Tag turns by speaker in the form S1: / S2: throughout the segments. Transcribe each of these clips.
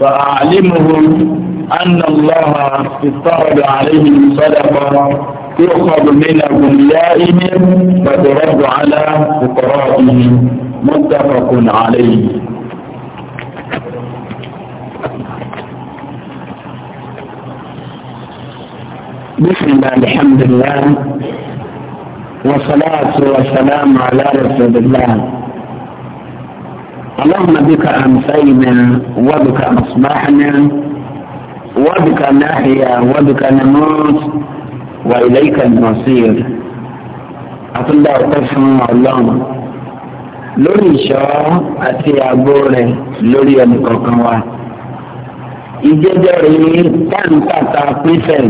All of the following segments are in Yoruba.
S1: فأعلمهم أن الله افترض عليهم صدقة تؤخذ من أوليائهم وترد على فقرائهم متفق عليه بسم الله الحمد لله والصلاة والسلام على رسول الله اللهم بك أمسينا وبك أصبحنا وبك نحيا وبك نموت وإليك المصير أطلع تفهم اللهم lórí ìṣọ́ àti àgbo rẹ̀ lórí ẹnìkọ̀ọ̀kan wa ìjẹ́jọ́ rèé táǹtàtà pífẹ̀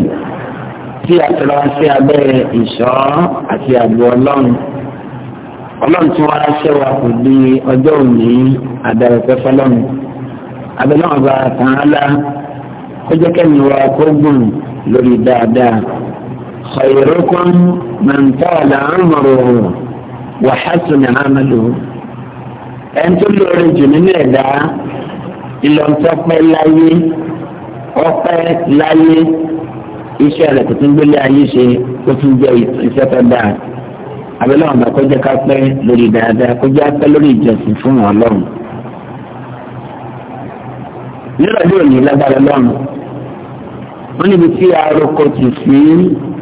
S1: tí a tọrọ sí abẹ́ ìṣọ́ àti àgbo ọlọ́run ọlọ́run tí wọ́n á ṣe wa kò di ọjọ́ òní àdàrẹ̀fẹ́ fọlọ́run abẹ́lẹ́ wọn bá tàn án lá ó jẹ́ kẹ́mi wa kó gùn lórí dáadáa khayrukum man tala umruhu wa hasuna amaluhu ẹni tó lóore jù nínú ẹ̀dá ìlọ́ntọ́pẹ́ láyé ọpẹ́ láyé iṣẹ́ rẹ̀ kò tún gbélé ayé ṣe ó tún jẹ́ iṣẹ́ dáa abẹ́lẹ́ ọ̀nà kọjá ká pẹ́ lórí dáadáa kọjá pẹ́ lórí ìjọsìn fún ọlọ́run. nírọ̀lẹ́ òní lágbára lọ́run wọ́n níbi tí aroko ti sí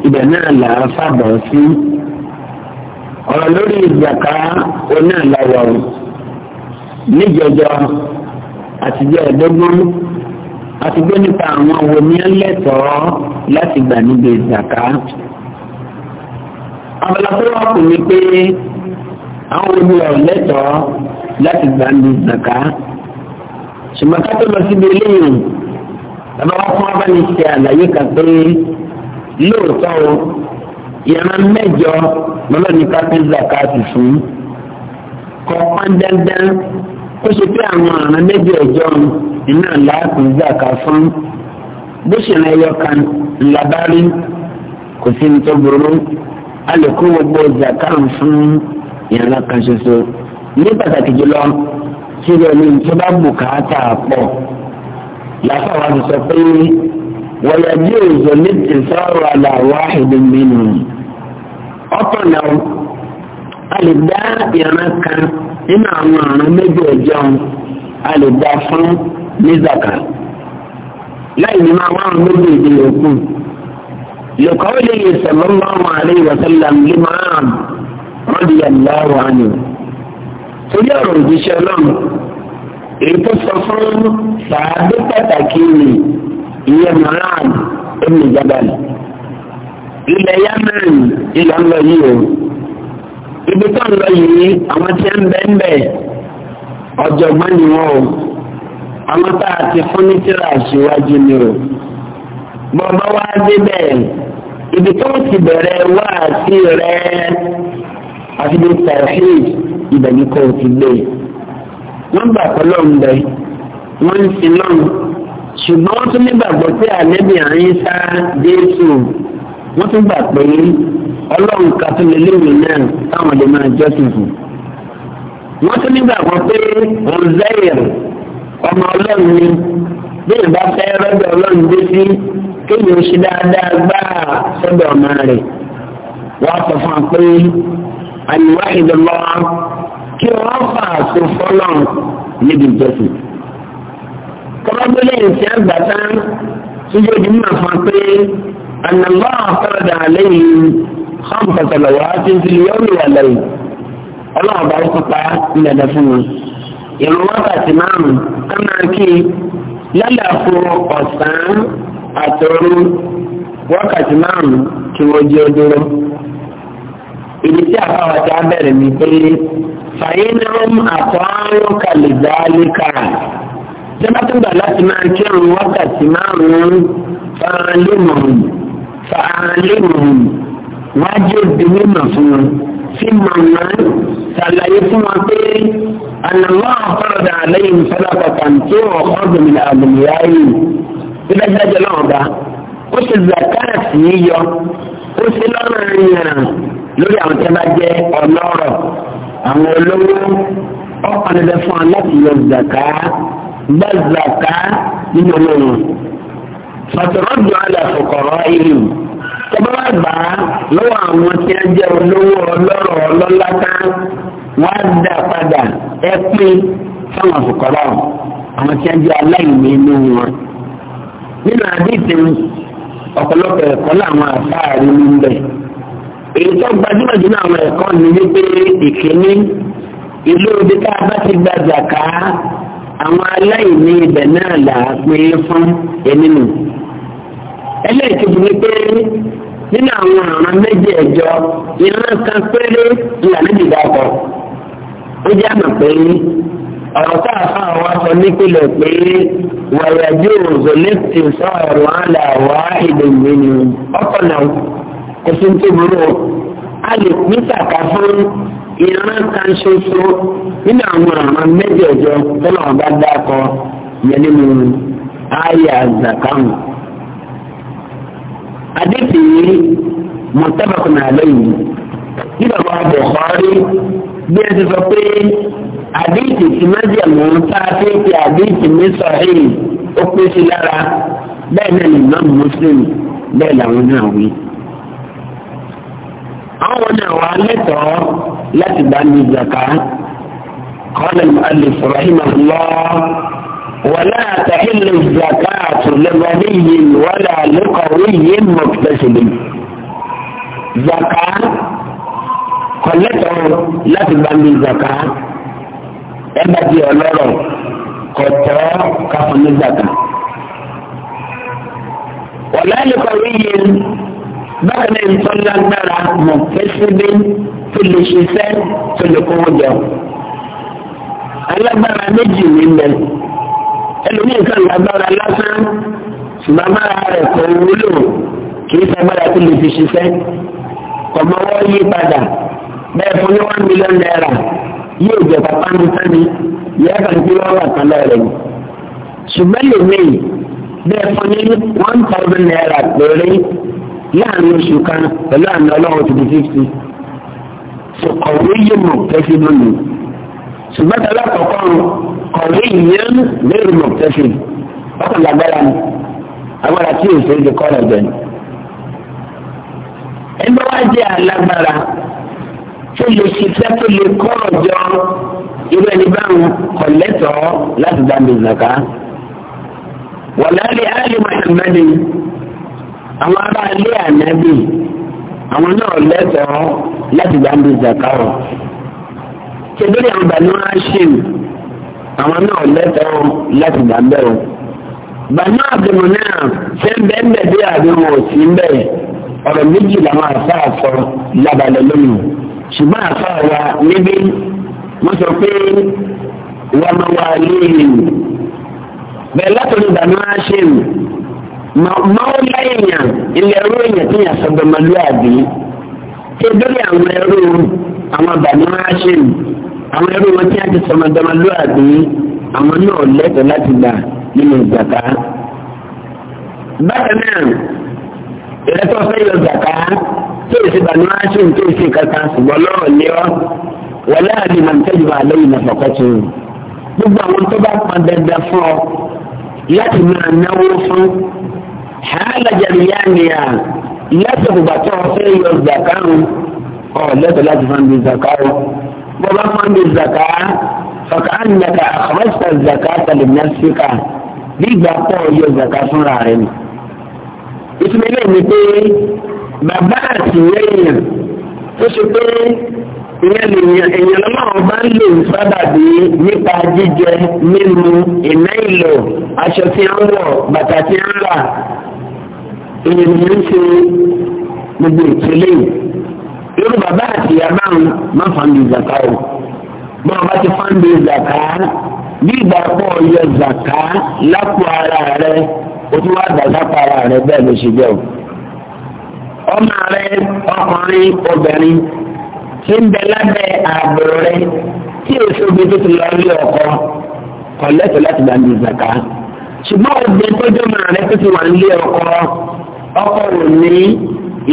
S1: ibẹ̀ náà là á fàbọ̀ sí ọ̀rọ̀ lórí ìgbàká oní àláwọ̀ níjọjọ àtijọ́ ẹ̀dógún àti gbé nípa àwọn wo ni ẹ lẹ́tọ̀ọ́ láti gbà níbi ìgbàká abala tó wà kù ni pé àwọn olú ẹ̀ lẹ́tọ̀ọ́ láti gbà ní zaka ṣùgbọ́n ká tó lọ síbi eléyìí bàbá wa fún abáni ṣe àlàyé kan pé lóòótọ́ o ìyàrá mẹ́jọ lọ́lọ́ ní ká fi zaka ti fún kọ́ pọ́n dandan ó ṣe pé àwọn àrùn méjì ẹ̀jọ́ iná làákùn zaka fún bó ṣe ń ẹyọ kan ńlá bá rí kò sí ní tó burú a lè kó gbogbo zakat fún ìran kan ṣoṣo ní pàtàkì jùlọ síbẹ̀ ní tó bá bùkátà pọ̀ lásán wa ti sọ pé wọ́yà bí òòzò ní tìsọ́rọ̀ àlà wáhìdì mìíràn ọ̀pọ̀ náà a lè kan nínú àwọn àrùn méjì ẹ̀jọ́ a fún ní láì ní máa wá àwọn méjì ìdílé kù. لقوله صلى الله عليه وسلم لمعاذ رضي الله عنه torí ọ̀rọ̀ òjíṣẹ́ náà èyí tó sọ fún sàádé pàtàkì ni ìyẹn Mu'ad ibn Jabal ilẹ̀ Yemen ilẹ̀ ń lọ yìí o ibi tó ń lọ yìí àwọn tí ń bẹ́ ń bẹ́ ọ̀jọ̀gbọ́n ni wọ́n o àwọn tá a ti fún ní tíra àṣewájú ni o bọ́ọ̀bá wá dé bẹ́ẹ̀ ibi tó ti bẹ̀rẹ̀ wá sí rẹ̀ àti bí tawhid ibẹ̀ ni kò ti gbé wọ́n gbà pé lọ́n bẹ wọ́n ń sin lọ́n ṣùgbọ́n wọ́n tún nígbàgbọ́ pé àlẹ́bí àárín sá jésù wọ́n tún gbà pé ọlọ́run ká léwu náà táwọn lè máa jọ́sìn fún wọ́n tún nígbàgbọ́ pé ọ̀zẹ́yìn ọmọ ọlọ́run ni bí ìbá fẹ́ ọlọ́run dé sí kéèyàn ó ṣe dáadáa gbáà sọ́dọ̀ ọmọ rẹ̀ wọ́n sọ fún wa pé àyùwá ìdọ̀lọ́ kí wọ́n fà so fọ́lọ́ níbi ìjọsìn. kọ́mọ́gbélé ìṣẹ́ àgbàtà síbi ojú mọ̀ fún wa pé ànàlọ́ àfẹ́rẹ́dà lẹ́yìn kọ́mpọ̀tàlọ́wọ́ ti ń fi yọ́ọ̀lù wà lẹ́yìn ọlọ́run bá wọ́n pa ńlẹ̀dẹ̀ fún mi. ìrún wákàtí márùn-ún ká kí lálẹ́ àfọ ọ̀sán àtọ̀rú wákàtí márùn-ún tí wọ́n jẹ́ dúró. Ibi tí àbáwá ti á bẹ̀rẹ̀ ni pé fàyínàmù àtọ̀rún kàlìdá líkà. Jẹ́bá tó gbà láti máa kírun wákàtí márùn-ún fàálímùn wájú ìdílé mọ̀ fún wọn. Fi mọ̀nà ṣàlàyé fún wọn pé ànàmọ́ àfọ̀rọ̀dà àlẹ́yìn sọ́dọ̀ kọ̀ọ̀kan tí wọ́n kọ́ bí dájúdájú ọlọ́run ọba ó ṣe zakati yíyọ ó ṣe lọ́nà ìyàrá lórí àwọn tí a bá jẹ́ ọlọ́rọ̀ àwọn olówó ọkàn lè fún wa láti yọ zaka gbá zaka nínú olóhùn fàtọ́rọ́dù alàfọ̀kọ̀rọ̀ ìlú tọ́ba wà gbà á lọ́wọ́ àwọn tí a jẹ́ olówó ọlọ́rọ̀ ọlọ́láta wá dá padà ẹ pín fáwọn àfọ̀kọ̀rọ̀ àwọn tí a jẹ́ aláìní inú wọn nínú àdéhùn ọ̀pọ̀lọpọ̀ ẹ̀kọ́ làwọn àfáàrí ní bẹ́ẹ̀. èyí tó gbajúmọ̀ jù náà àwọn ẹ̀kọ́ ni wípé ìkíní ìlú ibi tá a bá ti gba jàká àwọn aláìní ibẹ̀ náà là á pé fún ẹni nù. ẹlẹ́ẹ̀kejì ni pé nínú àwọn ọ̀ràn méjì ẹ̀jọ ìran kan péré ìlànà ìdìbò akọ. ó jẹ́ àmọ̀ pé ọ̀rọ̀ tá a fà wá sọ nípìnlẹ̀ pé wàyájú òzòlẹ́tì sọ̀rọ̀ àlà wá ìdòwé ni ọkọ̀ náà kò sí tó burú a lè pín sàkà fún ìran kan ṣoṣo nínú àwọn ọ̀ràn mẹ́jẹ̀ẹ̀jọ tó náà bá dákọ yẹn nínú àyà zakamu. Adéfì yìí mọ̀tàbàkùnà àlẹ́ yìí bí bàbá Bùhárí bí ẹ ti sọ pé àdìsí tí májèmú tá a fi àdìsí mi ní sọ̀hìn ó pín sí lára bẹ́ẹ̀ náà ní nọ́ọ̀mù mùsùlùmí bẹ́ẹ̀ làwọn náà wí. àwọn náà wà lẹ́tọ̀ọ́ láti bá ní zaka قال المؤلف رحمه الله ولا تحل الزكاة لغني ولا لقوي مكتسب زكاة láti bá mi بالزكاة ẹgbẹ́ di ọlọ́rọ̀ kọ̀tọ́ káfọn ní gbàgbà. wọ́n láyé kọ̀wé yìí bákan náà nǹkan lágbára mọ̀ fẹ́síbí tó lè ṣiṣẹ́ tó lè kówó jẹun. alágbára méjì ní ilẹ̀ ẹlòmíì kan lágbára lásán ṣùgbọ́n agbára rẹ̀ kò wúlò kì sagbára tó lè fi ṣiṣẹ́ kọ̀mọ́wọ́ yí padà bẹ́ẹ̀ fún ní one million naira yóò jẹ pàpà ní sani yẹ kàn kí wọ́n wà kan lọ́rẹ̀ ni. ṣùgbọ́n lèmi bẹ́ẹ̀ fún ní one thousand naira péré láàrin oṣù kan pẹ̀lú àmì ọlọ́run ti di fifty. ṣùkọ̀wé yìí mọ̀ tẹ́sí lónìí. ṣùgbọ́n tẹ́lá kọ̀ọ̀kan kọ̀wé yìnyín lérò mọ̀ tẹ́sí. ọkàn lágbára ni agbára tí yóò ṣe é di kọ́lẹ̀ bẹ́ẹ̀ ni. ẹgbẹ́ wa jẹ́ alágbára tó lè ṣiṣẹ́ tó lè kọ́ ọ̀jọ́ irú ẹni báwọn kò lẹ́tọ̀ọ́ láti dá mi zàká. wàlálẹ̀ ali muhammadu àwọn ará ilé ànábì àwọn náà lẹ́tọ̀ọ́ láti dá mi zàká o. tẹ̀bílẹ̀ àwọn bàánú hashim àwọn náà lẹ́tọ̀ọ́ láti dá mi o. bàánú àbẹ̀mọ̀ náà ṣe ń bẹ́ẹ̀ bẹ́ẹ̀ bí àbẹ̀wò sí bẹ́ẹ̀ ọ̀rọ̀ méjì làwọn àṣà ṣùgbọ́n àfa wa níbí wọ́n sọ pé wọ́n máa wà lóyìn bẹ́ẹ̀ látọ̀nù bàmí wá ṣe máa ń láyìnyàn ilẹ̀ ẹrú èèyàn tí yàn sọ̀dọ̀ màlúwàbí tí lórí àwọn ẹrú àwọn bàmí wá ṣe àwọn ẹrú wọn tí yàn ti sọ̀dọ̀ màlúwàbí àwọn náà lẹ́tọ̀ọ́ láti gbà nínú ìgbàká. bákan náà ìrẹ́tọ̀ fẹ́ yọ gbàká tó èsì bàánú aṣọ tó èsì kankan ṣùgbọ́n lọ́rọ̀ ni ọ́ wọlé àdìmọ̀ ntẹ́jùmọ̀ àlẹ́yìn nàfọ̀kọ́ tó o gbogbo àwọn tó bá pọn dandan fún ọ láti máa náwó fún
S2: hàálà jàdìyà
S1: nìyà lẹ́tọ̀ gbogbo àti ọ̀fẹ́ yọ zakarun ọ lẹ́tọ̀ láti fún mi zakarun bọ́ bá fún mi zaka fọkà á nyàkà zaka tàlẹ̀ nàṣíkà bí ìgbà pọ̀ yọ zaka fúnra rẹ̀ ni. ìtumọ̀ mi pé bàbá àtìlẹ́yìn tó ṣe pé ìyẹn èèyàn lọ́wọ́ bá ń lò sábàbí nípa jíjẹ mímu ìná ìlò aṣọ tí ń wọ̀ bàtà tí ń rà èèyàn ń ṣe gbogbo ìtìlẹ́ irú bàbá àti ìyàbá ń má ìzàká o bí wọn bá ti fàǹdì ìzàká bí ìgbà pọ̀ yọ ìzàká lápò o wá dàgbà para rẹ bẹ́ẹ̀ ló ṣe o. ọmọ rẹ ọkùnrin obìnrin tí ń bẹ lábẹ́ ààbò rẹ tí èso bí tó ti lọ rí ọkọ kò lẹ́tọ̀ọ́ láti gbà ní ìzàká ṣùgbọ́n obìnrin tó jẹ́ ọmọ rẹ tó ti wà nílé ọkọ ọkọ ò ní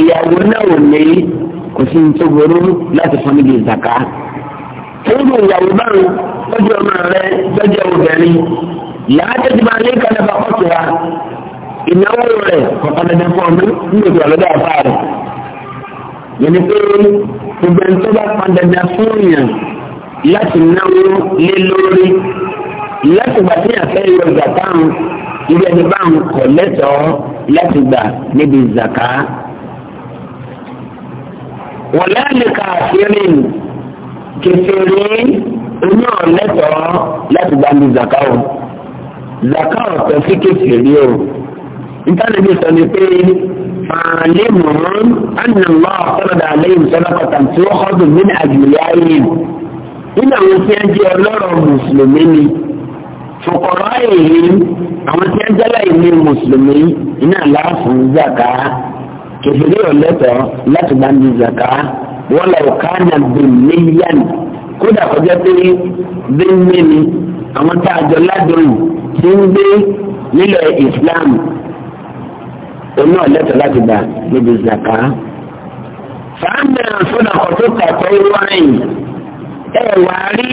S1: ìyàwó náà ò ní kò sí ní tó burú láti fún níbi ìzàká tóbi ìyàwó báwọn tó jẹ́ rẹ tó jẹ́ obìnrin làá tètè máa ní kálábà kọ́tù wa ìnáwó rẹ̀ ọ̀pọ̀lọpọ̀ fún ọdún nígbèkú ọ̀lọ́dọ̀ àbá rẹ̀. Yẹni pé gbogbo ẹni tó bá pọn dandan fún èèyàn láti náwó lé lórí láti gbà tí àfẹ́ yọ zàkáhùn ibi ẹni bá ń kọ̀ lẹ́tọ̀ọ́ láti gbà níbi zàká. Wọ́n lẹ́yìn káàkiri kẹfẹ́rí oní ọ̀lẹ́tọ̀ọ́ láti gbà níbi zàkáhùn. Zàkáhùn pẹ̀ sí kẹfẹ́rí o ìtànàbí sọ ni pé fàálẹ́mùrún ànàmọ́ ọ̀sọ́dọ̀ àlẹ́yìn sọ́dọ̀kọ̀tà tí ó kọ́dùn nínú àgbèlè ayé nínú àwọn tí wọ́n jẹ́ ọlọ́rọ̀ mùsùlùmí ni fòkọ̀rọ̀ èyí àwọn tí wọ́n jẹ́ láìní mùsùlùmí iná láàfin zàká kẹfìrí ọ̀lẹ́tọ̀ láti bá ní zàká wọ́n lọ kánà bìmílíọ̀nù kódà kọjá pé bímí àwọn tá a jọ ládùn tí ń gbé nílẹ̀ Islam òun náà lẹ́tọ̀ láti gbà níbi zaka. fàámi àfúnà ọ̀tún kàtọ́ wáyìn ẹ wá rí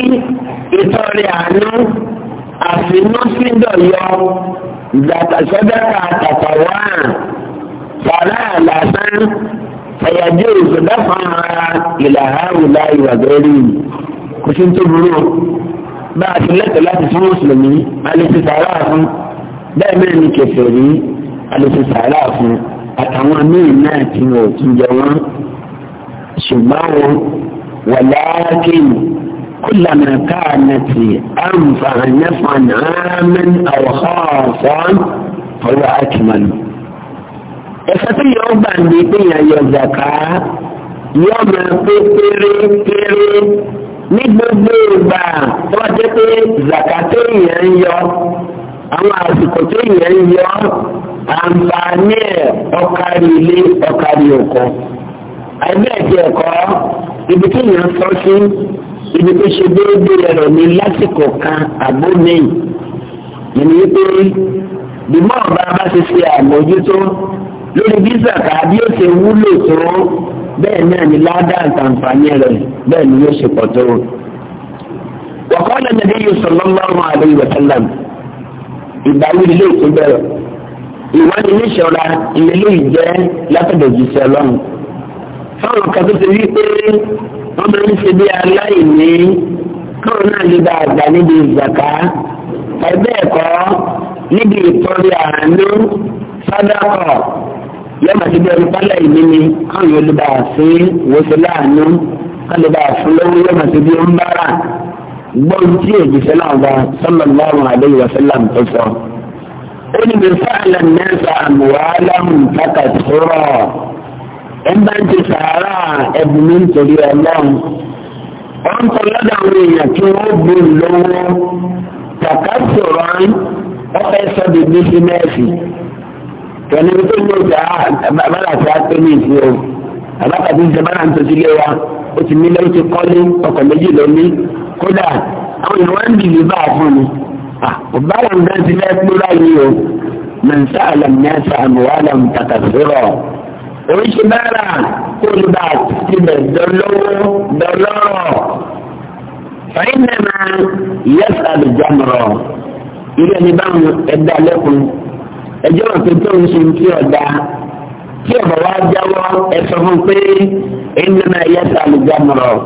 S1: ìtọ́rẹ àánú àfinúsíndọ̀yọ zakasọ́dọ̀kà àtàkọ̀wá fàrà àlàsán ẹ̀yàjẹ́ ìṣòdàfà ara ìlàhàrùlá ìwàgẹ́rì kò sí tó burú bá a ti lẹ́tọ̀ láti fún mùsùlùmí alẹ́ ti sàrà fún bẹ́ẹ̀ mẹ́rin kẹfẹ́ rí alẹ́ ṣe sàárà fún àtàwọn míì náà tí wọn ò tún jẹ wọn ṣùgbọ́n o wàláàkìn kúlànà káànàtì àǹfààní fànàmìn àwòkọ́ọ̀fọ́n ọwọ́ àkìmọ̀lù. ẹ̀fọ́ tí yóò gbà ní ìpínyàn yọ zàká yóò máa pé pérépéré ní gbogbo ìgbà tó wá jẹ́ pé zàká ń yọ àwọn àsìkò téèyàn ń yọ àǹfààní ẹ̀ ọ̀kárí ilé ọ̀kárí oko. àìbẹ́ẹ̀ tí ẹ̀kọ́ ibi tí yẹn sọ sí ibi tó ṣe déédéé rẹ̀ ní lásìkò kan àbó mẹ́yìn. yìnyín wípé bímọ ọba bá ti ṣe àmójútó lórí visa káàdì ó ṣe wúlò tó bẹ́ẹ̀ náà ni ládàá àǹfààní rẹ̀ bẹ́ẹ̀ ni yóò ṣe pọ̀ tó. wọ́n kọ́ lẹ́nu bí yóò lọ́wọ́ àwọn àlejò ìgbà wílé ilé ìtúbẹ̀rẹ̀ ìwádìí oníṣọ́ra ìlélẹ́ ìjẹ́ látọ̀dọ̀ jùsẹ̀ lọ́run. fáwọn kan tó ti rí pé wọ́n máa ń ṣe bí aláìní káwọn náà lè bá àgbà níbi ìgbàká ẹgbẹ́ ẹ̀kọ́ níbi ìtọ́rí àánú sádàkọ̀ yọmọ síbi ẹni pálẹ̀ ìní ni káwọn yóò lè bá a sí wọ́sẹ̀ láàánú káwọn lè bá a fún lọ́wọ́ yọmọ síbi ó ń bára gbọ́n tí èjì sẹ́lá ọba sallallahu alaihi wasallam tó sọ ó ní mi fàlẹ̀ mẹ́ta wàhálàmù takàtúrọ̀ ẹ̀ ń bá ń ti sàárà ẹ̀bùn mi nítorí ọlọ́run wọ́n ń tọ́ lọ́dọ̀ àwọn èèyàn kí wọ́n bu lówó takàtúrọ̀ ọ̀fẹ́ sọ́dọ̀ bísímẹ́sì tẹ̀lé tó ń lò sí abáláṣí apẹ́lú ìfún o abákàtí ìjọba náà ń tọ́jú lé wa ó ti nílẹ̀ ó ti kọ́lé ọkọ̀ méjì lónìí kódà àwọn èèyàn ń bìlì bá a fún mi ọ̀bára ń bẹ́ẹ̀ ti lẹ́ẹ̀ kúrò yìí o mẹ́ǹsà àlàmìẹ́sà àmúwálà ń tàkàtúrọ̀ oríṣi náírà kó ló bá tilẹ̀ dọ́lọ́wọ́ dọ́lọ́rọ̀ fàyín nàmà yẹ́sà àlùjámọ̀rọ̀ ilé ní báwọn ẹ̀dá lẹ́kùn ẹjọ́ wọn pé tó ń ṣe kí ọ̀dà tí ọ̀bọ̀ wá jáwọ́ ẹ fún pé ẹ̀yìn nàmà yẹ́sà àlùjámọ̀rọ̀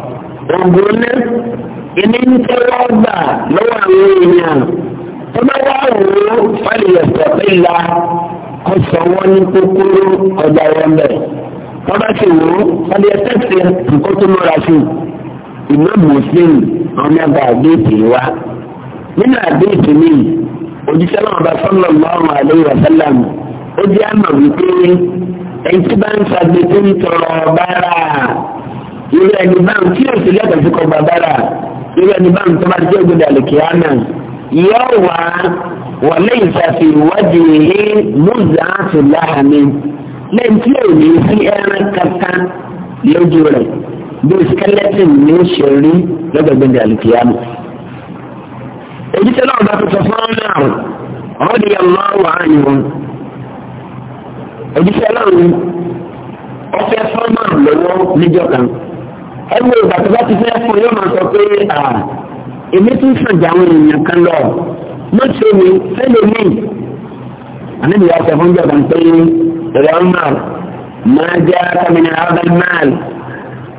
S1: ẹni ń tẹ́wọ́ gbà lọ́wọ́ àwọn èèyàn tọ́lá wà wò ó fàlìyẹ̀sọ̀ ìlà ọ̀sán wọn ní kúkúrú ọjà wọn bẹ̀. tọ́lá sì wò ó fàlìyẹ̀sọ̀ ṣe nǹkan tó múra sí i ìmọ̀ mùsùlùm ọmọ ẹgbẹ́ àdéhìtì wa. nínú àdéhìtì mi òjíṣẹ́ náà bá sọ́nà lọ́rùn àdéhìwà sálàmù ó jẹ́ àmọ̀ wípé ẹni tí bá ń sàgbé tó ń tọrọ bára irú bá ń tí òsì lẹ́tọ̀ọ́ sí kọ bàbára irú bá ń tọ́ bá ti jẹ́ ògbódà lè kíá náà yóò wá wọlé ìsàfihàn yìí múzà àtúláhàmì lẹ́yìn tí ò ní sí ẹran kankan lójú rẹ̀ bí skeleton ní ó ṣe rí lọ́gbẹ̀gbẹ̀ náà bá tó
S2: fún ọ́nà àrùn
S1: ọ̀hún ni ọmọ wà á yìí wọn. èyí náà ní ọfẹ́ fọ́nà lọ́wọ́ níjọ́ kan. ẹgbẹ́ ìgbà tó bá ti fẹ́ fún yóò máa ah, èmi tún sọ̀jà àwọn èèyàn kan lọ ló ṣe mi fẹ́lẹ̀ mi. àníbi wàá sọ fún jọba pé ẹ̀rọ ọmọ máa jẹ́ kọ́mìnà ọ̀bẹ náà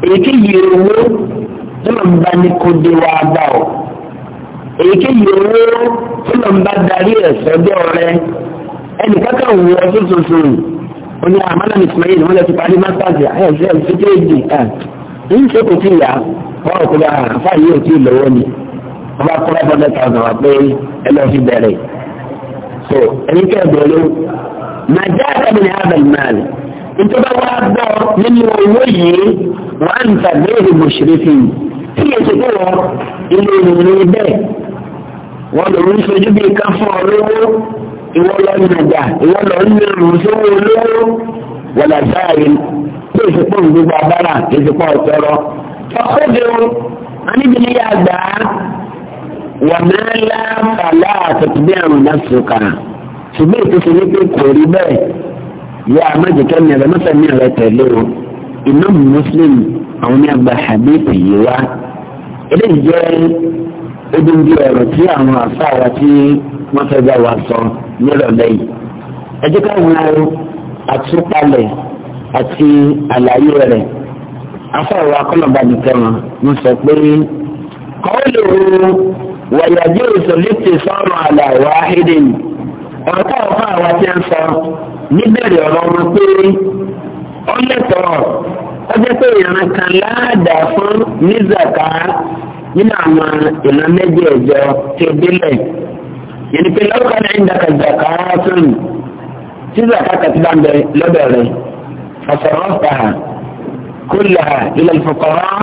S1: èyíkéyìí owó tó lọ́n bá ní kó dé wá bá ọ. èyíkéyìí owó tó lọ́n bá darí ẹ̀ sọ́dọ̀ rẹ ẹnì kankan wù ọ tó tuntun oní àmàlà Ismail wọn lè ti parí masters ẹ̀ ẹ̀ ṣe ẹ̀ ṣe kéèjì ẹ̀ ń ṣe kò tí ì yá wọn ò kó ah, àfáà yìí ò tí ì lọ́wọ́ ni ọba kọ́lá bọ́dẹ̀ tàwọn wà pé ẹ lọ fi bẹ̀rẹ̀ so ẹni kẹ́ bẹ̀rẹ̀ mà já àtàbí ní abẹ́lì náà ni ìjọba wa bọ̀ nínú owó yìí wọ́n á ń ta béèrè mọ̀ṣẹ́rẹ́fì tí yẹn ti kọ́ ilé ìrìn bẹ́ẹ̀ wọ́n lọ ń sojú bíi ká fún ọ lówó ìwọ lọ ń nàjà ìwọ lọ ń lérò sówó lówó wọ́n là sáàyè tí èsì pọ̀ gbogbo abára èsì pọ̀ ọ̀tọ̀rọ̀ tọ́kọ́ bẹ́ẹ̀ o àníbi ni yà gbà á wàmẹ́lá fàlà àtẹ̀tẹ̀bí àrùn lásìkò ṣùgbọ́n ìtòsí ní pé kò rí bẹ́ẹ̀ yọ àmọ́jẹ̀kẹ́ mi rẹ̀ mọ́sẹ̀ mi rẹ̀ tẹ̀lé o Imam Muslim àwọn ní àgbà hadith yìí wá eléyìí jẹ́ odindi ọ̀rọ̀ tí àwọn àfáàwá tí wọ́n fẹ́ bá wa sọ nírọ̀lẹ́ yìí ẹ jẹ́ àtúpalẹ̀ àti àlàyé rẹ̀ afáàwá kọ́lọ̀bá nìkan wọn sọ pé kọ́ọ̀lù wàyàjú ìsòlítì sọ̀rọ̀ àlẹ́ wàhídì ọ̀rọ̀ táwọn fún àwọn tí ń sọ níbẹ̀rẹ̀ ọ̀rọ̀ wọn pé ó lẹ́tọ̀ọ́ ó jẹ́ pé ìran kan láàdàá fún nízàká nínú àwọn ìran méjì ẹ̀jọ tí ó délẹ̀ yẹnni pé lọ́kàn náà ń dàkà zàká tún tí kàtí bá ń ọ̀sọ̀rọ̀ fà kúlà ilẹ̀ ìfọkọ̀rọ̀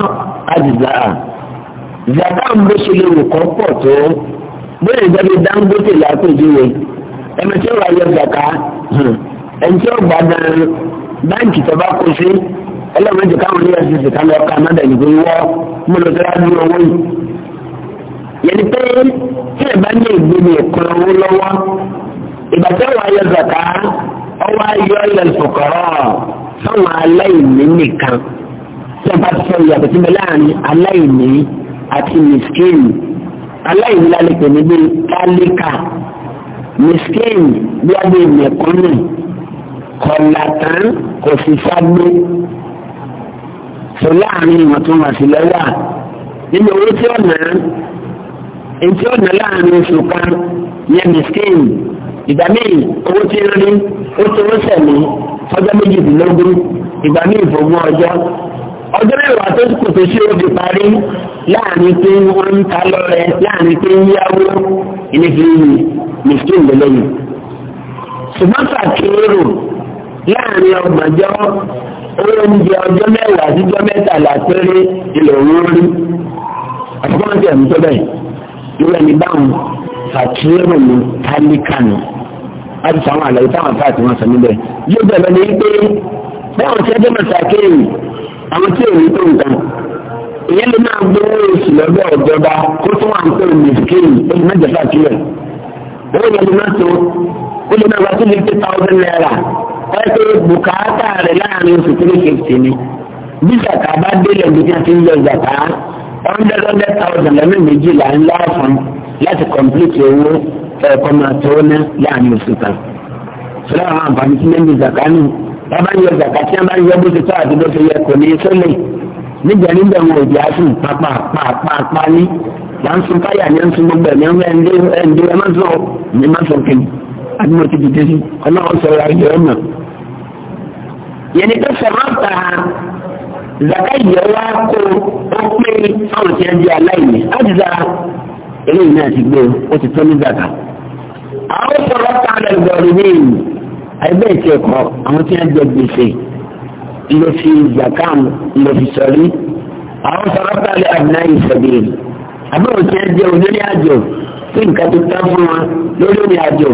S1: àjùzà zaka ń bó ṣe lè wò kọ́ pọ̀ tó bóyá ìjọba Dangote lápèjúwe ẹni tí ó wà yọ zaka ẹni tí ó gbà gan báńkì tó bá kó sí ẹlẹ́mọ̀jì káwọn ní ẹ̀sìn sì ká lọ ká má dàgbé pé wọ́ mo lọ sọ́ra bí owó yìí. yẹni pé tí ẹ̀ bá ní ìgbìmọ̀ ìkan owó lọ́wọ́ ìgbà tí wàá yọ zaka ọwọ́ ayọ́ ilẹ̀ fòkọ̀rọ̀ fáwọn aláìní nìkan tí a bá ti sọ ìyàtọ̀ àti miskin aláìní lálẹ́ pẹ̀lú bí tálíkà miskin bí abẹ́ ìmẹ̀kúnnù kọ̀làtàn kò sì ságbé tó láàrin ìwọ̀ntúnwọ̀nsì lọ́wọ́ nínú owó tí ó nà ètí ó nà láàrin oṣù kan yẹ miskin ìgbà míì owó tí ń rí ó tó ó sẹ̀mí ọjọ́ méjìdínlógún ìgbà míì fògùn ọjọ́ ọjọ́ mẹ́wàá tó kù tó ṣe òde parí láàrin pé wọ́n ń ta lọ́rẹ̀ láàrin pé ń yáwó ìnífìyì mìsíkì lélẹ́yìn. ṣùgbọ́n pàkérò láàrin ọgbọ̀njọ́ oúnjẹ ọjọ́ mẹ́wàá síjọ́ mẹ́tàlá péré ilẹ̀ òun rí. àtúkọ́ máa ń tẹ̀mí tó bẹ́ẹ̀ ìwé ni báwọn pàkérò ní kálíkànù láti sàwọn àlàyé táwọn fáàtì wọn sọ níbẹ̀ yóò bẹ̀rẹ̀ ní pé báwọn ṣẹ́jọ́ mọ̀ àwọn tí èyí tó nǹkan ìyẹn lè máa gbé owó oṣù lọ́dọ̀ ìjọba kó tún wà ń pè ní skin ó lè má jẹ́ fàkílẹ̀ owó yẹn lè má tó ó lè má wá sí fifty thousand naira ó yẹ pé bùkátà rẹ̀ láàrin oṣù three fifty ni bí zàkà bá délẹ̀ bí wọ́n ti ń yọ zàkà hundred hundred thousand lẹ́nu méjìlá ńlá fún láti complete owó ẹ̀kọ́ máa tó ná láàrin oṣù kan. sọlá àwọn àǹfààní tí lẹ́yìn zàkà nù bàbá ń yọ zàkà tí wọn bá ń yọ bó ti tọ́ àti bó ti yẹ kò ní sólè nígbà nígbà wọn ò jẹ́ àsùn pápá pápá pápá ní là ń sun káyà ní ń sun gbogbo ẹ̀ ní ń rẹ́ndé ẹ̀ǹdé ẹ má sọ ní má sọ kìnnì àti mo ti dìde sí ọlọ́run sọ ra ọ̀nà. yẹn ni tó sọ̀rọ̀ ta zàkà ìyọ̀ wa kó ó pé fáwọn tí di aláìní láti eléyìí náà ti gbé ó ti tó ní zàkà. àwọn sọ̀rọ̀ ta lẹ́gbẹ̀rún ẹgbẹ́ ìtì ẹ̀kọ́ àwọn tí wọ́n jẹ gbèsè ló fi zakam ló fi sọrí àwọn sọ̀rọ̀tà lè àbúná ìsọ̀bìrì àbúrò tí wọ́n jẹ olórí àjò tí nǹkan tó tán fún wọn lórí àjò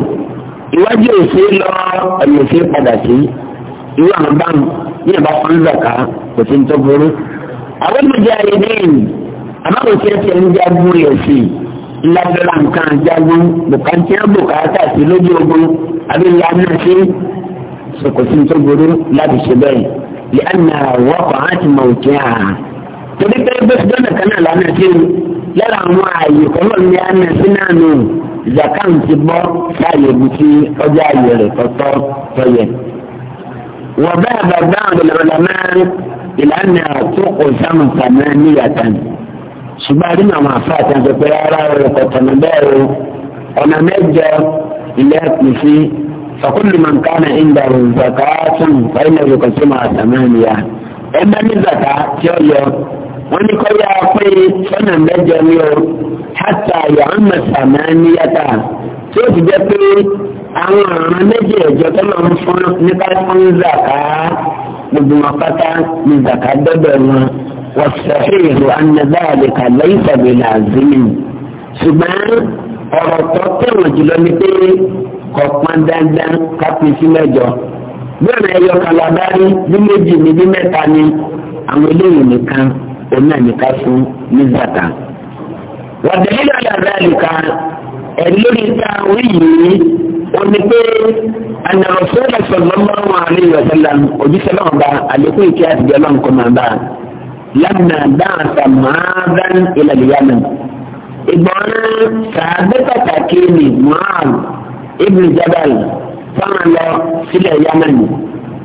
S1: ìwájú òsè lọ ọ̀nà òsè padà sí irú àwọn bá ní ìbá fún zaka kò sí ní tó burú àwọn ìmọ̀jà ayé ní àbáwò tí wọ́n ti ń jagun rẹ̀ sí i lábẹ́rẹ́ nǹkan àjágun bùkátí bùkátà sí lójú ogun abẹ́lẹ́ náà sí sọkòtì tó burú láti ṣe bẹ́ẹ̀ lè ana wọ́pọ̀ àti mọ̀ọ́kẹ́ à. torí pé bẹ́ẹ̀ dọ́nà kan náà lánà sí lára àwọn ààyè kọ́mọ̀ ní àná sí náà nù zaka ti bọ́ láàyè ibi ọjọ́ ààyè rẹ̀ tọ́tọ́ tọ́yẹ. wọ́n bẹ́ẹ̀ bàbá àwọn ìlànà ìlànà tó kò sáwọn sàmẹ́ níyàtà ṣùgbọ́n a rí àwọn àfa àti àti pé ara rẹ̀ kọ̀tọ̀nà bẹ́ẹ̀ o ọ̀nà mẹ́jọ ilé ẹ̀kùn sí fàkúlù máa ń ká ní ìgbà òǹzàká tún fàyínà ìrìkọ̀ sí máa sàmì ìyá ẹgbẹ́ ní zàká tí ó yọ wọ́n ní kọ́ yá pé sọ́nà mẹ́jọ ni o hátà yà ń mọ̀ sàmì níyàtà tí ó ti jẹ́ pé àwọn ọ̀ràn méjì ẹ̀jọ́ tó lọ fún nípa fún zàká gbogbo wọn pátá ní zàká dọ́dọ̀ wọn. والصحيح أن ذلك ليس بلازم ṣùgbọ́n ọ̀rọ̀ tó tẹ̀wọ̀n jùlọ ni pé kò pọn dandan ká fi sí mẹ́jọ bẹ́ẹ̀ náà ẹyọ kan lábá rí bí méjì ni bí mẹ́ta ni àwọn eléyìí nìkan òun náà nìkan fún ní zàtà. wàdàlí lọ́la zàlìkà ẹ̀lórí ta orí yìí wọ́n ní pé ànàrọ̀fẹ́ lọ́sọ̀lọ́mọ́ àwọn àríyànjẹ́ lànà òjíṣẹ́ náà bá àlékún ìkẹ́ àtijọ́ náà kọ́ máa bá a. لما بعث معاذا إلى اليمن إبراهيم ثابتة تكيني معاذ ابن جبل فعل في اليمن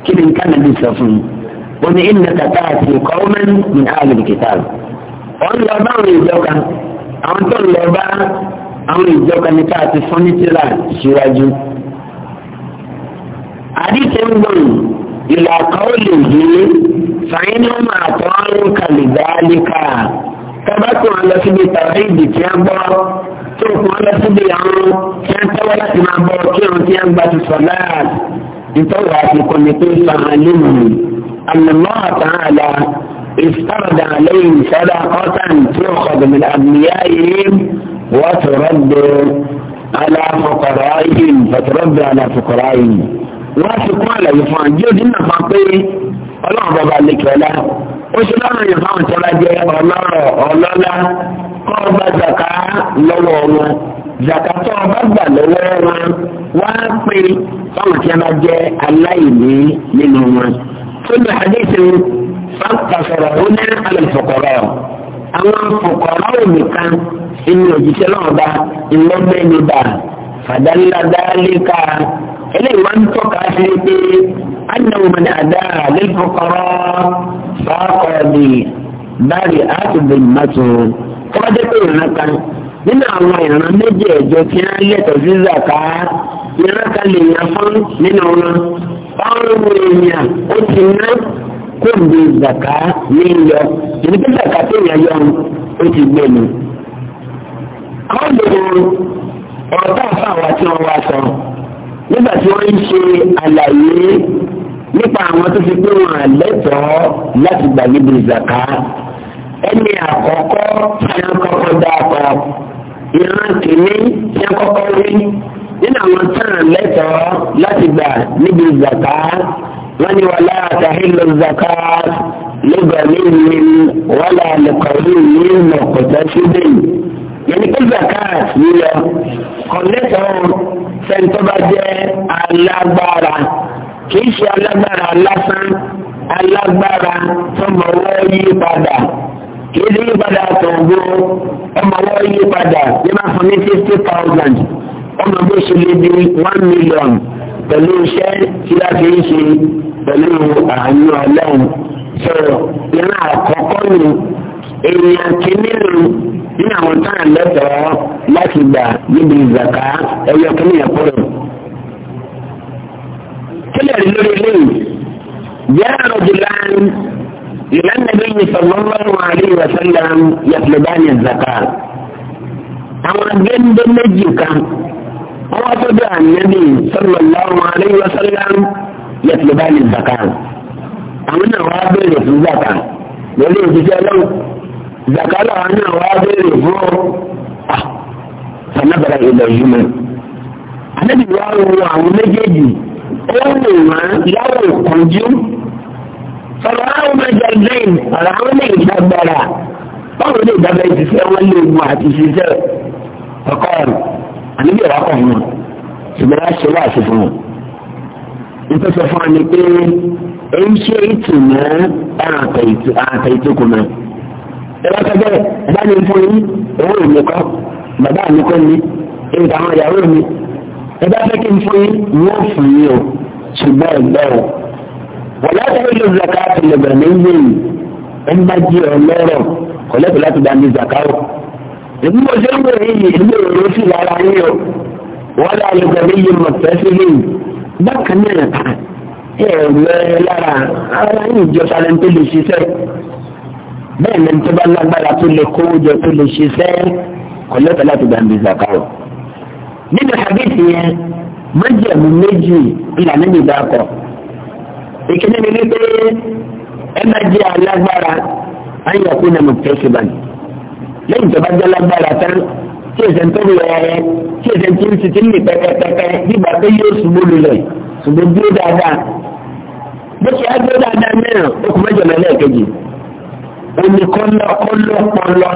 S1: كده كان بيسافر قل إنك تأتي قوما من أهل الكتاب قل لو بقى يجوكا أو أنت لو بقى أو يجوكا نتأتي فنتلا شواجو حديث يقول إلى قوله فإنهم أطاعوك لذلك تبكوا على سبي توحيد تيابا
S2: تركوا على سبي عمو كان
S1: تولى ما بوكيهم تيابا الصلاة انتوا أتيكم فعلموا أن الله تعالى افترض عليهم صدقة تؤخذ من أبنيائهم وترد على فقرائهم فترد على فقرائهم wọ́n á fi kún àlàyé fún ọ yóò dín nàfà pé
S2: ọlọ́run bàbá lèkè ọ̀la
S1: ó ṣe lọ́rùn yẹn fáwọn tí ọlá jẹ ọlọ́rọ̀ ọlọ́lá kọ́ ọba zaka lọ́wọ́ wọn zaka tó ọba gbà lọ́wọ́ wọn wá pé fáwọn tí ọlá jẹ aláìní nínú wọn. tó lè hadithu fàkàsọ̀rọ̀ ó ní alẹ́fọ̀kọ̀rọ̀ àwọn fọ̀kọ̀rọ̀ òmìkan inú òjíṣẹ́ náà bá ìlọ́gbẹ́ni bá fàdánlá dáálíkà. eléyìí wá ń tọ́ka sí pé anáwó mẹ́ni àdá lẹ́fọ̀kọ́rọ́ fàákọ̀ bí báyìí àtúndì mọ́tò kọ́mọdé pé ìran kan nínú àwọn ìran méjì ẹ̀jọ tí wọ́n lẹ́tọ̀ọ́ sí zaka na kan lè yàn fún nínú wọn ọ̀rùn èèyàn zaka ní yọ ìdí nígbà tí wọ́n ń ṣe àlàyé nípa àwọn tó fi pé wọn àlẹ́tọ̀ọ́ láti gbàgede ìzàká ẹni àkọ́kọ́ tí wọ́n kọ́kọ́ dáàkọ́ ìran kìíní tí wọ́n kọ́kọ́ rí nínú àwọn tán àlẹ́tọ̀ọ́ láti gbà níbi ìzàká wọ́n ní wàlá àtàhílò ìzàká lẹ́gbẹ̀ẹ́ mi wàlá àlẹ́kọ̀ọ́ mi ní ìmọ̀ kọ̀tà ṣídẹ̀ẹ́ yẹn ní pé zakat yíyọ kọ̀lẹ́tọ̀ fẹ́ntọ́ bá jẹ́ alágbára kì í ṣe alágbára lásán alágbára tọmọwọ́ yí padà kì í ṣe yí padà tọ̀gbọ́ ọmọwọ́ yí padà ní máa fún ní fifty thousand ọmọ bó ṣe lè di one million pẹ̀lú iṣẹ́ tí a fi ń ṣe pẹ̀lú àánú ọlọ́run sọ̀rọ̀ ìran àkọ́kọ́ nù èèyàn kìíní lu nínú àwọn táà lẹ́tọ̀ọ́ láti gbà níbi ìzàká ẹ̀yọ kìíní yẹn kúrò.
S2: kílẹ̀ rí lórí eléyìí
S1: yá rọ̀jùlán ìlànàbí yìí sallallahu alaihi wa sallam yàtúlùbá ní ìzàká. àwọn géńdé méjì kan wọ́n tó dé ànábì sallallahu alaihi wa sallam yàtúlùbá ní ìzàká. àwọn náà wá bẹ̀rẹ̀ fún ìzàká lórí òṣìṣẹ́ lọ́wọ́ zakala àánú wa béèrè fún sanabara ilẹ̀ yìí mọ́. Anábì wa wo àwọn méjèèjì ó wò wọ́n láwọ̀ kọjú. Sọ̀rọ̀ àwọn mẹ́jọ lẹ́yìn ọ̀rọ̀ àwọn lè dágbára. Báwo lè dábẹ́ ìṣiṣẹ́ wọn lè mú àti ìṣiṣẹ́ ọkọ rẹ̀? Àníbi ìwà kọ̀ fún wọn. Ṣùgbọ́n wá ṣe wá àṣẹ fún wọn. Nítorí fún wa ni pé èyí ṣe ìtùnú ẹ̀ràn àtẹ̀yìntì kùnà ẹ̀rọ sọ́jọ́ rẹ̀ bá ní fún yín owó ìlú kan bàbá mi kọ́ mi èyí àwọn ìyàwó mi ẹ bá fẹ́ kí n fún yín wọ́n fún yín o ṣùgbọ́n ẹgbẹ́ o wọ́n láti rí lóòrùn zaka tìlẹ̀bẹ̀rẹ̀ méjì yìí ẹni bá jí ọ lọ́rọ̀ kò lẹ́tọ̀ọ́ láti dá mi zaka o èmi mo ṣe ń wò yín yìí ìlú èrò sì lára yín o wọ́n lọ àlùkò mi yìí mọ̀ fẹ́ yìí bákan náà ẹ̀ ẹ̀ lára ara yìí jọ sálẹ̀ ń tẹ́lẹ̀ bẹ́ẹ̀ lẹ́ni tó bá lágbára tó lè kówó jọ tó lè ṣiṣẹ́ kò lẹ́tọ̀ láti gbàǹdì zakaro. nínú hadith yẹn májèmú méjì ìlànà ìdákọ̀ ìkíní ni wípé ẹ máa jẹ́ alágbára ayọ̀kú nà mọ̀tẹ́síbàn lẹ́yìn tó bá jẹ́ alágbára tán tí èsè ń tóbi ẹ̀rẹ́ tí èsè ń tí ń sì ti ń lè pẹ́pẹ́pẹ́pẹ́ nígbà pé yóò ṣubú lulẹ̀ ṣùgbọ́n dúró dáadáa bó ṣe á dúró dáadáa náà ó kò mẹ́jọ lọ lẹ́ẹ̀kejì omi kọ́lọ́ kọ́lọ́ ọpọlọ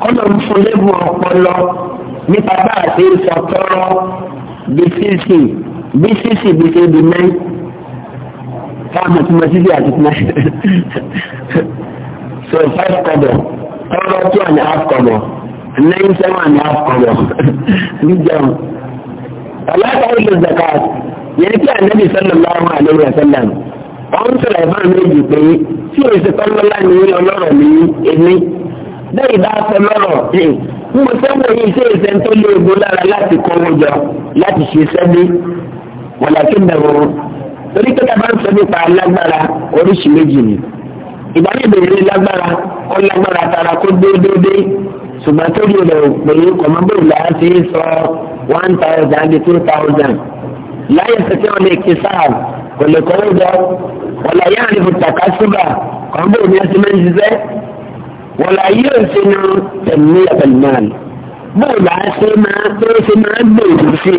S1: kọ́lọ́ ń fún lébùn ọpọlọ nípa bá a ṣe ń sọ tọ́rọ́ bísíìsì bísíìsì bísíìsì di mẹ́rin fáàmù tí mo ti di àti tí mo ṣe so five kọ́bọ̀ tọ́rọ́ two and a half kọ́bọ̀ nine seven and a half kọ́bọ̀ níjẹun ọ̀làkàwé ló zakat yẹn tí ànábì sallallahu alaihi wasallam ọ̀hún sọ̀rọ̀ ẹ̀fọ́ méjì pé tí èsì tó lọ́lá ní ọlọ́rọ̀ ní èmi bẹ́ẹ̀ bá sọ lọ́rọ̀ mo sẹ́wọ̀n yìí ṣe ìṣẹ́ tó lé egbò lára láti kọ́ owó jọ láti ṣe sẹ́bí wàlàkì bẹ̀rù torí pé tábà ń sọ nípa lágbára oríṣi méjì ni ìbánibèrè lágbára ó lágbára tara kó déédéé ṣùgbọ́n tó yẹ rẹ̀ pé kọ̀mọ́bẹ̀rẹ̀ láti sọ one thousand two thousand. لا يستطيع الاكتساب ولا قوضة ولا يعرف التكسب قبل أن يتمنى ولا يحسن تنمية المال bóòlù àti máa tó ṣe máa gbòòrò sí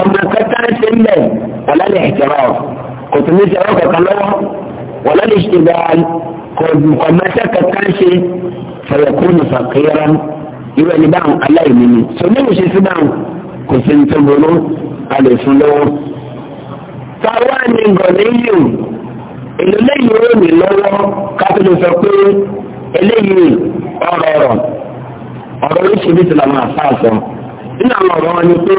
S1: ọmọ kẹta ṣe ń bẹ̀ wọ́n lálẹ́ ìṣẹ̀rọ̀ kò tún ní ìṣẹ̀rọ̀ kankan lọ́wọ́ wọ́n lálẹ́ ìṣẹ̀rọ̀ kò kò mẹ́ta kankan ṣe fẹ̀yẹ̀kú nìfàkìyàrá irú ẹni báwọn aláìní ni sọ ní ìṣesí báwọn kò sí ní tó burú a lè fún lọ́wọ́. táwa ni gọ̀ọ́nì yìí èlò lẹ́yìn ó ní lọ́wọ́ kátó lè sọ pé eléyìí ọ̀rọ̀ ọ̀rọ̀ ọ̀rọ̀ oríṣiríṣi làwọn àfáà sọ nínú àwọn ọ̀rọ̀ wọn ni pé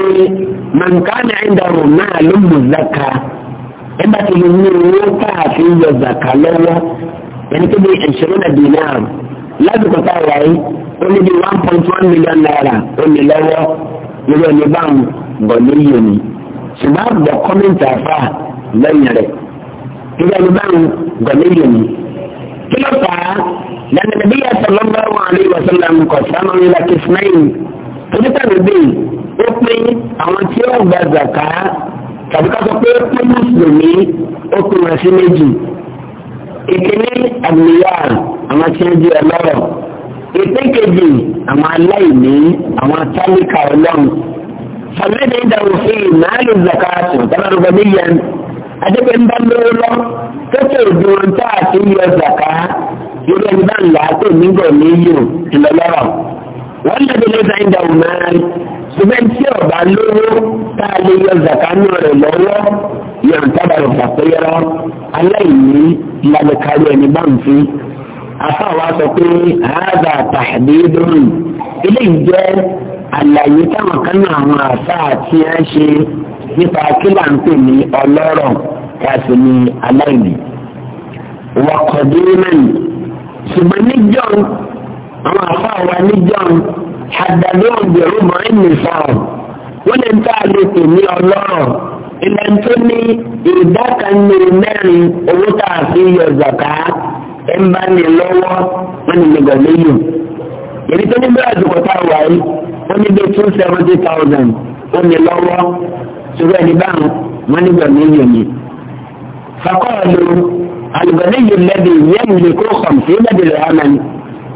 S1: mọ̀nkánì àìdàrú náà ló mú zaka nígbà tí mo ní owó káàfin yọ zaka lọ́wọ́ ẹni tó bí ìṣòro náà lásìkò táwa yìí ó ní bí one point one million naira ó ní lọ́wọ́ irú ẹni báwọn bọ̀ lóye ni ṣùgbọ́n àgbọ̀ kọ́mẹ́ntì àfà lẹ́yìn rẹ̀ irú ẹni báwọn bọ̀ lóye ni. kí ló fà á lẹ́nu ẹ̀bí yàtọ̀ lọ́gbà wọn àlẹ́ ìwọ̀sọ́lá ń kọ̀ sánú ńlá kìsìmáyìn onítàbí bíi ó pín àwọn tí ó gba zàká tàbí ká sọ pé pé mùsùlùmí ó pín wọn sí méjì ìkíní àgbèyà àwọn tí ó di ọlọ́rọ̀ ìpínkejì àwọn aláìní àwọn tálíkà ọlọ́run sọ̀rọ̀dẹ̀ ìdáwó fi ìnáàlú zakatu tọ́lọ́rùbọ̀ níyẹn adébẹ̀ ń bá lówó lọ tó tó ìdúró tó àti yọ zaka irú ẹni bá ń là á tó nígbà níyò ìlọlọ́rọ̀ wọ́n lè délé ta ìdáwó náà ṣùgbọ́n ọ̀bá lówó tá a lè yọ zaka nù rẹ̀ lọ́wọ́ yọ̀ǹtàbàrọ̀ fàpẹ́yẹrọ aláìní lálẹ́ kárí ẹni bá ń fi afa wa sọ pé àádà tàbídùn eléyìí jẹ́ àlàyé táwọn kan náà àwọn afa àti ẹ̀ ń ṣe nípa kílà ń pè ní ọlọ́rọ̀ káàsì ní aláìní. wọ́kọ̀dé mẹ́rin ṣùgbọ́n níjọ́ àwọn afa wa níjọ́ àdàlẹ́ òǹdẹ̀rù mọ́ ẹ̀mí wọ́n lè ń tà pè ní ọlọ́rọ̀ ilẹ̀ tó ní ìdá kan ní mẹ́rin owó tá a fi yọ zàká ẹ̀ ń bá ní lọ́wọ́ wọn ni lè gbàgbé yìí èyí tó ní bẹ́ẹ̀ àdúgbò a wà yìí ó ní bíi two seventy thousand ó ní lọ́wọ́ ṣùgbọ́n ẹni báwọn wọn ní gbàgbé yìí ni. fakọ́ọ̀lù alùpàdéjì lẹ́bi yẹ́n lè kó kọ̀m̀tì lẹ́bi rẹ̀ hàn mí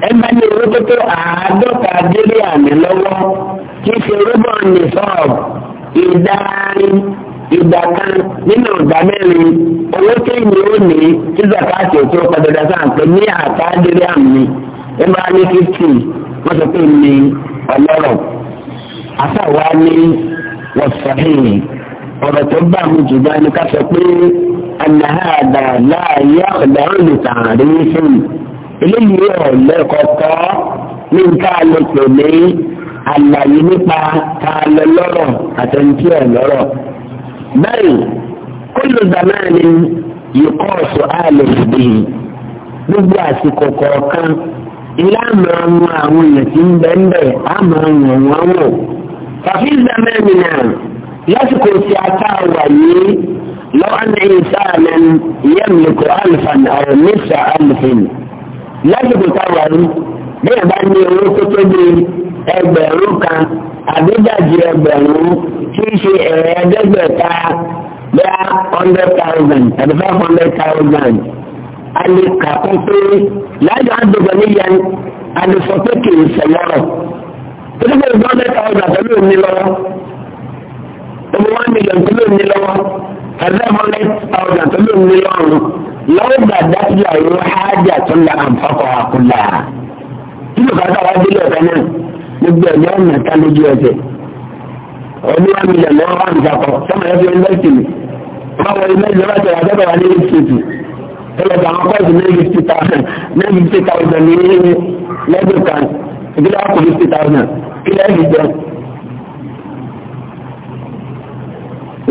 S1: ẹ̀ ń bá ní owó tó tó àádọ́ta délé àmì lọ́wọ́ kí ṣe rúbọ̀ ní sọ́ọ̀bù ìdárin ìgbà kan nínú ìgbà mẹ́rin owó kéyìn ó ní tí zakati ò tó padà dá sáà pé ní àtàdéré àmì ẹ máa ní fífì wọ́n sọ pé ní ọlọ́rọ̀ àtàwa ní wọ̀sàhìn ọ̀rọ̀ tó bá mi jù bá ní ká sọ pé àlàáda láàyè ọ̀daràn lè tààrí fún eléyìí ọ̀lẹ́kọ̀ọ́kọ́ ní nǹkan àlòpọ̀ ní àlàyé nípa ta lọ́rọ̀ àtẹnudí lọ́rọ̀ bẹ́ẹ̀ كل زمان yòókọ́ ọ̀sọ̀ àlè ìdè gbogbo àsìkò kọ̀ọ̀kan ilé àmọ́ àwọn àwọn èèyàn tí ń bẹ́ ń bẹ̀ àmọ́ àwọn wọn wò. fàfi zamani náà lásìkò tí a ká wà yìí lọ́wọ́ ní ìsáàlẹ̀ yẹ́mìlìkọ̀ alifan àwọn mẹ́sà alifin lásìkò táwa yìí bẹ́ẹ̀ bá ní owó tó tó bíi ẹgbẹ̀rún kan àbídàjì ẹgbẹ̀rún tí í ṣe ẹ̀ẹ́dẹ́gbẹ̀ta bẹ́ẹ̀ hundred thousand thirty five hundred thousand alikakun pé láti àdúgbò níyẹn alifọ́pẹ́kì ìṣẹ̀lọ́rọ̀ torí pé hundred thousand tó ló ní lọ́wọ́ ọmọ one million tó ló ní lọ́wọ́ thirty five hundred thousand tó ló ní lọ́rùn lọ́wọ́ gbàdá ti là ń hájà tó la àǹfààkọ̀ àkùlà kí ló bá dáwà délé ọ̀fẹ́ náà gbogbo ẹ̀ ní ọ̀nà ká lójú ẹsẹ̀ ọdún wa mílíọ̀nù lọ́wọ́ wà nígbàkọ̀ sọ́mọ ẹ̀fọ́ yunifásitì mi báwo ni mẹ́jọ bá tẹ̀wá tẹ́tọ̀ wá ní ìṣètì ẹlẹ́dàá àwọn kọ́ọ̀sì méjì fifty thousand méjì fifty thousand ní lẹ́dùn kan ìdílé wa kò fifty thousand kí lẹ́yìn jẹ.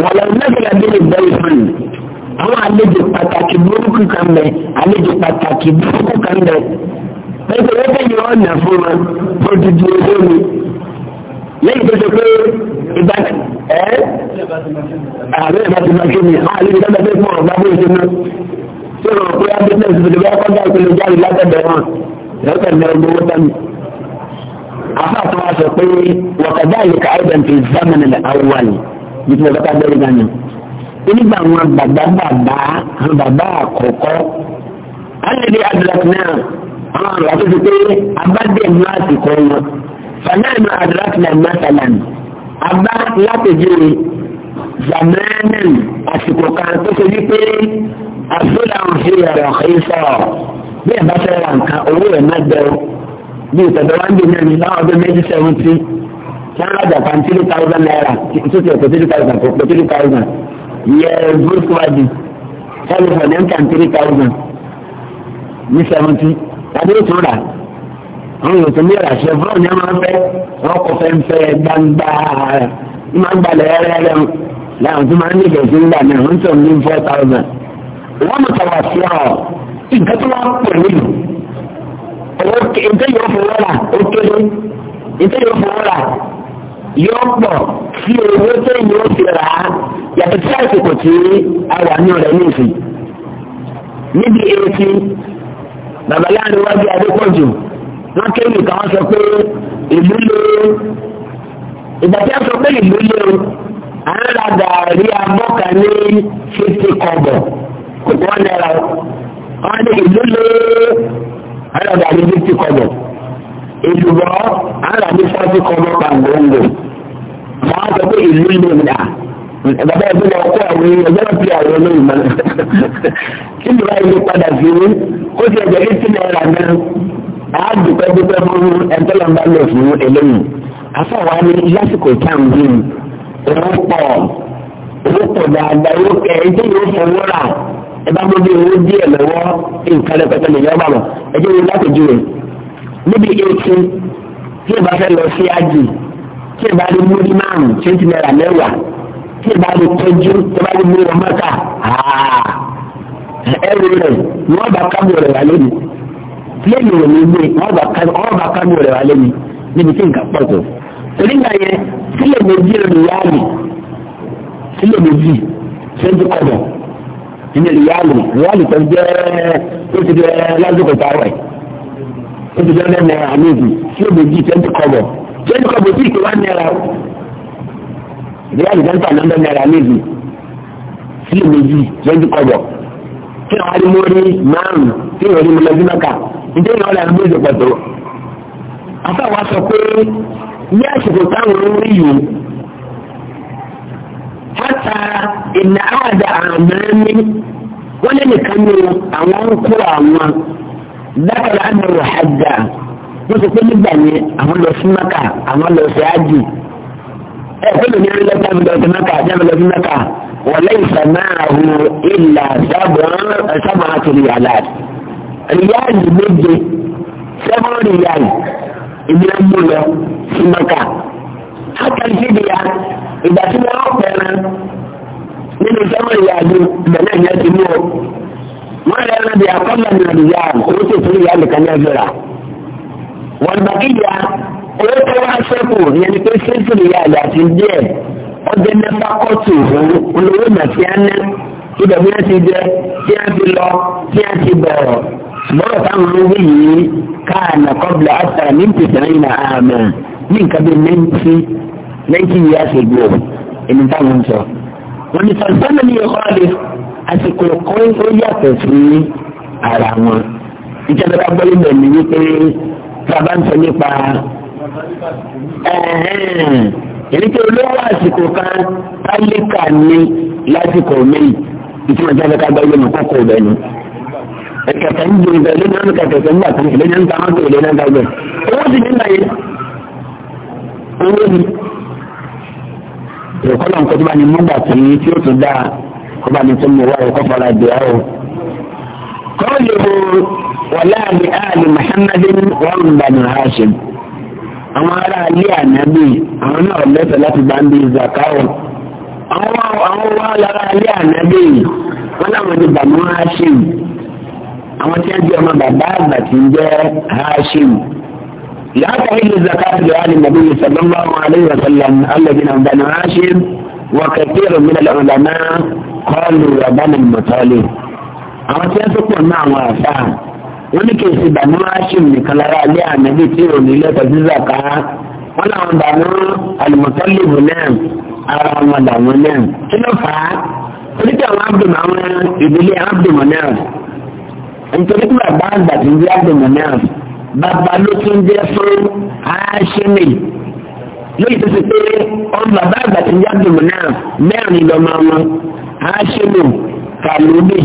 S1: wọ́n lọ mẹ́fẹ̀ẹ́ bí ìgbẹ́ ìfọ̀n àwọn àlejò pàtàkì burúkú kan bẹ̀ àlejò pàtàkì burúkú kan bẹ̀ ẹgbẹ́ wọ́n tẹ̀yìn ọ̀nà fún wọn ó ti di ojú mi lẹ́yìn tó ṣe pé ìgbà ẹ́ àárẹ̀ ìgbà tí ma ṣe mi àlè ìgbà tó ṣe fún ọ̀gá bó ṣe náà tí ó rọ̀ pé abẹ́tẹ̀ ìṣòro bá kọ́ dá ìpínlẹ̀ jáde látẹ̀bẹ̀ wọn lọ́pẹ̀ mẹ́rin owó tán afa tó wá sọ pé wọ́kàdá yìí ká ẹ̀dẹ̀ tó zámanà lẹ́ àwọn ní tí wọ́n bá bẹ́rẹ̀ gánà onígbà àwọn bàbá àwọn àgbà tó ti pé abájẹ́ ní àsìkò wọn fanáàmù adúlátìlá mẹ́tàlán abá látòjúwe zamẹ́nẹ̀m àsìkò kan tó ṣe wípé àfúlà òfin ẹ̀rọ kìí sọ̀rọ̀ bí ẹ̀ bá fẹ́ ra nǹkan owó ẹ̀ má bẹ̀ o bí ìtọ́jú wa ń gbé náà ní láwọn ọdún méjì sẹ́wọ́ntì tí wọ́n rájà kan three thousand naira tó ti ọ̀pọ̀ three thousand ọ̀pọ̀ three thousand yẹ volkswagen tẹlifon m kan three thousand ní sẹ́wọ́ntì tàbí ètò rà àwọn èèyàn tó ní ẹ̀rà ṣe fúlọ̀ ní ọmọ fẹ́ wọn kò fẹ́ fẹ́ gbangba ní máa ń gbalẹ̀ ẹ̀rẹ́rẹ́ mu láwọn tó máa ń nígbà tí ń gbà náà wọ́n tó ní four thousand. wọ́n mú tọ̀wọ̀ sí ọ nǹkan tó wọ́n pè mí lò owó nǹkan yóò fowó rà ó kéré nǹkan yóò fowó rà yóò pọ̀ sí owó tó yóò fi rà á yàtọ̀ sí àsìkò tí a wà ní ọ̀rẹ́ ní ìsìn níbi eighty bàbá láàrin wájú adépọ̀jù wọn kéwì kan wọn sọ pé ìlú lé ìgbà tí wọn sọ pé ìlú lé o àwọn làgbà rí abọ́ka ní fífi kọ̀bọ̀ kò wọ́n náírà wọn ní ìlú lé àwọn làgbà rí fífi kọ̀bọ̀ ìlúbọ̀ àwọn làgbà rí fọ́tí kọ̀bọ̀ pàgbọ́ngbò wọn sọ pé ìlú lé nà bàbá ẹgbẹ́ náà kó àwọn èèyàn ẹgbẹ́ náà fi àwọn olóyìn mọ́lẹ̀ kí ni wọ́n yí padà sí i ó ti ẹ̀jẹ̀ ní tìǹbà rà náà àádùpẹ́ dúpẹ́ fún ẹ̀ńtọ́lọ́mbà lọ fún eléyìí afọwọ́ ni lásìkò táwọn yìí owó pọ̀ owó pọ̀ dáadáa owó kẹ ẹjẹ́ yóò fọwọ́ rà ẹ bá gbogbo owó díẹ̀ lọ́wọ́ nǹkan rẹpẹtẹ lè yọ bàbọ̀ ẹjẹ́ lọ tí ìbá lè tọ́jú tó bá lè múlò mọ́ta ẹrù rẹ̀ wọ́n bá kábíyọ̀ rẹ̀ wá lónìí lẹ́yìn rẹ̀ ní gbé wọ́n bá kábíyọ̀ rẹ̀ wá lónìí níbi tí nǹkan pọ̀ tó. torí náà yẹn sílẹ̀ méjì rẹ̀ ríyáàlì sílẹ̀ méjì twenty kọ̀dọ̀ ní ríyáàlì ríyáàlì tó jẹ́ ó ti jẹ́ lásìkò táwọn ẹ̀ ó ti jẹ́ lẹ́nu àmì ìgbì sílẹ̀ méjì twenty kọ̀dọ̀ twenty kọ̀dọ̀ tí ìkẹ́wà náírà bí àdìgbàntà nọ́mbà náírà méjì sílẹ̀ méjì lójú kọ̀bọ̀ tí àwọn alimori márùn tí ìròyìn mi lọ́jú mẹ́ka ǹjẹ́ ìyàwó làwọn méjì pọ̀tó. afáwa sọ pé ní àsìkò táwọn orí yìí hátà ìnà àdà àmàmì wọ́n lé nìkan ní àwọn ń kó àwọn dákàrà àmì wàhádà wọ́n sọ pé nígbà yẹn àwọn lọ sí mẹ́ka àwọn lọ sí ájì ẹ̀fọ́lù ní ẹ̀rí lọ́jà mi lọ́jọ́ mẹ́ta ajá mi lọ́jọ́ mẹ́ta wọlé ìsànáàhù ìlà sábà àtúrì àlàd. ríyáàdì méje sẹ́fọ́n ríyáàdì ìdí ẹ̀mú lọ sí mẹ́ta. hákàtí ìdíyà ìgbà tí wọ́n pẹ̀rẹ̀ nínú sẹ́fọ́n ríyáàdì bẹ̀rẹ̀ ìyẹn ti mú o. wọ́n rẹ̀ ẹ̀rọ bí akọ́lẹ̀ ní ẹgbẹ̀rà. wọ́n owó tó wá sẹ́kù yẹn ni pé sẹ́sìrì yàrá àti díẹ̀ ọdẹ mẹ́fà kọ́tù olówó nà tí a ná ibẹ̀ bí wọ́n ti jẹ tí a ti lọ tí a ti bọ̀rọ̀ ṣùgbọ́n táwọn olówó yìí káànà kọ́bìlà àtàrà ní pìtàn ìnà àmà ní nǹkan bíi ninety ninety years ago ẹni táwọn sọ. wọ́n ní sọ̀tánà ní ẹ̀kọ́ rẹ̀ àsìkò kan ó yàtọ̀ sí ara wọn. ìjọba gbọ́dọ̀ bẹ̀rẹ̀ ní wípé tí a bá ń sọ nípa èyí tó olówó àsìkò kan tálíkà ní lásìkò míì ìtumọ̀ tí a fẹ́ ká gbọ́ ilé mi kókó ibẹ̀ ni. ẹ̀kẹ̀kẹ̀ ń gbìn bẹ̀rẹ̀ lónìí ọ̀nà kẹ̀kẹ̀ ń gbà kan ìlẹ́yìn ń ta mọ́tò ìlẹ́yìn ń gbàgbẹ́. owó ti dín báyìí owó ni ìrọ̀kọ́lọ̀ nǹkan tó bá ní mọ́gbà tó ní tí ó tún dáa kó bá ní tó wá ẹ̀kọ́ fara dìá o. kọ́ọ̀lù wọlé àwọn ará ilé ànábì àwọn náà lẹ́tọ̀ọ́ láti bá ń bí zakaro
S2: àwọn wá lára
S1: ilé ànábì wọn láwọn ní bàmú hashim àwọn tí wọn jẹ ọmọ bàbá àgbà tí ń jẹ hashim yàtọ̀ ilé zakaro lè wà ní nàbí sallallahu alaihi wasallam alladhina banu hashim wa kathirun min al-ulama qalu rabbana al-muttalib àwọn tí wọn tó pọ̀ náà àwọn àfáà wọ́n ní kèsì bàmú hashim nìkan lára alẹ́ ànábì tí ò ní lẹ́tọ̀ sí zaka wọ́n làwọn bàmú alimọ̀tálìbù náà ara wọn bàmú náà kí ló fà á oníkẹ́ àwọn abdùmọ̀ àwọn ìdílé abdùmọ̀ náà nítorí pé bàbá àgbà ti ń jẹ́ abdùmọ̀ náà bàbá ló tún jẹ́ fún hashimi lóyún tó ti pé ọ̀n bàbá àgbà ti ń jẹ́ abdùmọ̀ náà mẹ́rin lọ́mọ wọn hashimu kàlóbì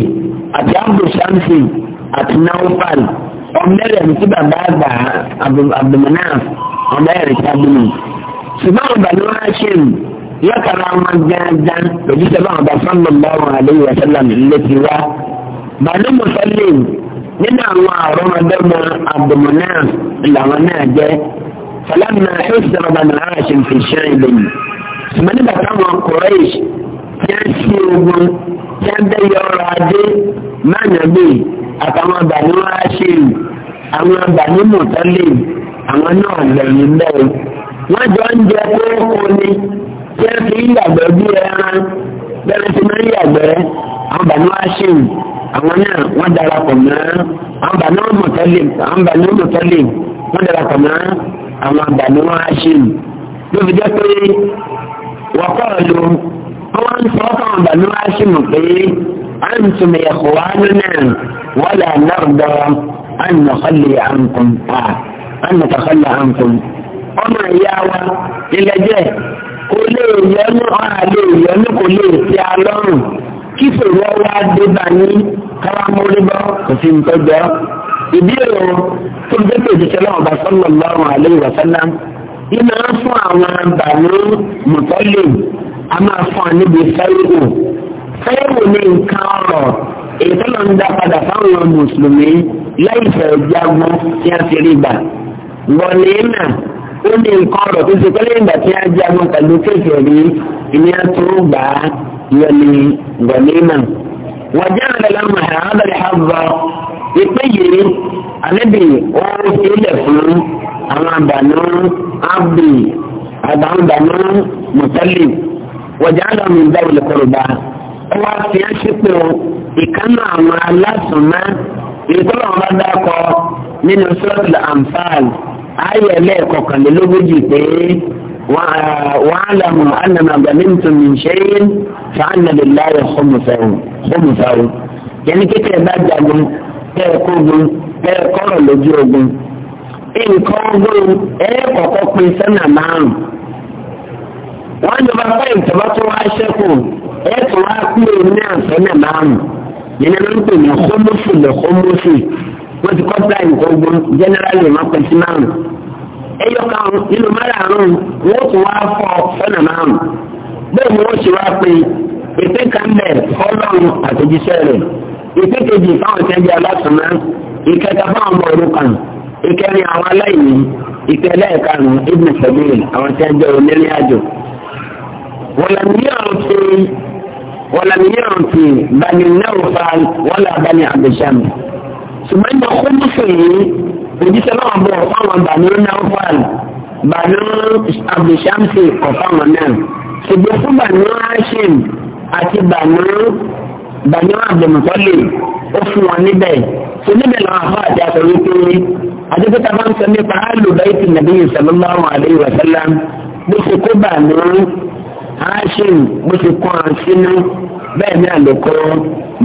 S1: àti abdùshamsi àti Naufal ọmọbẹ̀rẹ̀ ní ti bàbá àgbà Abdulmanaf ọmọbẹ̀rẹ̀ ti abúlé ṣùgbọ́n àwọn bàbá wọn ṣe ń yọkàrà wọn gángan lójú sábà wọn bá fáwọn báwọn àlejò àṣàlámì létí wá bàbá mùsọ̀lẹ̀ nínú àwọn àrùn ọdọ́gbọ̀n Abdulmanaf làwọn náà jẹ́ fọlọ́nà ẹ̀sìn ọba náà ṣe ń fi ṣe ìlẹ́yìn ṣùgbọ́n nígbà táwọn Quraysh tí wọ́n ṣe ogun tí wọ́n bẹ́ àtàwọn bàní ráṣìl àwọn bàní mùtálì àwọn náà lẹ́yìn wọ́n jọ ń jẹ kókó ni tí wọ́n fi ń yàgbẹ́ bí ẹran bẹ́ẹ̀ ti máa ń yàgbẹ́ àwọn bàní ráṣìl àwọn náà wọ́n darapọ̀ mọ́ àwọn bàní mùtálì àwọn bàní mùtálì wọ́n darapọ̀ mọ́ àwọn ló fi jẹ́ pé wọ́n sọ fún àwọn pé. أنتم إخواننا ولا نرضى أن نخلي عنكم آه أن نتخلى عنكم ọmọ ìyá wa ilẹ̀ jẹ́ kò lè yọnu ọ̀rà lè yọnu kò lè fi alọ́rùn kí sòrò wa dé bá ní káwá mórígbọ́ kò sí nítọ́jọ́ ìdí èrò tó gbé pèsè sẹ́lẹ̀ ọ̀bà sọ́nà lọ́rùn àlẹ́ ìwọ̀sánná yìí máa ń fún àwọn bàánú mọ̀tọ́lẹ̀ a máa fún ọ níbi fẹ́rẹ́gùn fẹ́ẹ̀mù ní nǹkan ọ̀rọ̀ èyí tó lọ ń dá padà fáwọn mùsùlùmí láì fẹ̀rẹ̀ jagun tí a ti rí gbà. Gọ̀lẹ́nà ó ní nǹkan ọ̀rọ̀ tó ṣe pẹ́lẹ́ ìgbà tí a jagun pẹ̀lú kékeré ìní a tó gbà á yọ ní gọ̀lẹ́nà. Wọ́n jẹ́ àdàlà màá àbẹ̀rẹ̀ àbọ̀ ìpé yìí àlébì wọ́n fi ilẹ̀ fún àwọn àdànù ábì àdànù mùtálì wọ́n jẹ́ àdàmì ìdáwọlẹ̀ kọ̀rọ̀ bá a wá fi ẹ́ sípò ìkánná àwọn alásùnmá ìtọ́lọ̀ wọn bá dákọ̀ nínú suratul Anfal ayé ẹlẹ́ẹ̀kọkànlélógójì pé wa'lamu annama ghanimtum min shay'in fa anna lillahi khumsahu yẹn kíkẹ́ bá jagun kẹ́ẹ̀kọ́ ogun kẹ́ẹ̀kọ́rọ̀ lójú ogun nǹkan ogun ẹ̀ẹ́kọ̀ọ́kọ́ pin sẹ́nà márùn-ún wọ́n jọba fẹ́ ìtọ́bátó wá ṣẹ́kù ẹ̀ẹ́dùn wá sí ẹ̀mí àfẹ́nà márùn yẹn ló ń pè ní kọ́mọ́sì lọ kọ́mọ́sì wọ́n ti kọ́ táyì gbogbo jẹ́nẹ́rálì mọ́pẹ́sì márùn ẹ̀yọ kan nínú márùn wọ́n tún wá fọ́ fẹ́nà márùn bẹ́ẹ̀ ni wọ́n ṣe wá pé ìpín kan bẹ̀ fọ́lọ́run àtẹ̀jíṣẹ́ rẹ̀ ìpín kejì fáwọn ìtẹ́jú alásùnmá ìkẹta fáwọn ọmọ òrukàn ìkẹrin àwọn aláìní ìkẹlẹ́ ìkarùn-ún ibùsọ̀bìrì àwọn ìtẹ́jú onírìnàjò wọ́n làmúyà ọ̀sẹ̀ wọ́n làmì yóò fi bani náwùfà wọ́n là bani àbẹ̀sàmù. ṣùgbọ́n ní ọkọ̀ mọ́fẹ́ yìí òjíṣẹ́ náà bọ̀ fáwọn bani náwùfà bani àbẹ̀sàmù sí ọ̀fáwọn náà. ṣùgbọ́n fún bani hashim àti bani bani abdulmutali ó fún wọn níbẹ̀ tó níbẹ̀ làwọn afọ àti àtọ̀ wípé àdókòtà bá ń sọ nípa alùbáyìí tì nàbíyì sallallahu alaihi wa sallam bó ṣe kó bani Hashim bó ti kọ́ ọ sínú bẹ́ẹ̀ ni àlòkọ́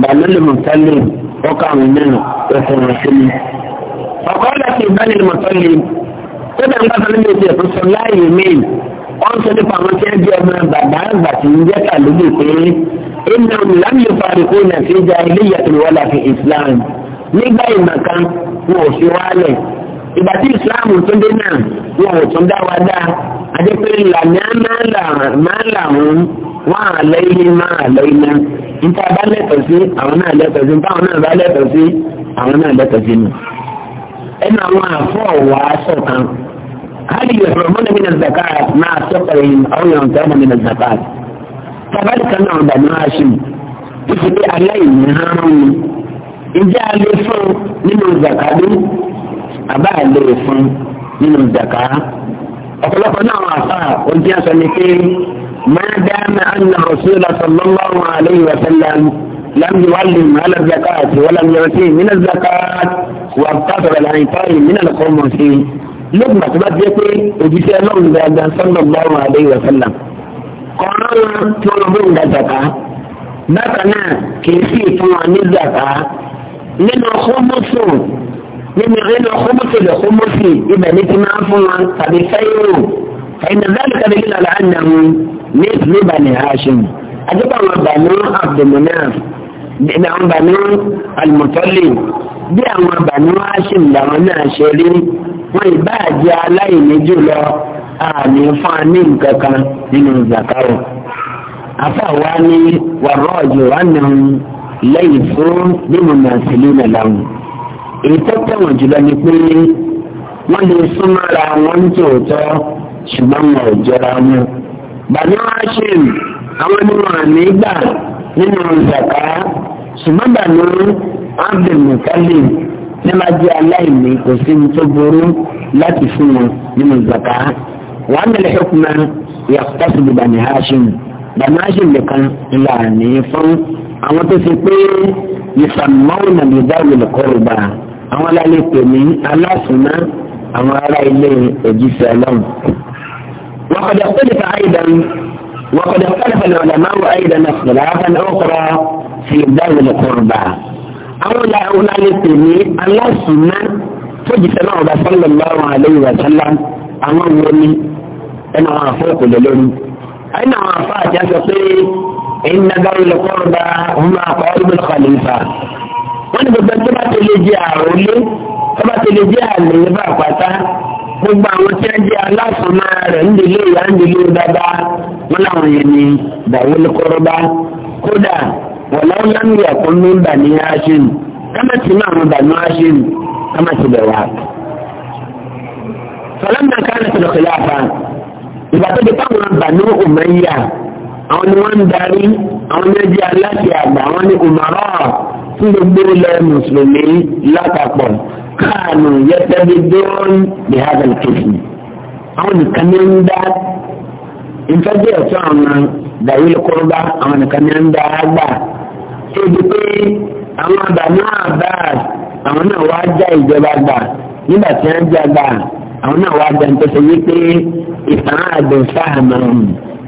S1: Bàlúlù Mùtálì ọkọ̀ àwọn náà ó kọ́ ọ sínú. ọ̀kọ́ láti Bàlúlù Mùtálì ó dàn bá sọ́nà méjì ẹ̀kọ́ sọ láàyè míì wọ́n sọ nípa àwọn tí wọ́n jẹ́ ọmọ bàbá àgbà tí ń jẹ́ kàlódì pé iná lámì ìfarikó náà fi ja ilé ìyàtọ̀ wọ́lá fi Islam nígbà ìmọ̀kan wọn ò fi wálẹ̀ ìgbà tí ìsìláàmù tó dé náà wọn ò tún dá wa dá àti pé ìlànà máa ń là wọn wọn àlẹ́ ilé máa àlẹ́ ilé níta bá lẹ́tọ̀ọ́ sí àwọn náà lẹ́tọ̀ọ́ sí báwọn náà bá lẹ́tọ̀ọ́ sí àwọn náà lẹ́tọ̀ọ́ sí nù. ẹnu àwọn àfọ̀ wà á sọ̀kan hali yẹ̀rọ mọ́nà mi zaka máa sọ̀kọ̀ yìí àwọn yẹ̀rọ tó mọ̀ mi zaka. tabali kan náà dànù aṣim ìfìdí aláìní hàn mi ìjẹ́ alẹ́ fún nínú zaka dé àbá àlè fún nínú ìdàkà ọ̀pọ̀lọpọ̀ náà wà fà ojú ẹ̀sọ́ ni pé máa dáná àná rọ̀ṣúlá sallallahu alayhi wa sallam لم يعلم على الزكاة ولم يؤتي من الزكاة واقتصر على إعطائه من الخمس lóògùn àti bá jẹ́ pé òjíṣẹ́ ọlọ́run dáadáa sallallahu alaihi wa sallam ọlọ́run tí wọ́n bó ń da zàká bákan náà kì í sì fún wa nínú ìrìnà kómùsì lè kómùsì ibẹ̀ ní ti máa ń fún wọn tàbí fẹ́yìrò ẹ̀yìn àbẹ́lẹ̀ tàbí kí lọ́la àná wọn ní ìlú Bani Hashim àdúgbò àwọn Banu Abdulmanaf ní àwọn Banu Al-Muttalib bí àwọn Banu Hashim làwọn náà ṣe rí wọn ìbá àjẹ aláìní jùlọ àmì fún àmì nǹkan kan nínú zakawo afáwa ni wàrọ̀ ọ̀jọ̀ wà nínú lẹ́yìn fún mímúnà sílẹ̀ èyí tó tẹ̀wọ̀n jùlọ ni pé wọ́n lè súnmọ́ra wọn ní tòótọ́ ṣùgbọ́n wọn ò jọra wọn. bàbá hashim àwọn ni wọn àmì gbà nínú zaka ṣùgbọ́n bàbá abdulmutalib ní máa jẹ́ aláìní kò sí ní tó burú láti fún wọn nínú mẹ́lẹ̀ bàbá bàbá ńlá fún àwọn àwọn alálejò ní aláṣùná àwọn ará ilé òjíṣẹ́ ọlọ́run. wọ́n kọjá pẹ́lú fa àìdán wọ́n kọjá pẹ́lú fa lọ́dà máa wọ àìdán náà sọ̀rọ̀ àbáni ọkọ̀rọ̀ fi dáhùn kọ̀ọ̀bà. àwọn alálejò ní aláṣùná tó jíṣẹ́ náà ọba sallallahu alaihi wa sallam àwọn wo ni ẹnu àwọn afọ òkòlè lórí. ẹnu àwọn afọ àti lè jẹ àròlé tó bá ti lè jẹ àlèyé bá pátá gbogbo àwọn tí wọn jẹ aláfọmọ rẹ ńdílé ìyá ńdílé dáadáa wọn làwọn yẹn ní dàwó lẹkọrọba kódà wọn làwọn lámìyà kún ní bani hashim kámẹtì náà wọn bani hashim kámẹtì bẹ wá. sọlọ́mọ káàlẹ̀ tó lọ́kọ̀ láàfà ìgbà tó di pàwọn bani umayya àwọn ni wọ́n ń darí àwọn ni wọ́n jẹ aláṣẹ àgbà àwọn ni umarọ́ fún gbogbo ilẹ̀ mùsùlùmí lápapọ̀ káànù yẹtẹ́bí dóòn bí hazel kejì àwọn nìkan ní ń dá ìfẹ́jú ẹ̀tọ́ àwọn dàwílì kọ́rọ́bá àwọn nìkan ní ń dá gbà ebi pé àwọn àbàmì àbáàs àwọn náà wá já ìjọba gbà nígbà tí wọ́n já gbà àwọn náà wá já nítorí wípé ìtàn àdùn sáà mọ̀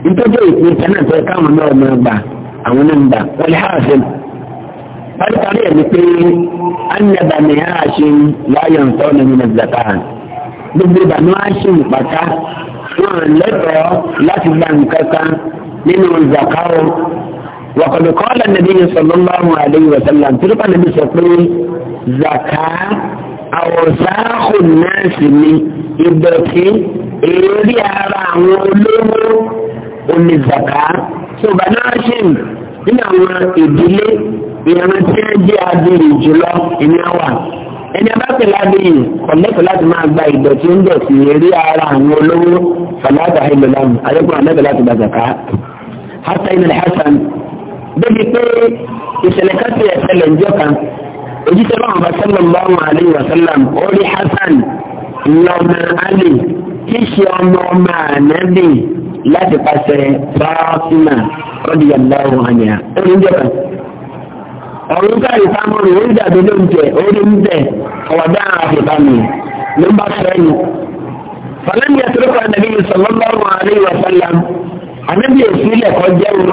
S1: nítorí ìpín ìtàn náà tó káwọn náà mọ̀ gbà àwọn náà ń gbà wọ́n lè hàásìlì pàtàkì ẹ̀ wípé anabani haṣin láyọ̀ ntọ́ ní nínú ìgbàta gbogbo ìbànú haṣin pàtà wọn lẹ́tọ̀ọ́ láti gba nǹkan kan nínú ìgbàka o wàkọ̀dù kọ́lá nàbí yẹn sọ̀rọ̀ lọ́wọ́ àdéhùn wàsálà tìrúkà nàbí sọ pé zaka àwòsáàkù náà sì ni ìdọ̀tí èrè ara àwọn olówó omi zaka tó ìbànú haṣin nínú àwọn ìdílé ìrìn tí wọ́n jẹ́ adìyẹ jùlọ ìní àwà ẹni abákẹ́lẹ́ adìyẹ kọ̀lẹ́kọ̀ láti máa gba ìdọ̀tí ń dọ̀tí rí ara àwọn olówó fàlàtà ìlọlọ́mù ayọ́kùnrin ọ̀lẹ́kọ̀ láti gba zaka. hasan ibn hasan débi pé ìṣẹ̀lẹ̀ kásì ẹ̀sẹ̀lẹ̀ ń jọ́ka ojúṣe báwọn bá sallallahu alaihi wasallam orí hasan lọ́mọ alì kí ṣe ọmọ ọmọ ànábì láti pàṣẹ fáfímà ọdún yà ńlá ọhún ànyà ẹni ń jẹba ọ̀run káyì sámú rẹ̀ orí dàbí ló ń tẹ̀ orí ń tẹ̀ ọ̀wọ́dà àfẹ́fà mi ló ń bá fẹ́ẹ̀nù. fàlẹ́mì ẹ̀sìnkọ́ ẹ̀nàbí sallallahu alaihi wa sallam ànábì èsìlẹ̀ kọ́ jẹun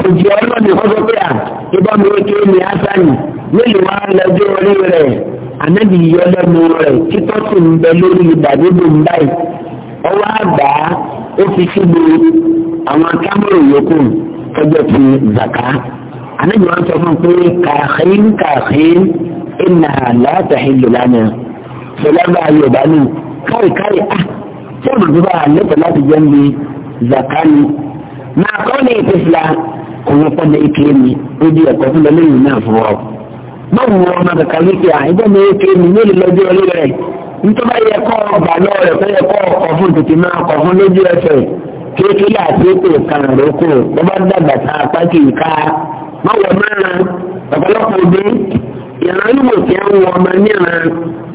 S1: kò jẹ́ ọlọ́ọ̀dì kọ́kọ́ pé à ibà mi ó kéré ní ásánì mélòó wá lọ́jọ́ orí rẹ̀ ànábì yọ lẹ́nu rẹ̀ títọ́ sì ń bẹ lórí ìdàgbébò ń báyìí ọwọ́ àgbà ó fi síbi àwọn kámẹ́rù yòókù tọ́jọ́ ti zaka anájú wọn sọ fún pé kàáxín kàáxín ìnà látàhìn lòlánà sọlábà yorùbá ni káríkárí a tí wọn bá lẹ́tọ̀ọ́ láti jẹ́ mi zaka ni máa kọ́ ní ìpèsìlá òun pọ̀ ní ike mi ó di ẹ̀kọ́ fún lọ́lẹ́yìn náà fún ọ. báwo ni ọmọ kankan wípé à ẹgbẹ́ mi ike mi ní ìlọ́jọ́ orí rẹ̀ nítorí ẹ̀kọ́ ọgbà lọ́wọ́ rẹ̀ fẹ́ ẹ̀kọ́ ọkọ̀ fún tètè máa kọ̀ fún lójú ẹsẹ̀ kékeré àti ètò ìkànnì lóko ló bá dàgbà tá a pàkì ká báwo mẹ́rin ọ̀pọ̀lọpọ̀ òbí ìran ìwò tí a ń wọ ọmọ níran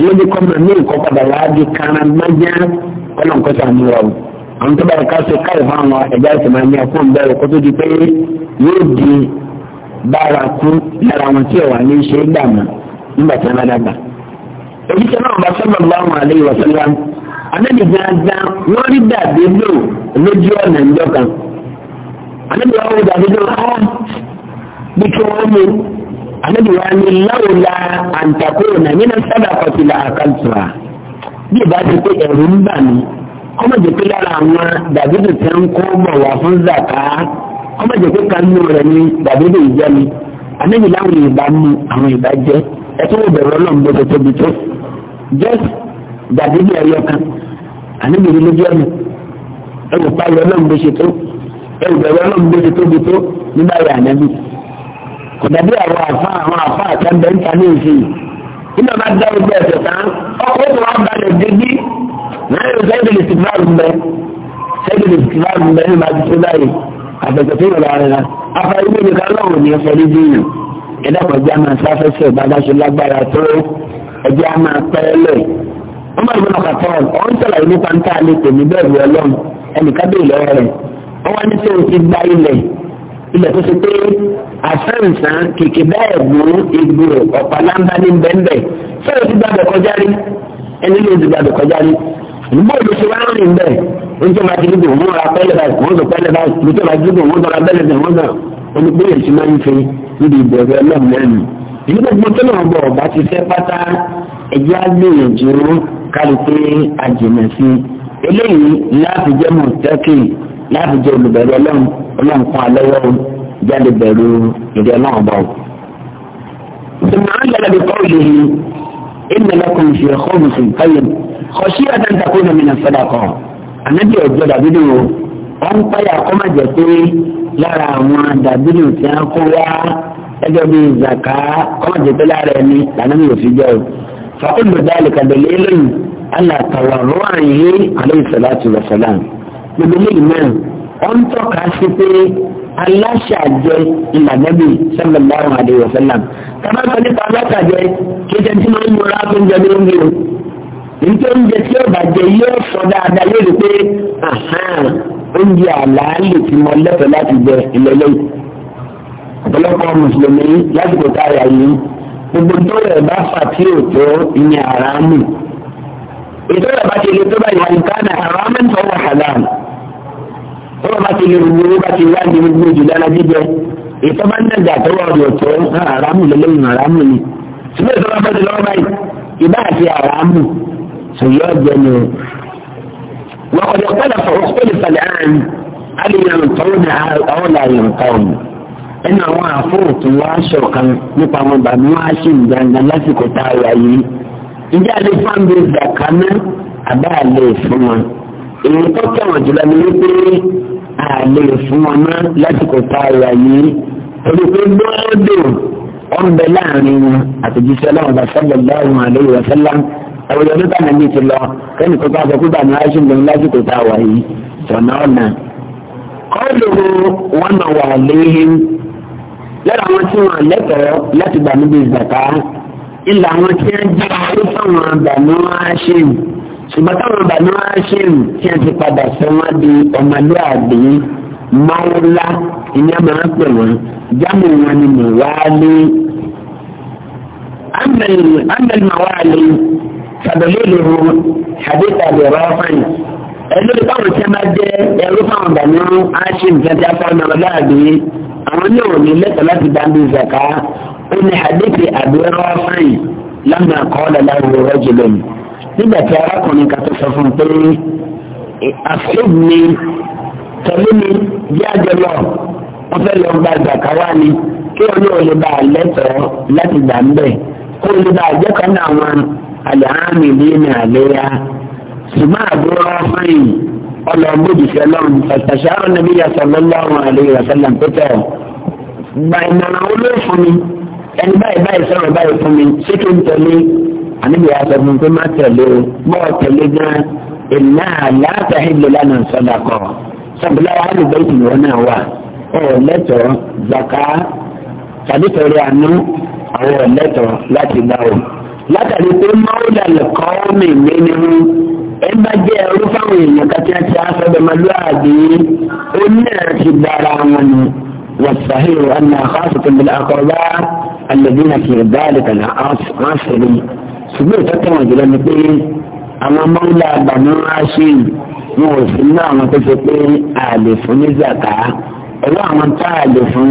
S1: lóbi kọ́ mọ̀ ní ìkọ́ padà wá di karan májá kọ́nà kó sàmì wọ̀ àwọn tó bá ká ṣe káyọ̀ fún àwọn ẹ̀dá ìsìn máa ní ẹ̀kọ́ ń bẹ̀rù kó tó di pé yóò di bára kú lára wọn tí ìwà ní ṣe dàmà nígbà tí wọn bá dàgbà anábì gangan wọ́n rí dàbí lò lójú ọ̀nà ìjọ kan anábì wọn rí dàbí lò á ah, bí kí wọ́n mú anábì wọn ní láwùlà àǹtakùrù náà nínú sábà kọtìlà àkàtúrà bí ìbá ti pé ẹ̀rù ń bà mí kọ́mọ̀jì pé lára àwọn dàbídì tẹ́ ń kó bọ̀ wá fún zàká kọ́mọ̀jì pé kanú rẹ̀ ní dàbídì ìjẹ́ mi anábì láwùlà ìbá mú àwọn ìbá jẹ́ ẹ tó wọ bẹ̀rẹ̀ ọlọ́run bó tó tóbi tó just dàbíbi ẹ̀yọ kan àníbìrì lójú ọ̀nà ẹ̀wù páyọ ọlọ́run bó ṣe tó ẹ̀wù bẹ̀rù ọlọ́run bó ṣe tóbi tó nígbà yà ànábì kò dàbí àwọn àfa àwọn àfa àtàbẹ̀ ń ta ní ìsìn yìí nígbà bá dá ojú ẹ̀sẹ̀ tán ọkọ̀ tó wá balẹ̀ dégbé náà yóò sẹ́yìn lè tìfà mbẹ sẹ́yìn lè tìfà mbẹ ní màá tó báyìí àbẹ̀tẹ̀ tó sáfẹ́sẹ̀ bá dáṣe lágbára tó ẹjẹ́ á máa pẹ́ wọ́n máa ń gbọ́n ọkà tọ́ọ̀lù ọ̀hún sọ̀rọ̀ nípa ń tá a lè tèmi bẹ́ẹ̀rù ọlọ́run ẹnìkan bẹ́ẹ̀ lọ́wọ́ rẹ̀ wọ́n wá ní tí o ti gba ilẹ̀ ilẹ̀ tó ṣe pé àfẹ́ǹsán kìkì bẹ́ẹ̀ bú igbó ọ̀pá lámbá ní bẹ́ńbẹ́ sọ̀rọ̀ ti gbàgbọ́ kọjá rí ẹni ló ti gbàgbọ́ kọjá rí ìgbó ìlú ṣe wá ń rìn bẹ́ẹ̀ oúnjẹ máa ti dìbò wọ́n ra pẹ́lẹ́ báyìí wọ́n sọ pẹ́lẹ́ báyìí oúnjẹ máa ti dìbò wọ́n sọ ra pẹ́lẹ́ báyìí wọ́n sọ ìlú gbogbo tó náà bọ̀ ọ̀bá ti fẹ́ pátá ẹ̀jẹ̀ agbèyànjú kárí pé àjìnà sí i eléyìí láti jẹ́ mọ̀tẹ́kì láti jẹ́ olùbẹ̀rù ọlọ́run ọlọ́run kan alẹ́wọ́ jáde bẹ̀rù ìdí ọlọ́run bọ̀. ìmọ̀ ń yára bí kọ́ọ̀lù yìí ìmọ̀ lọ́kùn fi ẹ̀kọ́ mùsùn káyọ̀ kọ̀ṣí àtàntàkù nàmínà sọ́dàkọ̀ ànábì ọ̀jọ́ dàbídì o wọ́n ń pààyà kọ́mọ̀jẹ̀ pé lára àwọn dàbídì tí wọ́n kó wá gẹ́gẹ́ bí zaka kọ́mọ̀tì pẹ́lá rẹ̀ ni lànàmì òfin jẹ́ o. fàkúndù dáàlì kàdélé lóyún alàtàwà rọ́ọ̀yé alayhi salatu wa salam. gbogbo lẹ́yìn náà wọ́n tọ́ka sí pé aláṣàjẹ ìlànàbì sallallahu alayhi wa sallam. tàbá sọ nípa aláṣàjẹ kí ẹjẹ tí wọ́n ń múra tó ń jẹ ní oúnjẹ o. nítorí oúnjẹ tí ó bàjẹ́ yóò sọ dáadáa yóò rí pé oúnjẹ àlàálì ti mọ lẹ́tọ̀ọ́ láti jẹ ìlẹ́lẹ́yìn ọ̀pọ̀lọpọ̀ mùsùlùmí lásìkò táyà yìí gbogbo tó rẹ̀ bá fà tí ò tó ìyẹn àràmù ètò rẹ̀ bá ti lè tó báyìí àyíkáná àràmù tó wà hàlám tó bá ti lè wúwo bá ti wá ní gbogbo ìjùlá la jíjẹ ètò bá ń dàgbà tó wà ọ̀dọ̀ tó àràmù lélẹ́yìn àràmù ni ṣùgbọ́n ètò bá bá ti lọ́wọ́ báyìí ìbá àti àràmù sòyọ́ ọ̀gbẹ́ni o wọ́n kọ́ ẹnu àwọn àfóòtú wa ṣọ̀kan nípa àwọn bàbá wa ṣì ń dandan lásìkò tá a wà yìí ìjà lè fáńbé zàkà náà àbá àlè fún wọn èyí tó kẹwọn jùlọ ni wípé àlè fún wọn náà lásìkò tá a wà yìí torí pé gbọ́dọ̀ wọn bẹ láàrin wọn àtẹ̀jíṣẹ́ ọlọ́run bá sábẹ̀ báwọn àlè wọ̀ sẹ́lá àwọn ọ̀dọ́ bá nàbí ti lọ kẹ́ni kó bá sọ pé bàmí wá ṣì ń lásìkò tá a wà yìí sọ̀nà ọ̀nà kọ́ lọ́dọ̀ àwọn tí wọ́n lẹ́tọ̀ọ́ láti gbà níbi ìgbàta ilẹ̀ àwọn tí wọ́n jẹ́ ayé fáwọn àgbàmú aṣèlú ṣùgbọ́n táwọn àgbàmú aṣèlú tí wọ́n ti padà sọ wọ́n di ọmọlúwàbí máwúlá ìní àmàlà pè wọ́n jámù wọn ni mọ̀wálé. amẹ́lì mọ̀wálé sàbẹ̀lélẹ̀ wọn hadith àbẹ̀ rọ́fàn ẹ̀lórí táwọn tí wọ́n bá jẹ́ ẹrú fáwọn àgbàmú aṣèlú tí wọ́n ti àwọn ilé òní lẹ́tọ̀ọ́ láti dáńdé zaka ó ní hadithi àbúrò fúri lọ́nà àkọọ́lẹ̀ láwùjọ rọ́jò lónìí nígbà tí arákùnrin kan tó sọ fún un pé àfihàn mi tẹ̀lé mi bí àjọ lọ wọ́n fẹ́ lọ gba zaka wá ni kí wọn yóò lè bá a lẹ́tọ̀ọ́ láti gbà ń bẹ̀ kó lè bá a jẹ́ kan ní àlẹ́ àmì bí ní àléyá ṣùgbọ́n àbúrò fúri ọlọ́ọ̀gbọ́dì sí ọlọ́run ṣàṣàṣàrò nàbí yàtọ̀ lọ́lọ́run àlejò àṣàlàm pẹ́tẹ́ ọ̀. gba
S2: ìmọ̀ràn olóò fún
S1: mi ẹni báyìí báyìí sọ̀rọ̀ báyìí fún mi ṣé kí n tẹ̀lé àníbi yàtọ̀ fún pé má tẹ̀lé o bọ́ tẹ̀lé gan iná àlàáfẹ́ ìlú lánàá sọ́dà kọ̀ sọ̀bùláwà àdùgbò ìtìwọ́ náà wà ọ̀ lẹ́tọ̀ọ́ zaka tàbí tẹ̀lé àánú àwọn ọ̀lẹ́tọ̀ọ́ láti gbà o látàrí pé máwùlà lẹ́kọ́ mi nínú ẹ bá jẹ́ ẹrú fáwọn èèyàn kàtí àti afẹ́dọ̀mọlúwàbí oníyàrá ti dára wọn ni wàsáhìn ọ̀nà àkọ́sọ̀tò bíi àkọ́rọ́bá alẹ́bínà kì í báàlì kàlà áṣẹ̀lì ṣùgbọ́n ìtọ́tẹ̀ wọn jùlọ ni pé àwọn mọ́lá àbàmú ráṣìn wọn ò sí ní tó ṣe pé àlè fún ní zàkà ẹ̀rọ àwọn tá àlè fún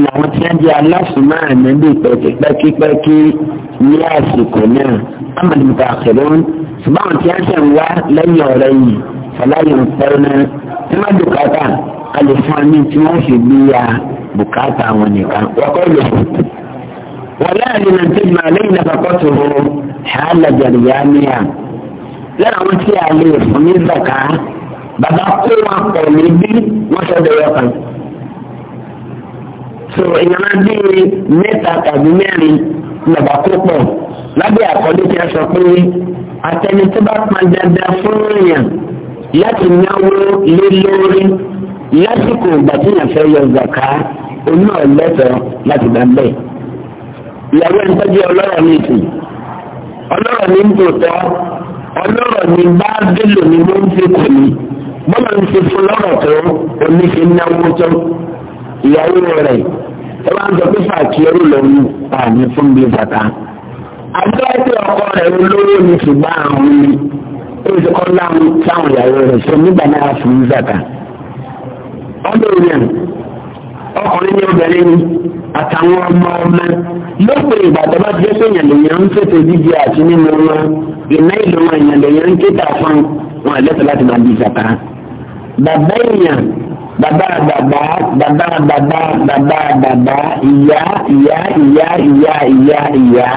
S1: làwọn tí wọ́n jẹ́ aláṣùmọ́ ànábì pẹ́kípẹ́kí ní àsìkò náà amadu muta àkẹrẹ́wọ́n ṣùgbọ́n àwọn tí wọ́n ṣẹ̀ ń wá lẹ́yìn ọ̀rẹ́ yìí fàlàyé ń pẹ́ náà tí wọ́n bùkátà a lè fún ọ ní tí wọ́n fi bí ya bùkátà wọn nìkan wọ́kọ́ lò fún wọ́n láàrin náà tí màá lẹ́yìn náà kọ́kọ́ tó hó hàlà jàdìyàmíà lẹ́yìn àwọn tí a lè fún ní zaka bàbá kó wọn pọ̀ níbí wọ́n ṣọ́ so ìyànà bíi mẹ́ta tàbí mẹ́rin lọ́ba tó pọ̀ lábẹ́ àkọlé tí a sọ pé atẹni tó bá pọn dandan fún èèyàn láti náwó lé lórí lásìkò ìgbà tí èèyàn fẹ́ yọ zàká onú ọ̀lẹ́tọ̀ láti gbà bẹ́ẹ̀. ìyàwó ẹni tó jẹ́ ọlọ́rọ̀ ní ìtì ọlọ́rọ̀ ní tòótọ́ ọlọ́rọ̀ ní bá bélò ní ló ń fi kù ní bọ́lá ń fi fún lọ́rọ̀ tó oníṣẹ́ náwó tó ìyàwó rẹ̀ ẹ bá ń sọ pé fàkíọ́rù lòun àní fún mi bàtà. àdúrà ọkọ rẹ̀ olówó ni ṣùgbọ́n àwọn ni èyí kọ́ láwọn táwọn ìyàwó rẹ̀ ṣe nígbà náà fún bàtà. ọdún ìrìn ọkùnrin ní obìnrin ni àtàwọn ọmọ ọmọ lópin ìgbà bá ti jẹ́ pé ìyàlẹ̀yàn ń fètò àti nínú ìná ìlú wọn ìyàlẹ̀yàn ń fún wọn bàbá bàbá bàbá bàbá bàbá bàbá Iya iya iya iya iya iya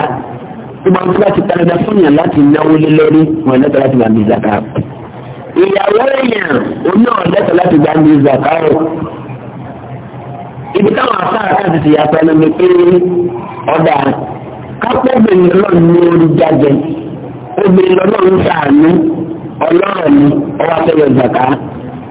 S1: tó máa ń fún láti tanadá fún yàn láti náwó lé lórí wọn lẹ́tọ̀ láti gbàgbé zaka. ìyàwó èèyàn oní ọ̀lẹ́tọ̀ láti gbàgbé zaka o. ibi táwọn afárá káàdì ti yàtọ̀ ẹni mi pé ọ̀dà kápẹ́bìnrin lọ́nà ní orí jáde obìnrin lọ́nà ń sàánú ọlọ́rọ̀ ni ọwọ́ akẹ́yọ̀ zaka.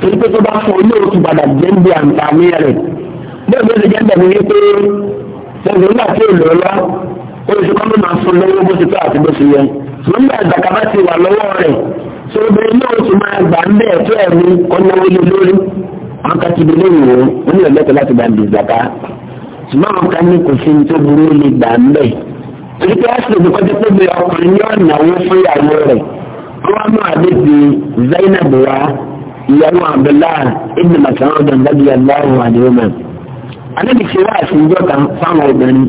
S1: torí pé tó bá fún un yóò tún padà jẹ́ ń bí àǹfààní rẹ̀ bẹ́ẹ̀ bí ó ti jẹ́ ń bẹ̀rù wípé ṣẹ̀ṣẹ̀ nígbà tí èlò lọ ó lè ṣe kọ́ ló máa fún lọ́wọ́ bó ti tó àti bó ti yẹ nígbà ìgbàkà bá ti wà lọ́wọ́ rẹ̀ ṣé obìnrin náà ti máa gbà ń bẹ̀ tó ẹ̀mí ọ̀nàwó lé lórí àwọn kan ti ó ní ọ̀lẹ́tọ̀ láti gbà ìyàwó abdullahi ibn masoud ndadi allahu adéwọmọ anabi ṣe wá àṣìjọ kan fáwọn obìnrin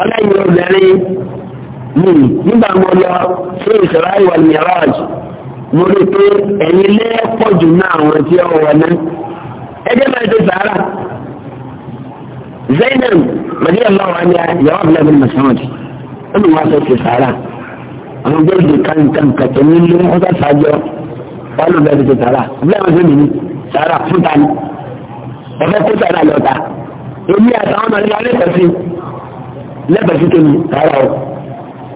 S1: ọlọ́yin obìnrin mi nígbà mo lọ sí israel wal miraj mo rí pé ẹ̀yin lẹ́ẹ̀pọ̀ jù náà àwọn tí ó wọ̀ náà ẹgbẹ́ máa ṣe sàárà zainab madi allahu ali ìyàwó abdullahi ibn masoud ó ní wọn sọ ṣe sàárà àwọn gbẹ́gbẹ́ kankan kàtẹ́ nílé wọn sá wà ló bẹ́ẹ̀ tètè sàrà bí àwọn tó nìyí sàrà fúta ni ọ̀fẹ́ kó sàrà lọ́ta èmi àtàwọn ọmọ nígbà lẹ́tọ̀ọ́sí lẹ́tọ̀ọ́sí tó ní sàrà o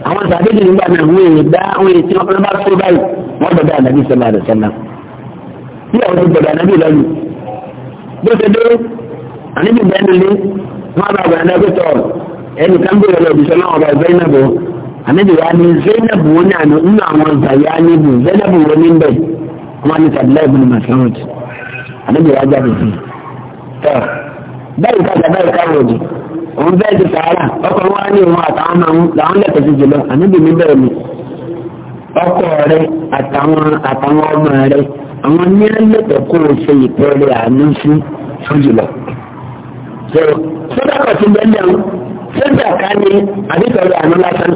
S1: àwọn sàdéjì nígbà náà wọ́n èyí dá wọ́n èyí tí wọ́n bá tó báyìí wọ́n dọ̀dọ̀ ànábì sọ̀rọ̀ àdè sọ̀nà bí àwọn ti dọ̀dọ̀ ànábì lọ́nu bó ṣe dé ànábì bẹ́ẹ̀ nílé wọ́n bá gbọ́dọ̀ ànábì tọ̀ ẹnì kan bẹ̀rẹ̀ lọ ìbísọ̀ náà ọba Zainabu ànábì wa ni Zainabu wọn ní àná nínú àwọn zàyà níbu Zainabu wọn ní bẹ́ẹ̀ wọn ní tàbí láì bínú màsáwọ̀dì àdébí wàá jáde sí i. tọ́ báyìí kájà báyìí káwọ̀ òdì òun bẹ́ẹ̀ ti sàárà ọkọ̀ wọn á ní òun àtàwọn máa ń làwọn lẹ́tọ̀ sí jùlọ àdébí mi bẹ́ẹ̀ mi. ọkọ rẹ àtàwọn àtàwọn ọmọ rẹ àwọn ní ẹlẹ́tọ̀ kó o ṣe ìtọ́rẹ àánú sí fún jùlọ. sọ́dọ̀ kọ̀ sí bẹ́ẹ̀ sọ́dọ̀ ká ní àdìsọ̀rọ̀ àánú lásán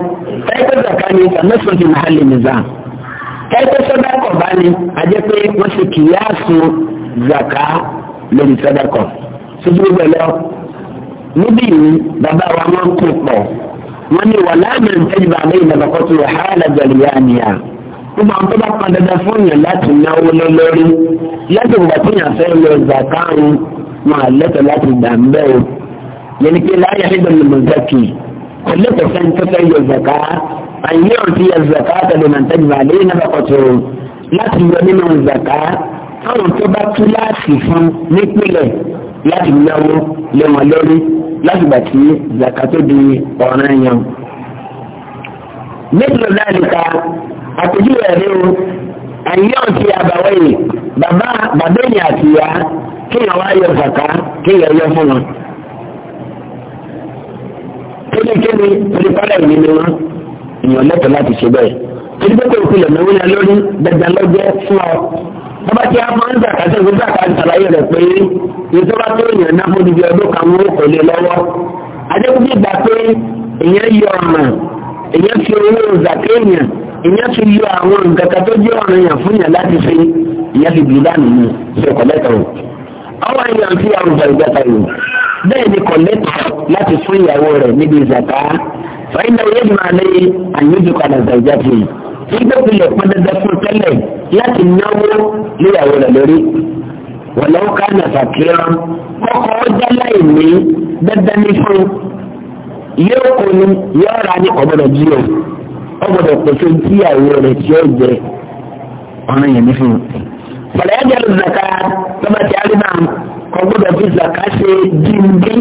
S1: ẹgbẹ́ sọ̀ká ní ìtàn mẹ́sàn-án ti máa lè nìzàn ẹgbẹ́ sọ́dákọ̀ bá ní ajẹ́ pé wọ́n ṣe kìyàsù zaka lórí sọ́dákọ̀ síbi gbogbo ẹ̀ lọ níbí yìí bàbá wa wọ́n ń kó pọ̀ wọ́n ní wà láàmì ìtẹ́jú bàbá yìí lọ́kọ́ tó yà hàlà jọ̀lìyà nìyà gbogbo àwọn tó bá pọn dandan fún yàn láti náwó lé lórí lẹ́sìn ìgbà tó yàn fẹ́ lọ zaka ń wọn àlẹ́tọ̀ láti gbà ń bẹ́ẹ̀ yẹn ni pé láyà ìdọ̀lùmọ̀ lẹ́tọ̀ fẹ́ni tó fẹ́ yọ zaka àyè ọ̀tí yọ zaka tẹ̀lé màtẹ́jì bá lé náà kọ̀tọ̀ láti yọ nínú zaka fáwọn tó bá tú láti fún nípìnlẹ̀ láti náwó lé wọn lórí láti gbà tí zaka tó di ọ̀ràn yẹn. mẹ́tìlọ́ dáríka àpèjúwe rẹ̀ o àyè ọ̀tí àbáwọ̀ yìí bàbá bàbá ènìyàn àti ìyá kéèyàn wá yọ zaka kéèyàn yọ fún wọn torí kíni torí pálẹ̀ mi ni wọ́n èèyàn lẹ́tọ̀ọ́ láti ṣe bẹ́ẹ̀ torí pé kò kulẹ̀ mẹ́wé ya lórí dandan lọ́jọ́ fún ọ. bàbá tí a máa ń gbà kásẹ̀ gbogbo àkàtà àlàyé rẹ̀ pé ètò bá tó èèyàn náà fún ibi ọdún kan wọn kò lè lọ́wọ́. adékùnrin gbà pé èèyàn yọ ọ̀nà èèyàn fi owó zàkè èèyàn fi yọ àwọn nǹkan kan tó jẹ́ ọ̀ràn àwọn èèyàn fi àwùjọ ìjọba yìí bẹ́ẹ̀ ni kò lẹ́tọ̀ láti fún ìyàwó rẹ̀ níbi ìzàká fàyínà yé máa lé àyíjùkọ àdàgbà ìjáde nígbà tó lè pọn dandan fún tẹ́lẹ̀ láti náwó léyàwó rẹ̀ lórí wọ̀lọ́wọ́ ká nàfà kíran ọkọ̀ ọjà láìní dandan ní fún yóò kó ni yóò ra ní ọ̀gbọ́dọ̀ jíyọ̀ ọ̀gbọ́dọ̀ pèsè tíyàwó rẹ̀ tí ó jẹ ọ̀ràn yẹn ní fún un fọlẹ́ ẹgbẹ̀rún zaka lọ́ba tí a rí náà kọ́ gbọ́dọ̀ fi zaka ṣe díndín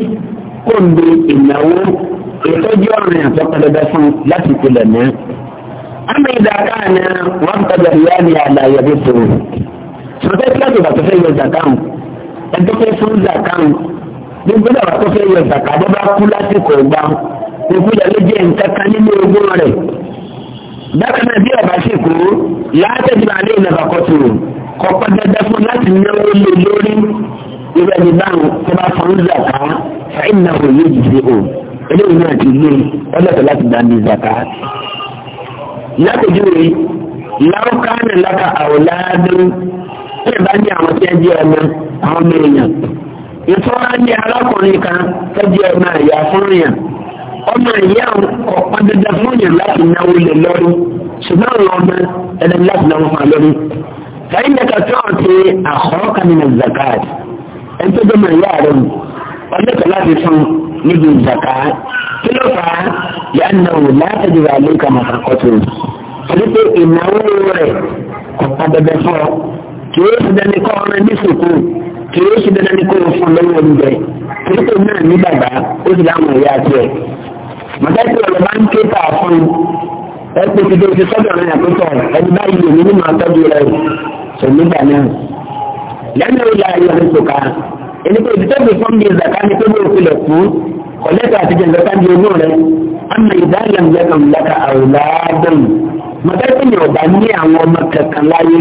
S1: kóńdé ìnáwó ìtọ́jú ọ̀rìn àtọ́kọ̀dọ́dọ́ fún láti ìpìlẹ̀ náà. àmì ìdàkà ni wọ́n tọ́jú ìyá ni àlàyé bí tó. sọ̀tẹ́ tí láti bàtọ́ fẹ́ yọ zaka hàn ẹjọ́ fẹ́ fún zaka hàn gbogbo náà wàtọ́ fẹ́ yọ zaka bọ́ bá kú lásìkò gbà òkú yàrá jẹ́ nǹkan kan nínú ogún rẹ̀. bákan náà bí ọ̀bá sì kú láti kọ́kọ́ dandan fún láti náwó lé lórí irú ẹni báwọn tó bá fọ́n zàká fàìnà òye jìde o eléyìí náà ti gbé ọlọ́tọ̀ láti dá ní zàká. lápèjúwe láwùkánì láka àwòládùn ó lè bá ní àwọn tí ẹ jẹ ọmọ àwọn ọmọ èèyàn ìfọwọ́ ní arákùnrin kan tó jẹ ọmọ ìyá fún yàn ọmọ ìyá ọ̀pọ̀ dandan fún yàn láti náwó lé lórí ṣùgbọ́n ọmọ ẹni fàyínlẹ́ka tó ọ̀ ti àkọ́ọ́kà nínú zakat ẹni tó dọ́mọ̀ ìyá rẹ̀ mu ọlọ́kọ̀ láti fún níbi zaka kí ló fà á yà ń nà wò látàdì rà lóka màkà kọ́tù torípé ìnáwó rẹ̀ kò pa bẹbẹ fún ọ kì í ṣe dání kọ́ ọ̀rẹ́ ní sùkú kì í ṣe dání kó o fún lọ́wọ́ oúnjẹ torípé náà ní bàbá ó sì dáhùn ìyá àti ẹ̀ màtàkì ọ̀rọ̀ bá ń ké ẹ pé ti ti sọ́dọ̀ rẹ̀ àkókò ẹni báyìí èmi ní màá tọ́jú rẹ̀ ṣòmígbà náà lẹ́nu ìlà ayọ̀rẹ́ ìṣòkà ẹni pé ìdítọ́bì fún mi ìzàká ni pé bóyá òfin lè fún kọ̀lẹ́tà àti jẹ̀ǹdọ́ká di ogún rẹ̀ ama ìdáhìlẹ̀ ńlẹ́kàn lẹ́kà àwòládùn mọ̀tẹ́sí ni ọ̀bà ní àwọn ọmọ kankan láyé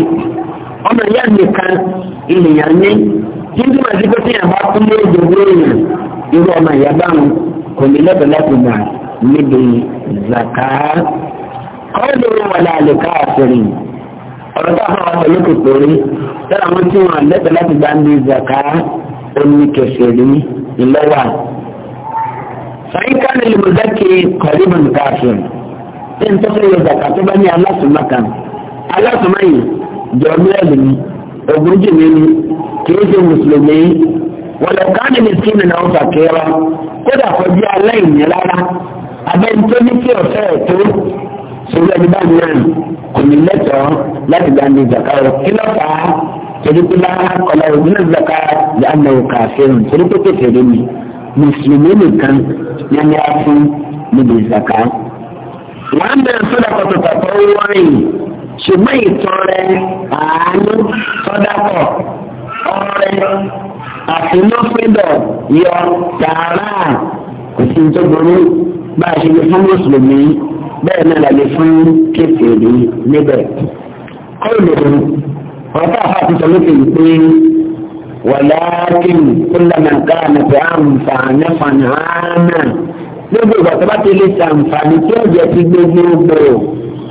S1: ọmọ ìyá mi kan ènìyàn ní kí n túmọ̀ sí pé kí yàrá fún mi ìdòwú èèyàn irú ọmọ ìyá báwọn kò ní lẹ́tọ̀ọ́ láti gbà níbi zàká kọ́ọ̀lù wọlé àlùkò ọ̀rọ̀ tá a fọ́ àwọn pẹ̀lú kòkòrò lára wọn tí wọn lẹ́tọ̀ọ́ láti gbá ní zaka oníkẹsẹ̀rí ìlọ́wà. sàyíká ni lùmọ̀dákì kọ̀ọ̀dúnmọ̀ nǹkan àfihàn ṣé n tọ́sí yọ zaka tó bá ní alásùnmá kan alásùnmá yìí jọ mílíọ̀nù ni ogójì mi ni kìí ṣe mùsùlùmí wọn lọ ká ní mìsíkìnì náà ó kódà kọjá aláìní rárá ọ̀fẹ́ ẹ̀ sórí ẹni bá náà kò ní lẹ́tọ̀ọ́ láti gba ní ìjàkà rẹ̀ kí ló fà á torí pé bá kọlá ògùn náà ìjàkà yà ń lọ kàfẹ́rùn torí pé kékeré ni mùsùlùmí nìkan ní ẹni á fún níbi ìjàkà. wọ́n á bẹ̀rẹ̀ sódà pọ̀tọ̀pọ̀ tó wọ́rin ṣùgbọ́n ìtọrẹ àánú sọ́dápọ̀ ọrẹ àfinúfídọ̀ yọ tààrà kò sí ní tó burú bá a ṣe lè fún mùsùlùmí bẹ́ẹ̀ náà lálẹ́ fún kékeré níbẹ̀. kọ́ọ̀lù ọ̀tá àfàtúntò ló fi ń pé wàláàkìn kúlẹ̀mẹ̀ká nìkan àǹfààní fàníhánà lójú ìgbà tó bá ti lè ṣàǹfààní tí ọ̀jẹ̀ ti gbogbogbò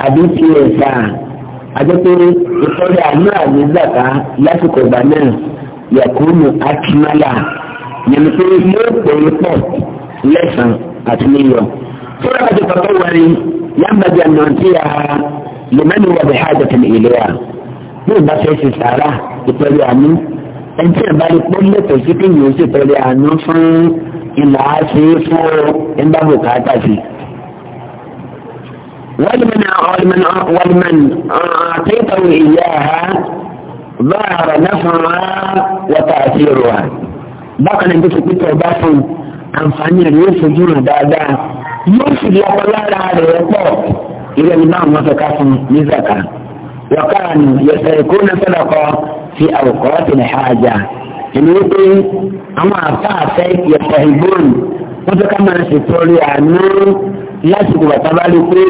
S1: àbí ti ẹ̀sà àjẹpé ìtọ́jú àánú àgbégbàká lásìkò ìgbà náà yẹ̀kúnnù akínálà yẹn pé yóò pè é pọ̀ lẹ́sàn-án àti níyọ̀. سورة التطور ينبغي أن ننتيها لمن هو بحاجة إليها من بس يسي سارة يتولي يعني. عنه أنت بالي كل تسيكين يوسي تولي عنه فن إلا سيفو إن بابو كاتا في ولمن ولمن ولمن أعطيته إياها ظهر نفعها وتأثيرها بقى نبتك بكر بس أنفعني ليوسي جونا دادا yóò sì lọ lára rẹ̀ pọ̀ ìrẹ́ ni máa mọ́tò ká fún ní zaka wọ́kàánù yẹsẹ̀ kó ní sọ́dọ̀kọ fi àwòkọ́ tìlẹ̀ ha jà èmi wípé àwọn àfáàfẹ́ yẹsẹ̀ ìgbóhùn wọ́n fẹ́ ká máa ṣe tọ́lé àánú lásìkò bàtà bá rí pé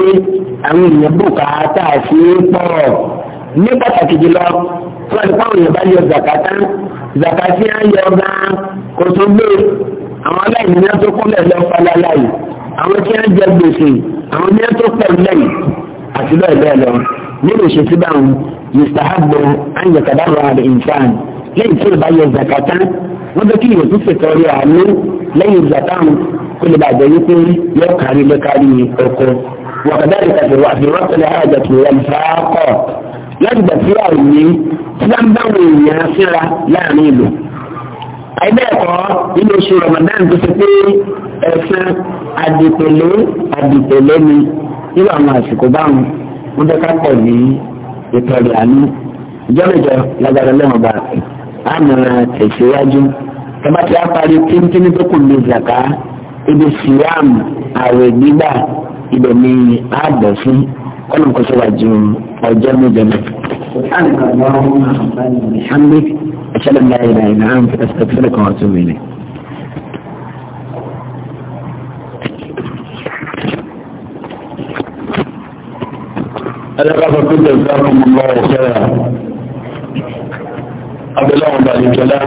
S1: àwọn èèyàn bùkátà sí pọ̀ ní pàtàkì jùlọ fún àdìpáwọn èèyàn bá yọ zakata zakati á yọ gan kò tó gbé àwọn aláìní tó kúnlẹ̀ àwọn tí wọ́n jẹ gbèsè àwọn ní ẹ̀tọ́ pẹ̀lú lẹ́yìn àti bẹ́ẹ̀ bẹ́ẹ̀ lọ nínú ìṣesí báwọn yustahabu an yatadara al-insan lẹ́yìn tí olùbá yẹ zakata wọ́n bẹ́ kí ìwé tó ṣètò orí àánú lẹ́yìn zakata kó lè bàjẹ́ wípé yọ kárí lọ kárí oko wàkàdáyé kàtó wà fi rọ́pẹ̀lẹ̀ àjàtò ẹ̀fáàkọ̀ láti gbà tí wà ní tí wọ́n bá wọn èèyàn síra láàrin ìlú. àìbẹ́ẹ̀kọ́ nínú oṣù Ramadan tó ṣe pé ẹ̀sìn àdìpẹ̀lẹ́ àdìpẹ̀lẹ́ ni nínú àwọn àsìkò báwọn wọ́n jẹ́ ká pọ̀ ní ìtọ́lẹ̀ àánú ìjọ́mẹ̀jọ lágbára lẹ́wọ̀n bá àmọ́ tẹ̀síwájú tọ́ba ti á parí tíntínní tó kù ní ìzàká ibi siam àwẹ̀ gbígbà ibẹ̀ ni ààbọ̀ fún kọ́nà kó síwájú ọjọ́ mẹ́jọ náà. سبحانك اللهم وبحمدك أشهد أن لا إله إلا أنت أستغفرك وأتوب إليك ẹlẹ́gbàgbà tó lè gbàgbà mọ́ ọ̀rọ̀ sẹ́ra abẹ́láwọn balẹ̀kẹ́lá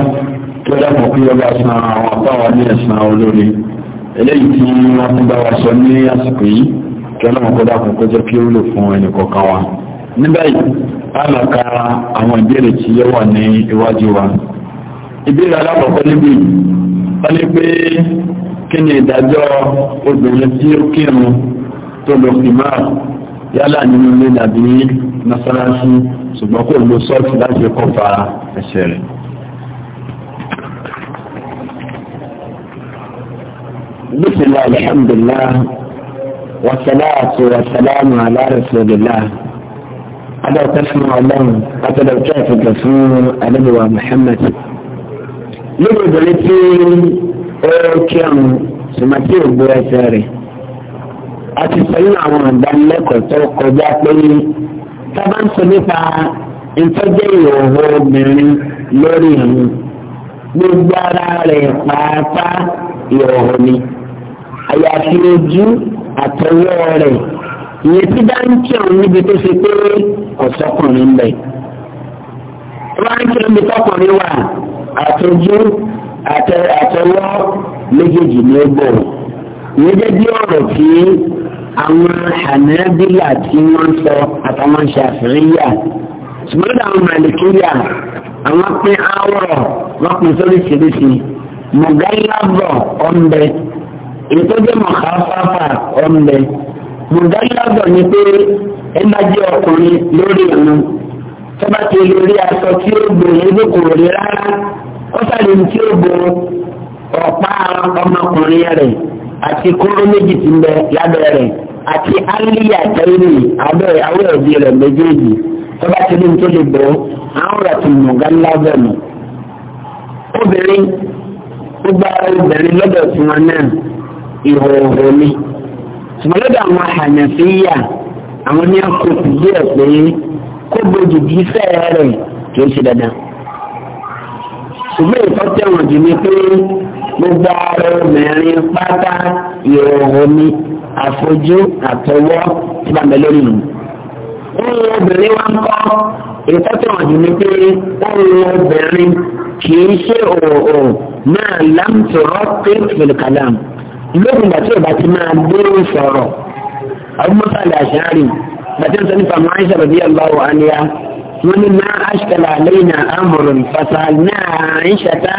S1: tó dápọ̀ kí ọba san àwọn àpáwà ní ẹ̀sàn olóore eléyìí tí wọ́n ti bá wa sọ ní àsìkò yìí kí ọlọ́run kó dápọ̀ kó jẹ́ kí ó lò fún ẹnì kọ̀ọ̀kan wa nígbà yìí a lọ ka àwọn ìbéèrè tí yẹ wà ní iwájú wa ìbéèrè alákọ̀ọ́kọ́ níbí wọ́n ní pé kí ni ìdájọ́ obìnrin tí ó kírun tó lọ fi máa yálà nínú ilé dàbí mọ́sálásí ṣùgbọ́n kò lo sọ́ọ̀tì láti kọ́ fa ẹsẹ̀ rẹ̀. بسم الله الحمد لله والصلاة والسلام على رسول الله هذا تسمع الله هذا لو كانت الرسول النبي محمد ó kírun sùmọ́tì ògbó ẹsẹ̀ rẹ̀ a ti sọ nínú àwọn àdánilẹ́kọ̀ọ́ tó kọjá pé tábà ń sọ nípa ìtọ́jẹ́ ìhòòhò obìnrin lórí ìrun gbogbo ara rẹ̀ pàápà ìhòòhò ni àyàfi ojú àtọwọ́ rẹ̀ ìyẹn tí bá ń kírun níbi tó ṣe pé ọ̀sọ́kùnrin bẹ̀. wọ́n á ń kírun níbi tọkùnrin wà àtọ́jú àtẹwọ́ méjèèjì ní gbò gẹ́gẹ́ bí ọ̀rọ̀ tí àwọn hànẹ́bílà tí wọ́n sọ àtàwọn ṣàfihàn ṣùgbọ́n àwọn màlìkíyà àwọn pín áwọ̀rọ̀ wọ́n pín sóríṣiríṣi mọ̀gálábọ̀ ọ̀nbẹ ìtọ́jú mọ̀káfáfà ọ̀nbẹ mọ̀gálábọ̀ ni pé ẹ bá jẹ́ ọkùnrin lórí ìrun tọ́ba ti lórí aṣọ tí ó gbòòrò ẹgbẹ́ kò rí rárá ó sáré ní tí ó bo ọ̀pá ọmọkùnrin rẹ̀ àti kóró méjì tí ń lábẹ́ rẹ̀ àti aliya tẹ́lẹ̀ abẹ́ awẹ́ òbí rẹ̀ méjèèjì tọ́ba tí ní tó lè bo àwọn rẹ̀ tó mú gánlá bẹ́ẹ̀ nù. obìnrin ó gba obìnrin lọ́dọ̀ tí wọn náà ìhòòhò ni ṣùgbọ́n lọ́dọ̀ àwọn àhànàfíyà àwọn ní akókò díẹ̀ pé kó bójú bí fẹ́ẹ́ rẹ̀ kì í ṣe dandan ṣùgbọ́n ìtọ́ tẹ̀wọ̀n jù ni pé gbogbo ara obìnrin pátá ìrọ̀rùn ni àfojú àtọwọ́ tí bá ń bẹ lórí nù. Oòrùn obìnrin wa ń kọ́ ìtọ́ tẹ̀wọ̀n jù ni pé oòrùn obìnrin kì í ṣe òòrùn náà láǹtọ̀rọ̀ pé fìlìkàlàm lókun ìgbà tí ìbá ti máa gbóòrùn sọ̀rọ̀. Àwọn mọ́tàlẹ̀ àṣà rìn gbàtí sọ nípa mọ́ wọ́n ní máa aṣkala lẹ́yìn àmọ̀rùn fasa náà àìṣàtà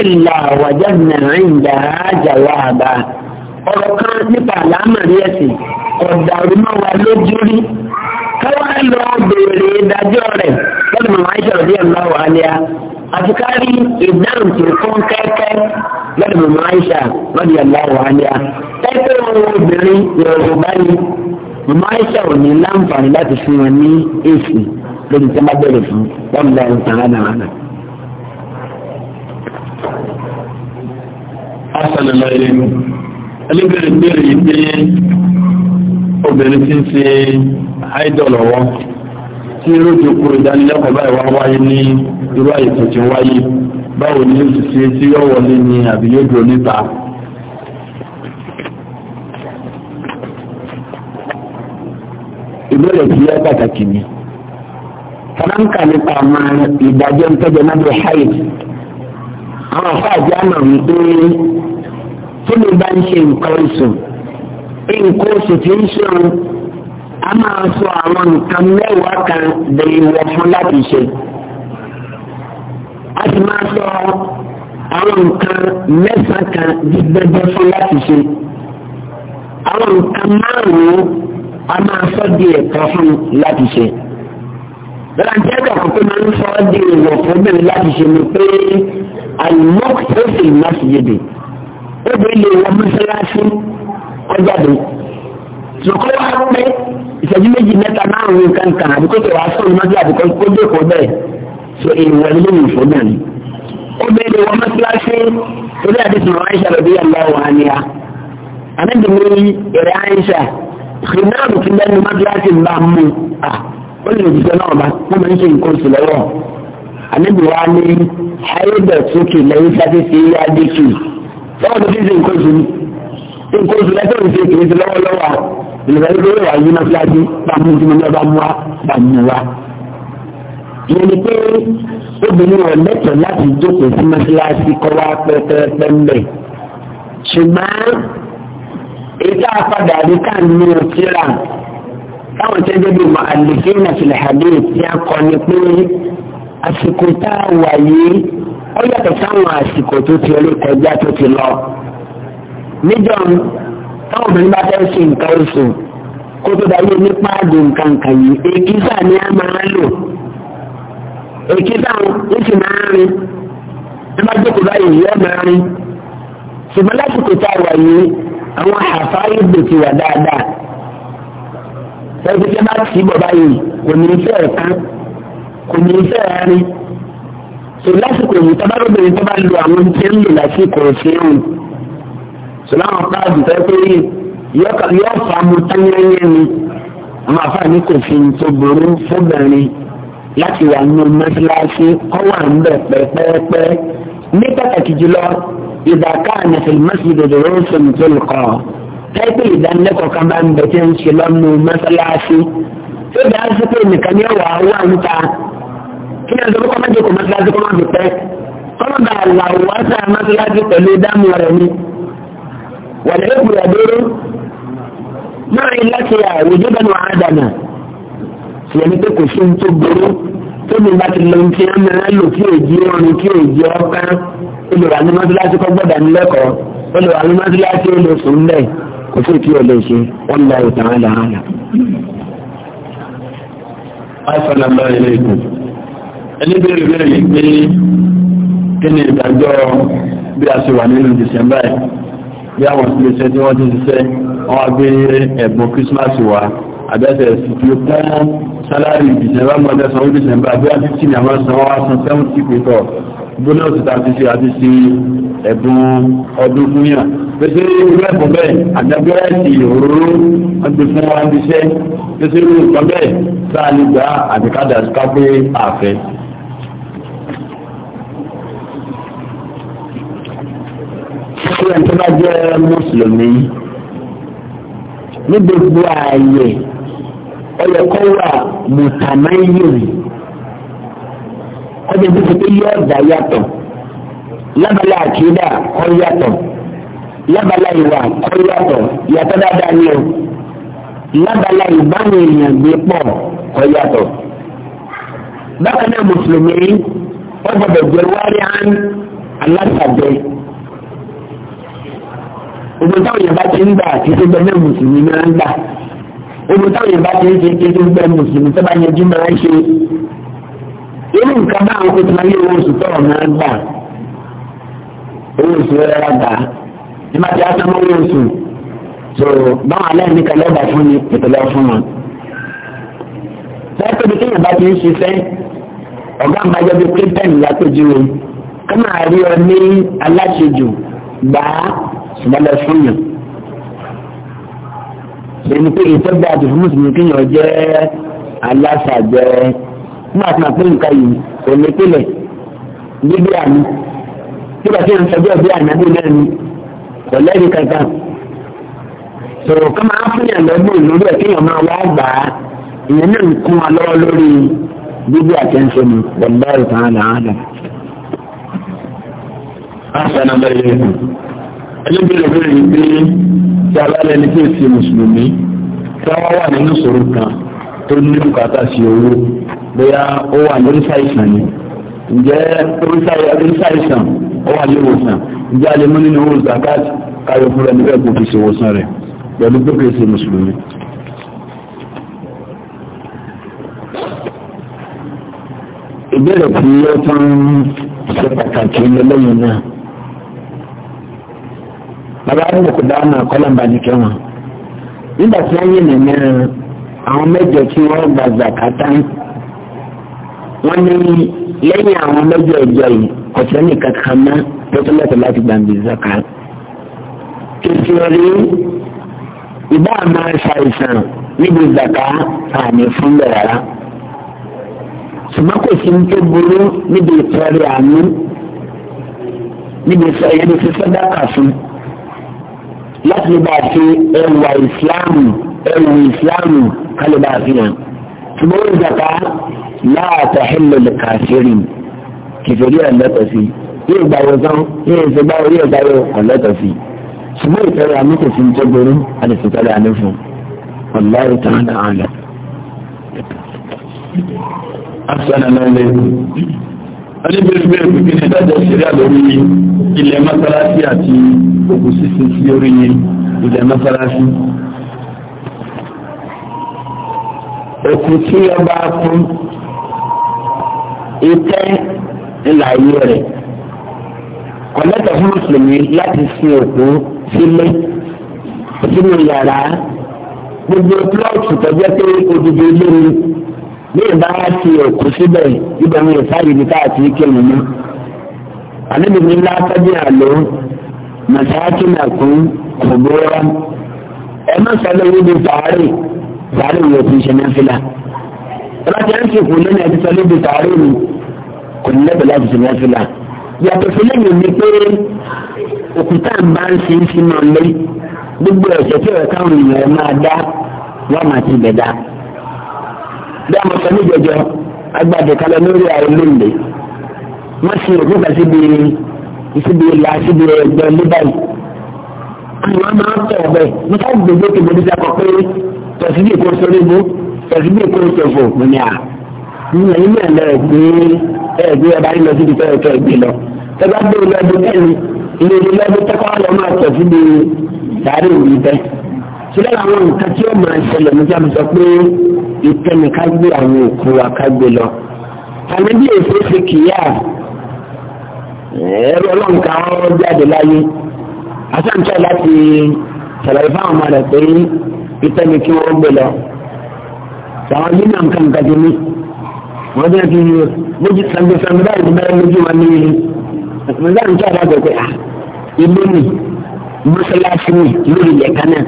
S1: ìlà wàjáde àìǹdà àjàwà àbá. ọ̀rọ̀ kan nípa àlámàrí ẹ̀sìn ọ̀dàrú mọ́ wa lójú rí káwá lọ béèrè ìdájọ́ rẹ̀ lọ́dún màmá aisha rẹ̀ díẹ̀ ńlá wà lẹ́yà àti ìdáhùn tó kún kẹ́kẹ́ lọ́dún màmá aisha rẹ̀ díẹ̀ ńlá wà lẹ́yà ẹgbẹ́ ohun obìnrin yorùbá ni màmá aisha ò ní láǹfààní láti fún wọn ní èsì lórí tí wọ́n bá bẹ̀rẹ̀ fún wọ́n lọ ìtàn ránàránà. asọ̀lẹ̀ lọ ilé mi ẹlẹ́gbẹ̀rẹ̀ gbèrè yìí pé obìnrin ti ń ṣe idol ọ̀wọ́ tí irú ti kúrò ìdánilẹ́kọ̀ọ́ báyìí wá wáyé ní irú àyè ti wáyé báwo ni yóò ṣe tí yóò wọlé ní àbí yóò dúró níta. ìbéèrè tí yẹ pàtàkì ni fọláńkà nípa àwọn ìdájọ́ ìtọ́jọ́ náà bí haid àwọn afáàjì àmà wípé tí mi bá ń ṣe nǹkan oṣù nǹkan oṣù tí ń ṣe òun a máa sọ àwọn nǹkan mẹ́wàá kan dèèwọ̀ fún láti ṣe a sì máa sọ àwọn nǹkan mẹ́sàn-án kan dídẹ́gbẹ́ fún láti ṣe àwọn nǹkan márùn-ún a máa sọ di ẹ̀tọ́ fún láti ṣe bẹ́ẹ̀ ni ẹ̀jẹ̀ kan pé máa ń sọ ọ́ di ìwọ̀ fóbìnrin láti ṣe ni pé àìmọ́kùtòsì máa ṣe yé de obìnrin lè wọ mọ́ṣáláṣí ọjàde ṣùkọ́ wa pé ìṣẹ́jú méjì mẹ́ta márùn-ún kankan àbíkó tó wàá sọ̀rọ̀ mọ́tò àbíkó kó dẹ́kọ̀ọ́ bẹ́ẹ̀ ṣe ìwọ̀ ilé ìfọ́bìnrin obìnrin lè wọ mọ́ṣáláṣí torí àdéhùn àwọn àìsàn rẹ̀ bí yàrá wà á níyà àmì ìdìbò ìrẹ̀ àìsàn ìnáàbù ti lẹ́nu mọ́ṣáláṣí bá mú à ah ó lè jíjẹ náà bá wọn máa ń ṣe nǹkan oṣù lọ́wọ́ àníbi wa ní ayébẹ̀ sókè lẹ́yìn sáté sí ilé adékì lọ́wọ́ tó fi ṣe nǹkan oṣù ní nǹkan oṣù lẹ́tọ̀ ń ṣe kìí ṣe lọ́wọ́lọ́wọ́ ìlúfẹ́ ló wà yí náà fúlájú bàmú tí mo ní ọba mú wa bàmú wa. ìyẹn ni pé obìnrin wọn lẹ́tọ̀ láti jókòó sí mọ́ṣáláṣí kọ́ wa pẹ́ẹ́pẹ́ẹ́pẹ́ ń ṣùgbọ́n èyí padà rí káàdì nínú tíra táwọn tó débi mọ àlùfín àti lẹ́hàdí tí a kọ ni pé àsìkò tá a wà yìí ó yàtọ̀ sáwọn àsìkò tó ti orí kọjá tó ti lọ. níjọ táwọn obìnrin bá fẹ́ ṣe nǹkan oṣù kó tó darí ní páàdì nǹkan kan yìí èkìtà ni a máa lò èkìtà ó sì máa rin ẹ má jókòó báyìí yóò máa rin ṣùgbọ́n lásìkò tá a wà yìí àwọn àfáà yóò gbèsè wà dáadáa ẹbí tí a bá ti bọ̀ báyìí kò ní fẹ́ ẹ̀ka kò ní fẹ́ ẹ̀rin tó lásìkò yìí tó bá lóbìnrin tó bá lo àwọn tí ń lò lásìkò ìṣẹ́hùn tó láwọn páàdì tó pé yóò fa mu tányányá ni àwọn àfààní kò fi tó burú fúnbẹ̀rin láti wà nínú mọ́sálásí kọ́ wà ń bẹ̀ pẹ́pẹ́pẹ́ ní pàtàkì jùlọ ìdàkà àyàfẹ́ mọ́sálásí dòdò rọ́ọ̀sùn tẹ́gbẹ́ ìdánilẹ́kọ̀ọ́ kan bá ń bẹ̀ tí ń ṣe lọ́nu mọ́sálásí tó dáa sí pé nìkan ní ọ̀wà wà níta kí ni ọ̀sán kọ́mọ́ jòkó mọ́sálásí kọ́mọ́ fi pẹ́ kọ́mọ́ bá là wá sá mọ́sálásí pẹ̀lú dámù rẹ̀ ni wọ̀lẹ́ ìgbìyà dúró náà ìlàkì àwùjọ bẹ́ẹ̀ wà á dànà ìyẹn pé kò sí tó burú tó ní bá ti lọ ti ń mẹ́rin lò kí èjì orin kí èjì ọ̀kan olùwà kọ́ gbọ́dọ̀ nílẹ́kọ̀ọ́ olùwà ní olùsùn bẹ́ẹ̀ kò sí ìkí ọ̀lẹ́ ṣe wọ́n lọ ìtàn àlà àlà. Assalamu alaykum. ẹni bèrè bèrè yìí pé kí ni ìdájọ́ bí a ṣe wà nínú December yìí bí àwọn iléeṣẹ́ tí wọ́n ti ṣiṣẹ́ wọ́n á gbé ẹ̀bùn Christmas wá àbẹ́sẹ̀ ìsìnkú fún sálárì December mọ́tẹ́ sanwó December bí a ti tì ní àwọn sanwó wá san seventy pẹ̀tọ̀ bónọ́ọ̀sì tá a ti ṣe àti ṣe ẹ̀bùn ọdún fún yàn pèsè irú ẹ̀kọ́ bẹ́ẹ̀ àdàbẹ́rẹ́tì òróró ọdún fún wa ń ṣiṣẹ́ pèsè irú nǹkan bẹ́ẹ̀ sáà ní gbà àbíkádà ká pé àfẹ́. ṣé ẹni tó bá jẹ́ mùsùlùmí ní gbogbo ààyè ọyọ kọ́ wà mùtàmáyìrì ọjọ́ ìdíje pé yọ ọ̀dà yàtọ̀ lábàlá àkídà kọ́ yàtọ̀ lábala ìwà kọ́ yàtọ̀ yàtọ̀ dáadáa ni o lábala ìbáwọn èèyàn gbé pọ̀ kọ́ yàtọ̀. bákan náà mùsùlùmí ó gbọdọ̀ jẹ́ wárí án alásàbẹ̀. ogun táwọn yẹn bá ti ń gbà títí gbẹmẹ mùsùlùmí máa ń gbà ogun táwọn yẹn bá ti ń ṣe títí gbẹ mùsùlùmí tó bá yanjú máa ń ṣe. irú nǹkan báwọn kò tí wọ́n yé owó oṣù tọ̀rọ̀ máa ń gbà owó oṣù rẹ̀ rà gbà á ní bá ti á sanwó ní oṣù so báwọn alẹ́ ní kalẹ́ bá fún ni ìpìlẹ̀ fún wọn. sẹ́yìn tóbi kéèyàn bá ti ń ṣiṣẹ́ ọ̀gá àgbájọ bíi kírísítẹ́nì lápẹ́jú o ká máa rí ọ ní aláṣejù gbà á ṣùgbọ́n lọ fún yàn. ẹni pé ìtọ́jú àti fún mùsùlùmí kéèyàn jẹ́ aláṣàjẹ́ nígbà tí wọ́n pè nǹkan yìí òní pínlẹ̀ bíbí àná nígbà tí wọ́n sọ bí ọ̀bí àná kò lẹ́rìí kankan sọ̀rọ̀ ká máa fún yàn lọ́gbọ̀n lórí ẹ̀ kéèyàn máa wá gbà á ìyẹn náà ń kún wa lọ́wọ́ lórí bíbí àtẹ̀ǹsẹ̀ mi bọ̀dá ìtàn àdá àdá. Àṣàna bẹ̀rẹ̀ ẹlẹ́bẹ̀rẹ̀ bẹ̀rẹ̀ ní pé tí alálẹ̀ ní kí èsì mùsùlùmí tí wọ́n wà nínú ìṣòro kan tó ní bùkátà sí owó bóyá ó wà lórí ṣàìsàn ni. Ǹjẹ́ orí ṣàìsàn ọwọ́ ayé wòsàn ǹjẹ́ a lè mú nínú owó zakat káyọ fúnra ní ẹgbẹ́ òfin ṣe rẹ̀ pẹ̀lú pé kìí ṣe mùsùlùmí ìbéèrè tí tán ṣe pàtàkì lẹ́yìn náà bàbá àdúgbò dáná kọ́lọ́mbà ní wọ́n ní lẹ́yìn àwọn mẹ́jọ ìjọ yìí ọ̀sẹ̀ nìkan kan mọ́ tọ́tún lẹ́tọ̀ láti gbàǹdì zaka. kìsì rí ìbá máa ṣàìsàn níbi zaka àmì fún bẹ̀rẹ̀ ṣùgbọ́n kò sí ní tó burú níbi ìtọ́rí àánú níbi ìsọ̀yẹ́ ní fífẹ́ dákà fún láti lè bá a fi ẹwà ìsìláàmù ẹwù ìsìláàmù kálí fi hàn ṣùgbọ́n ìjàpá láàtọ̀ hílùlù kàfírì kìfèrí ọ̀lẹ́tọ̀ sí yóò gba owó tán yóò ṣe gbá orí ẹ̀dá yóò ọ̀lẹ́tọ̀ sí ṣùgbọ́n ìtọ́rọ̀ àmì kò sí ní tó gbóró àti ìtọ́rọ̀ àmì fún ọ̀láyé tán náà àlọ́. Adébẹ́rẹ́bẹ́rẹ́ pípín ní ìdájọ́ ìṣẹ́lẹ̀ lórí ilẹ̀ mọ́sálásí àti òkú sísin sí orí ilẹ̀ mọ́sálásí.
S2: Òkú tí ọba kún
S1: ìtẹ́ ńlá ayé rẹ̀ kọ̀lẹ́tọ̀ fún mùsùlùmí láti sin òkú sílé sínú yàrá gbogbo plọ́ọ̀tù tọ́jú pé odidi ilé mi bí ìbá ti òkú síbẹ̀ ibẹ̀ mi ìsáyìí ní káàkiri kéwìn mọ́. àlejò mi ńlá tọ́jú àlọ́ màsáàkì nàkún kògbóra ẹ má sọ lórí ibi sàárè sàárè yóò fi ṣe náà fìlà ọba tí a ń fi kù lónìí àti sọ níbi tààrí mi kò ní lẹ́bẹ̀ẹ́ láti ṣe mẹ́fìlà yàtọ̀ sí lẹ́yìn mi pé òkúta ń bá ń ṣe ń fi máa lé gbogbo ẹ̀ṣẹ̀ tí ọ̀rẹ́ káwọn èèyàn máa dá wọ́n máa ti bẹ̀ dá. bí a mọ̀ sọ ní jẹjọ agbáde kalẹ̀ lórí ààrẹ lónìí wọ́n ṣe òkúta síbi síbi ìlà síbi ẹgbẹ́ lébàyì. àwọn máa ń tọ̀ ọ̀bẹ tẹ̀sí bí èkó ìṣẹ̀fọ̀ mo ní à nínú ẹ̀yìn náà lọ́ọ̀ gbé ẹ̀ gbé ọba yín lọ síbi tẹ́ ẹ̀kẹ́ ìgbé lọ tẹ́gbà gbé lọ́dún kẹ́rin ilé ilé lọ́dún tẹ́kọ̀ lọ́ máa tẹ̀ síbi sàárè òní tẹ́ sílẹ̀ àwọn nǹkan tí ó máa ṣẹlẹ̀ níjà mi sọ pé ìtẹ́ni ká gbé àwọn òkú wa ká gbé lọ àmì bí èso ṣe kìíyà ẹ̀rọ ọlọ́nkà ọ̀rọ̀ jáde láyé àṣàǹtẹ̀ láti ṣàlàyé fáwọn ọmọ rẹ̀ pé ìtẹ́ni kí wọ́n gbé lọ sàwọn nínú nǹkan nǹkan jẹ mí wọ́n bẹ́ẹ̀ kí yóò lójú sàǹdé sàǹdé báyìí ní báyìí lójú wa níyì ah, ni àtúntò dáhùn tí a bá gbẹ pé à ilé mi mọ́sálásí mi lórí ilẹ̀ kan náà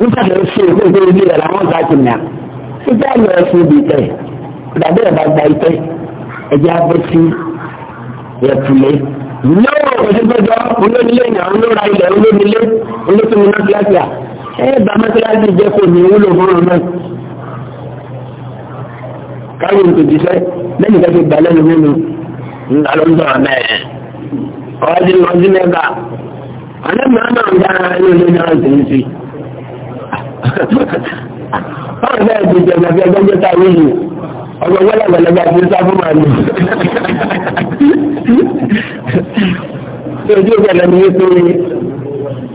S1: nígbà tó ń ṣe ìpè pé ilé rẹ̀ làwọn bá ti nà síta lọ sí ibi tẹ̀ ìdàgbé ẹ̀ bá gba ìtẹ́ ẹ̀jẹ̀ abẹ́ sí ẹ̀kúlé lọ́wọ́ òṣèpẹ̀jọ́ olónílé ìyàwó lóra ilẹ̀ olónílé olóṣèlú náà kíláàsì ẹ bá mọ́sálásí jẹ́ kò ní wúlò mọ́ràn náà káwọn ètò jíṣẹ́ lẹ́yìn tó ti gbà lẹ́nu nínú alóńdọ̀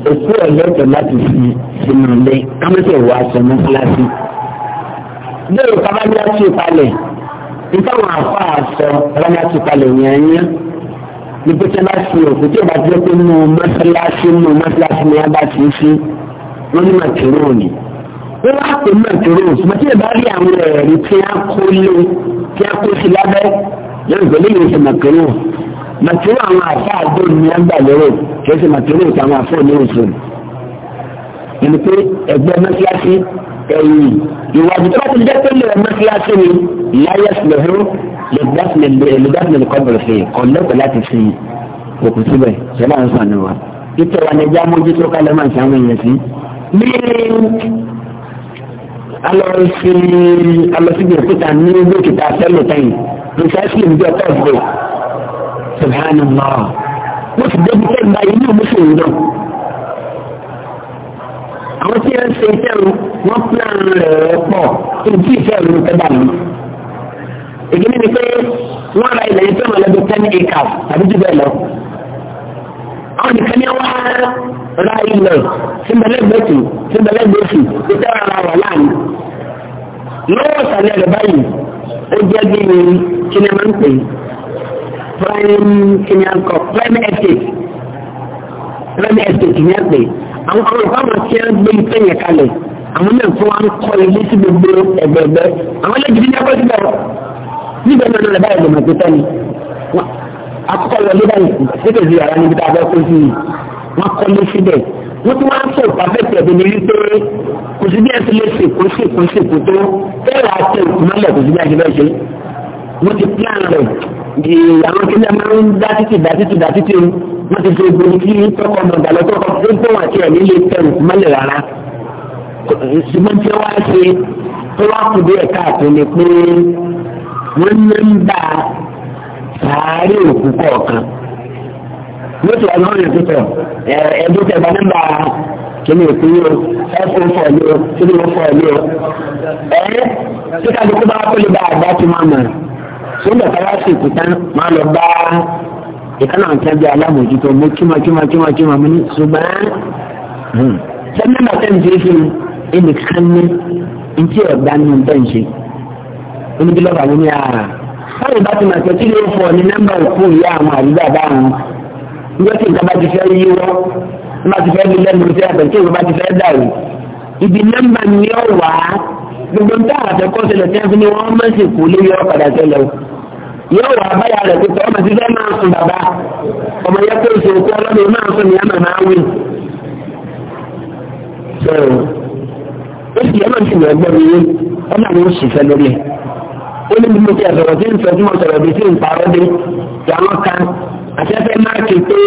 S1: òkú ẹ̀ lọ́tọ̀ láti fi sínú ilé kámẹ́tẹ̀ wọ aṣọ mọ́ kíláàsì. bẹ́ẹ̀ kábàdé aṣọ ìpalẹ̀ nítawọn afọ aṣọ kábàdé aṣọ ìpalẹ̀ yẹnyẹn ní pété bá fi òkú tí ìbá jẹ́ pé nù mọ́sálásí nù mọ́sálásí ni a bá ti fi wọ́n ní màkìrún òní. wọ́n wá pè màkìrún màtí ìbá rí àwọn ẹ̀rí tí a kó lé tí a kó sí lábẹ́ yẹn ìgbẹ́lẹ́ yìí ṣe màkìrún màtírí àwọn àṣà àgbò ní àgbà lérò kìí ṣe màtírí ìtàwọn àfọ onírò sùn ẹni pé ẹgbẹ́ mẹsíláṣí ẹ̀yìn ìwádìí tó bá ti jẹ́ pé lè mẹsíláṣí ni láyé ṣùlẹ̀hó lè dásìlẹ̀ kọ́bẹ̀rẹ̀ fè kọ́ lẹ́kọ̀ọ́ láti fi òkú síbẹ̀ ṣẹlẹ̀ ń sàn níwá ìtọ́ wa ni ẹja mójútó kálẹ̀ máa ń sàmú ìyẹn sí ní alọ́sí alọ́sí subhanallah wọ́n ti débi tẹ́ gba inú mùsùlùmí náà àwọn tí wọ́n ṣe ìfẹ́rù wọ́n plan rẹ̀ pọ̀ ìdí ìfẹ́rù tẹ́gbà mi ìgbìmí ni pé wọ́n ra ilẹ̀ ìfẹ́rù lọ́dún ten acres tàbí jù bẹ́ẹ̀ lọ àwọn nìkan ní wọ́n ra ilẹ̀
S2: síbẹ̀lẹ́gbẹ̀tì
S1: síbẹ̀lẹ́gbẹ̀tì ìfẹ́ ara wà láàánú lọ́wọ́ sàlẹ̀ rẹ̀ báyìí ó jẹ́ bí kíni máa ń pè é prime kini à ń kọ prime estate prime estate ní àpè àwọn àwọn ìfọwọ́n tí wọ́n gbé ife yẹn kalẹ̀ àwọn náà fún wa ń kọ́ ilé sí gbogbo ẹgbẹ̀gbẹ́ àwọn ẹlẹ́gbẹ̀ẹ́ ní akọ́ síbẹ̀ níbẹ̀ náà lọ́dọ̀ báyìí lọ́mọ tó tẹ́ni akọ́kọ́ wọlé báyìí síbẹ̀ sí yàrá níbi tá a bẹ́ kó sí i wọ́n kọ́ ilé síbẹ̀ wọ́n tún wá ń sọ ìpàfẹ́tì ẹ̀dùn ní wípé kò sí bí ẹsẹ̀ lè sèkó sèkó sèkó tó fẹ́ẹ̀rẹ̀ àti ìkùnmọ́lẹ̀ kò di àwọn kí lẹ́ẹ̀ máa ń dá títì dá títì dá títì wọ́n ti fi egbòni kí tọkọ ọmọ ìdàlọ́ tọkọ tó ń tọ́wọ́ àti ẹ̀mí lè tẹ̀rù mọ́lẹ̀ rárá ṣùgbọ́n tí wọ́n á ṣe tó wá kù díẹ̀ káàtó ni pé wọ́n ní ń bá sàárè òkú kọ̀ọ̀kan lóṣù ọlọ́run yẹn tó tọ̀ ẹ̀ẹ́dún tẹ̀ bá nígbà kíni òkú yìí o ẹ̀fọ́ fọ̀ yìí o kíni òfọ̀ yìí o ẹ̀ẹ́ sódà táyà sì kúta máa lọ bá ìkànnà nǹkan bí alámòjútó mo kíma kíma kíma kíma mo ní ṣùgbọ́n sẹ́ni náà tẹ̀ ń ṣe fi ẹnì kan ní ntí ọ̀gá ní nǹkan ṣe oníbi lọ́ba ní ara báwo bá ti màtọ́ tí ló fọ ní nọ́mbà òkú ìyá àwọn àdúgbò àbáwọn níjọ́ tí nǹkan bá ti fẹ́ yíwọ́ bá ti fẹ́ bí lẹ́nu iṣẹ́ àtẹ̀tí ìwé bá ti fẹ́ dàrú ibi nọ́mbà ni ó wà á gbogbo ń tà àtẹkọ́ sílẹ̀ tí a fi ní wọ́n mẹ́sì kú lé yọ padà sẹlẹ̀ o yóò wà báyà rẹ̀ pé tọ́ ọmọ ti fẹ́ máa sùn bàbá ọmọ yẹ kó oṣù òkú ọlọ́dún máa sùn ní ẹ̀mà máa wí. ó sì yẹ máa ń sìn ẹgbẹ́ mi yé ọmọ àwọn òṣìṣẹ́ lórí ẹ̀ ó ní mímú ti àtọ̀rọ̀ tí ń sọ tí mo sọ̀rọ̀ bí sí ìparọ́ dé kí àwọn kan àtẹ́fẹ́ máa ké pé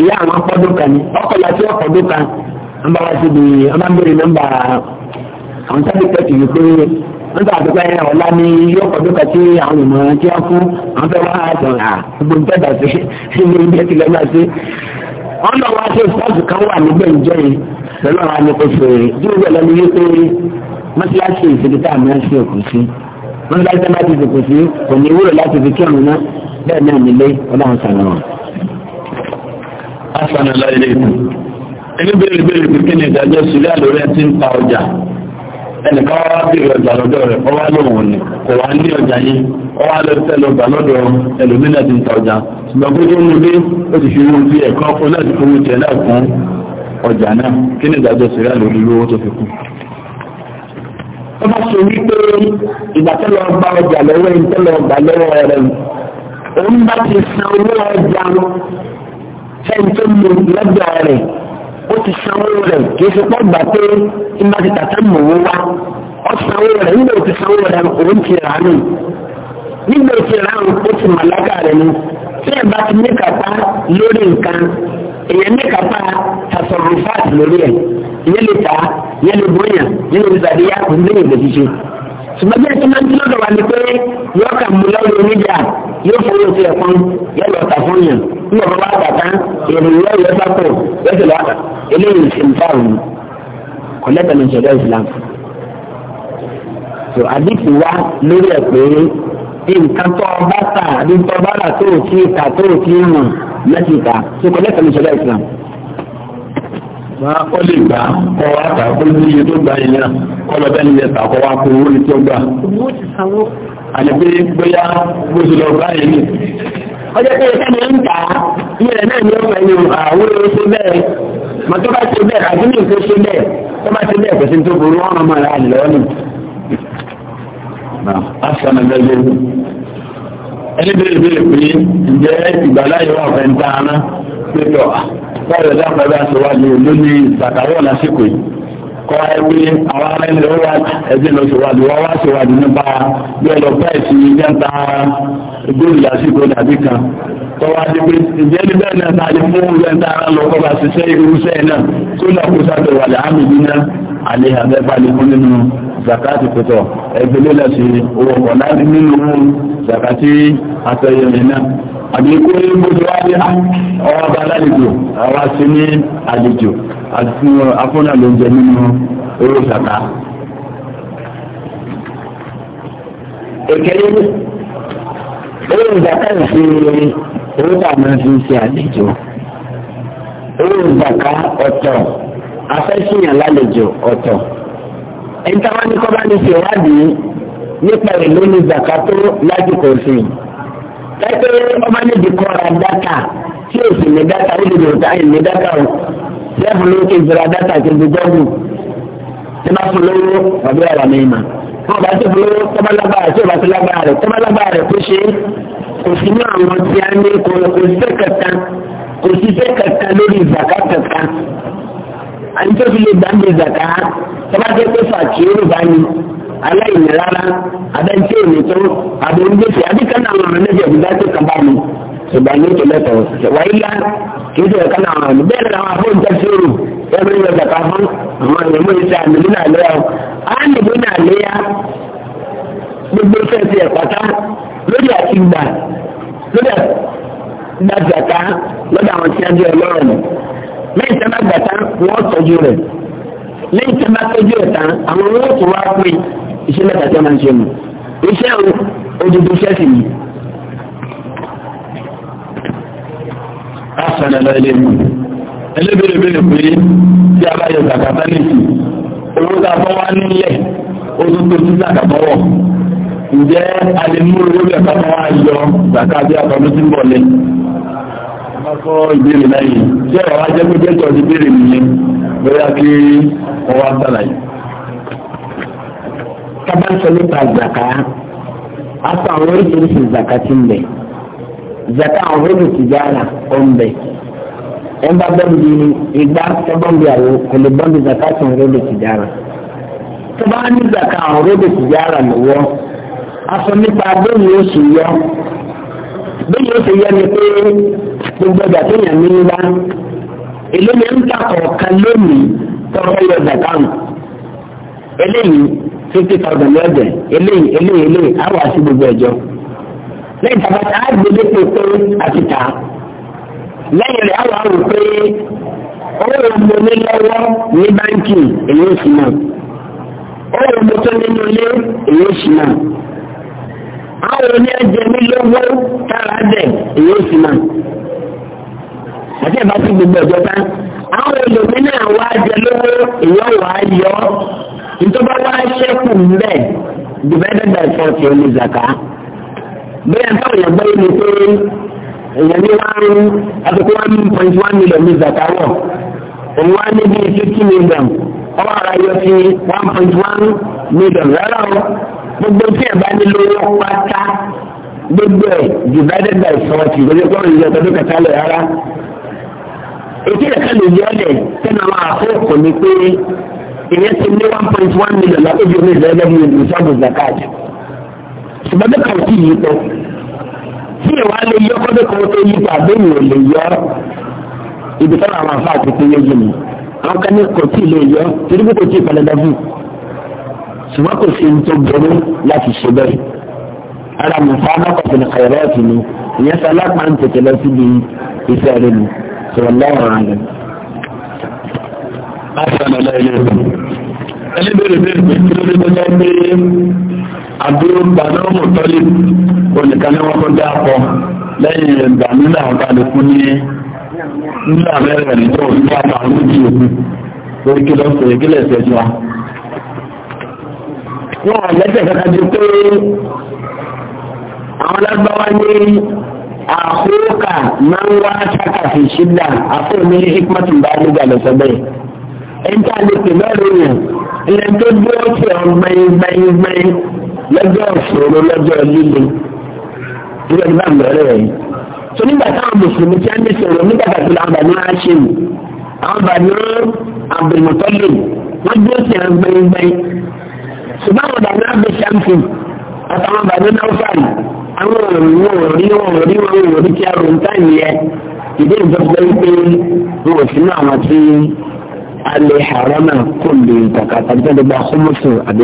S1: ìyá àwọn ọkọ̀ dúkan ni ọkọ̀ láti ọkọ̀ dúkan ń bá wá síbi ọmọ àwọn sábẹ́ kẹ́kì yìí pé nígbà tó pẹ́ ọ̀la ni yóò kọ́ dókà tí àwọn ìmọ̀ràn tí wọ́n fún àwọn fẹ́ wá àtàn à gbogbo nǹkan dà sí nínú ilé ti lọ́nà sí. wọ́n lọ wá sí ìfọ́sù kan wà nígbà ìjọ yìí lọ́nà wa ni kò fèrè bí ó lọ́nà yìí pé mọ́síláṣí ìsèkítà mìíràn sí sí mọ́síláṣí láti ìsèkú sí kò ní wúlò láti fi kírun náà bẹ́ẹ̀ náà ẹnìkan wá bèrè ọjà lọ́dọ̀ rẹ̀ ọ wá lóhùn ni kò wá ní ọjà yìí ọ wá lọ sẹ́lẹ̀ ọjà lọ́dọ̀ ẹlòmínà ti ń ta ọjà ṣùgbọ́n pé tó ń lé ó ti fi owó ti ẹ̀kọ́ fún láti fowó tiẹ̀ náà fún ọjà náà kí ni ìdájọ́ sẹ̀rí àlòrí lówó tó fi kú.
S2: ó bá ṣe wípé ìgbà tó lọ gba ọjà lọ́wọ́ ẹni tó lọ gbà lọ́wọ́ rẹ̀ òun bá ti san owó
S1: ọjà ó ti sanwó rẹ̀ kì í ṣe pọ́ gbà pé ìmọ̀ ti tàtà mọ̀ wọ́n wá ó sanwó rẹ̀ nígbà ó ti sanwó rẹ̀ òun ti rà á nù nígbà ó ti rà á ó ti màlága rẹ̀ ni tí ẹ̀ bá ti níkàpá lórí nǹkan èèyàn níkàpá tasọ̀rọ̀ fáàtì lórí ẹ̀ ìyẹn lè ta ìyẹn lè bóyá ìyẹn lè gbàdéyà kò ní ìgbà ṣùgbọ́n bí ẹni máa ń lọ́dọ̀ wa ni pé yóò kà mú lọ́rùn oníjà yóò fowó sí ẹ̀fọn yóò lọ tà fún yàn ní ọ̀rọ̀ wa bàtà èrò ìwé ìwé bá pọ̀ lọ́sẹ̀ lọ́wọ́ eléyìí ṣe ń fà òun kò lẹ́tọ̀ọ́ ní ìṣẹ̀dá Islam. tó àdìsí wa lórí ẹ̀ pé nǹkan tó ọba tà àdìsí ọba rà tó ò tí ì tó ò tí mọ̀ lọ́sì ìta tó kò lẹ́tọ̀ọ́ ní ìṣẹ̀dá Islam gbà kọ́ lè gbà kọ́ wá tà kó ní iye tó gbà yẹn kọ́ lọ bẹ́ẹ̀ nílẹ̀ tà kọ́ wá kó owó ní tó gbà. àti pé bóyá bó ti lọ bá yẹn ni. ọjọ́ pé ẹ̀ka mi ń tà á ní ẹ̀rẹ̀ náà ni ó fẹ́ yóò àwọn èrò ṣe bẹ́ẹ̀ mọ tó bá ṣe bẹ́ẹ̀ àti ní nǹkan ṣe bẹ́ẹ̀ tó bá ṣe bẹ́ẹ̀ kò sí tó burú wọn ọmọ rẹ̀ àlọ́ ni. ẹni bèrè bèrè pé ǹjẹ́ ìgbàláyé wà ń tà ná pé tọ́ báyọ̀ dáhùn bá ṣe wá ní olóyè ìgbàdáwọ̀ lásìkò yìí kọ́ ẹwé àwọn ará ilẹ̀ ó wá ẹgbẹ́ lọ ṣèwádìí wá wá ṣèwádìí nípa bí ẹ lọ pẹ́ẹ́sì ìjẹ́ ń ta góòlù lásìkò dàbí kan tọ́wọ́ adébẹ́ ìjẹ́ níbẹ̀ náà ta lè mú ìjẹ́ ń ta ara lọ kọ́ bá ṣiṣẹ́ irúṣẹ́ náà tó lọ́kùnrin sábẹ̀ wà láàmì nínú àlehàbẹ́ balẹ̀ fún nínú zakati kòtọ̀ ẹgbẹ̀lẹ́ láti owó ọ̀la nínú zakati àtẹ̀yẹ̀mí náà àbí kó gbogbo wa ní ọwọ́ bá lálejò àwa sí ní àlejò àti afúnà ló ń jẹ nínú owó zaka. èkéyé owó zaka ìfi owó tàbí fi ń ṣe àlejò owó zaka ọ̀tọ̀ afẹ́síyàn lálejò ọ̀tọ̀ ẹni tí a máa ní kọ́ bá ní ṣe ìwádìí nípa èlò ní zakato lásìkò sí i. pẹ́pẹ́ ọba níbi kọ́ ra dátà tí o sì ní dátà ó lè lò táyì ní dátà o sẹ́fù ló ti zira dátà ti di gọ́ọ̀mù tí wọ́n fún lówó ọ̀bí ọ̀rọ̀ mi mà. wọ́n bá ti fún lówó tọ́mọ́lágbára tí o bá lágbára rẹ̀ tọ́mọ́lágbára rẹ̀ kó ṣe kò sí ní àwọn tí a ní kò sí kẹta kò sí kẹta lórí zakato kan àníjọ́bí lè gbà ń bẹ zàká tọ́ba jẹ́ pé fàkìrì bá ní aláìní rárá abẹ́ntí òní tó àbẹ̀ńgbèsè àdìkánná àwọn ọ̀rọ̀ méjì ọ̀gbìn dájú kan bá mi ṣùgbọ́n ní ìtòlẹ́ tọ̀ wáyé yá kì í ṣe kánná àwọn ọ̀rọ̀ bẹ́ẹ̀ làwọn afọ́ ìjọ sí òru ẹgbẹ́ ìjọ zàká fún àwọn ìyẹ̀mú ìṣe àmìlú náà léyà àmìlú náà léyà gbogbo iṣẹ́ ti ẹ̀ pátá lórí àti gbà lórí àti gbà zàká lọ́dọ̀ àwọn tí lẹ́yìn tí a bá gbà tán wọ́n tọ́jú rẹ̀ lẹ́yìn tí a bá tọ́jú rẹ̀ tán àwọn owó tó wá pé iṣẹ́ mẹ́ta tí a máa ń ṣe mu iṣẹ́ òdodo iṣẹ́ sì ni. a sọ̀rọ̀ lọ ilé mi ẹlẹ́bẹ̀rẹ̀ pé tí a bá yọ kàkàtà nìkì owó tá a bọ́ wá nílẹ̀ owó tó ti sàkà bọ́wọ̀ ǹjẹ́ a lè mú owó bẹ̀ kọ́ kọ́ ìbéèrè lẹ́yìn tí ẹ̀rọ wá jẹ́ pé jẹ́tọ̀ ti béèrè nìyẹn bóyá kí wọ́n wá sàlàyé. tábà ń sọ nípa zaka a sọ àwọn oríṣiríṣi zaka ti ń bẹ zaka àwọn oríṣi tìjára ó ń bẹ ẹ bá bẹ́ẹ̀ di igba tẹ́bọ̀nbi àwọ̀ kò lè bọ́ǹbi zaka tó ń rẹ́lẹ̀ tìjára tọ́ba ní zaka àwọn oríṣi tìjára lọ́wọ́ a sọ nípa abẹ́yẹ oṣù yọ bẹ́ẹ̀ yóò ṣe yẹ ni pé gbogbo ọjà tó yàn mí wá èlé mi ń ta kọ̀ọ̀kan lónìí tọ́kọ́ yọ zàkàmù eléyìí fifty thousand lọ́dẹ̀ eléyìí eléyìí eléyìí àwọn àti gbogbo ẹ̀jọ́ lẹ́yìn tàbá tá a gbé dépò pé àti tà á lẹ́yìn rẹ̀ àwọn àrùn pé owó ìgbò ní lọ́wọ́ ní báńkì èyí ò sí náà owó ìgbò tó nínú ilé èyí ò sí náà àwọn oní ẹ̀jẹ̀ mi lówó tára dẹ̀ èyí ó sì máa. àti ẹ̀bá sí gbogbo ọ̀jọ́ tán àwọn olùmí náà wá jẹ lówó èyí ó wàá yọ ọ́ ìtọ́ba wá ṣẹ́kù ńbẹ̀ divided by forty omi zaka. bóyá táwọn èèyàn gbọ́ yìí ni pé èèyàn ní wá ń àtúkú one point one million ní zaka wọ̀ òun wá níbi fifty million ọwọ́ ara yọ sí one point one million rárá o gbogbo tí
S2: ẹ bá nílò pátá
S1: gbogbo ẹ divided by forty lórí kọ́ ìyá ọ̀tọ́dún kẹta lẹ̀ rárá. ètò ìyá kan lè yọ ọ́lẹ̀ sẹ́nu àwọn àkókò ni pé ìyẹn ti ní one point one million lápẹ́jọ́ ní ìdájọ́ bíi ìsọ́bù zakat. ṣùgbọ́n bí kàn sí yìí pọ̀ tí ìwà lè yọ kọ́dọ̀ kan tó yí pa àbẹ́yìn ò lè yọ ibi táwọn àwọn afáàtì tó yẹ yìí ni àwọn kan ní kò tí ì lè yọ torí bí kò tí ì pẹlẹ ṣùgbọ́n kò sí ní tó gbẹ̀rú láti ṣe bẹ́ẹ̀. ara mùsà alákọ̀tún ní kàyọ̀rọ̀ ọ̀tún ni ìyẹn sọ alápàá ń tètè lọ síbi iṣẹ́ rẹ̀ ni sọ̀rọ̀ lọ́wọ́ rẹ̀. ẹni bèrè bèrè pé kí ló dé tó jẹ́ pé àbúrò gbàdọ́ mọ̀tọ́lì olùkà ní wọ́n tó dá pọ̀ lẹ́yìn ìgbà nílẹ̀ àwọn kálukú ní nílẹ̀ àmẹ́rẹ̀ rẹ̀ tó ń bá àwọn ojú òkú lórí kí lọ́sọ̀rọ̀ kí lẹ́sẹ̀ jọ wọn ò lẹ́sẹ̀ kankan ju pé àwọn lágbáwá ní àkókà máa ń wá ṣàkàtì ṣídà àfọ̀mí hikmatin bá nígbà lọ́sọ̀ bẹ́ẹ̀. ẹni tá a lè pè lọ́rọ̀ yẹn ilẹ̀ tó dúró sí ọ gbẹ́ngbẹ́ngbẹ́ng lọ́jọ́ ìṣòro lọ́jọ́ líle nígbà tí bá ń bẹ̀rẹ̀ rẹ̀. tó nígbà táwọn mùsùlùmí tí a ní sọ̀rọ̀ nígbà tàbí làwọn bàbá náà ṣe àwọn bàbá náà ṣùgbọ́n àwọn bàbá àbẹ̀ ṣàǹfù àtàwọn bàbá náà fàlì àwọn òòrùn òòrí òòrí òòrí tí a rò ń tàn yẹ ìdí ìjọba wípé wọn ò sínú àwọn tí alẹ́ harama kò lè kàkà tàbí tàbí gba kọ́mọ́sù àbí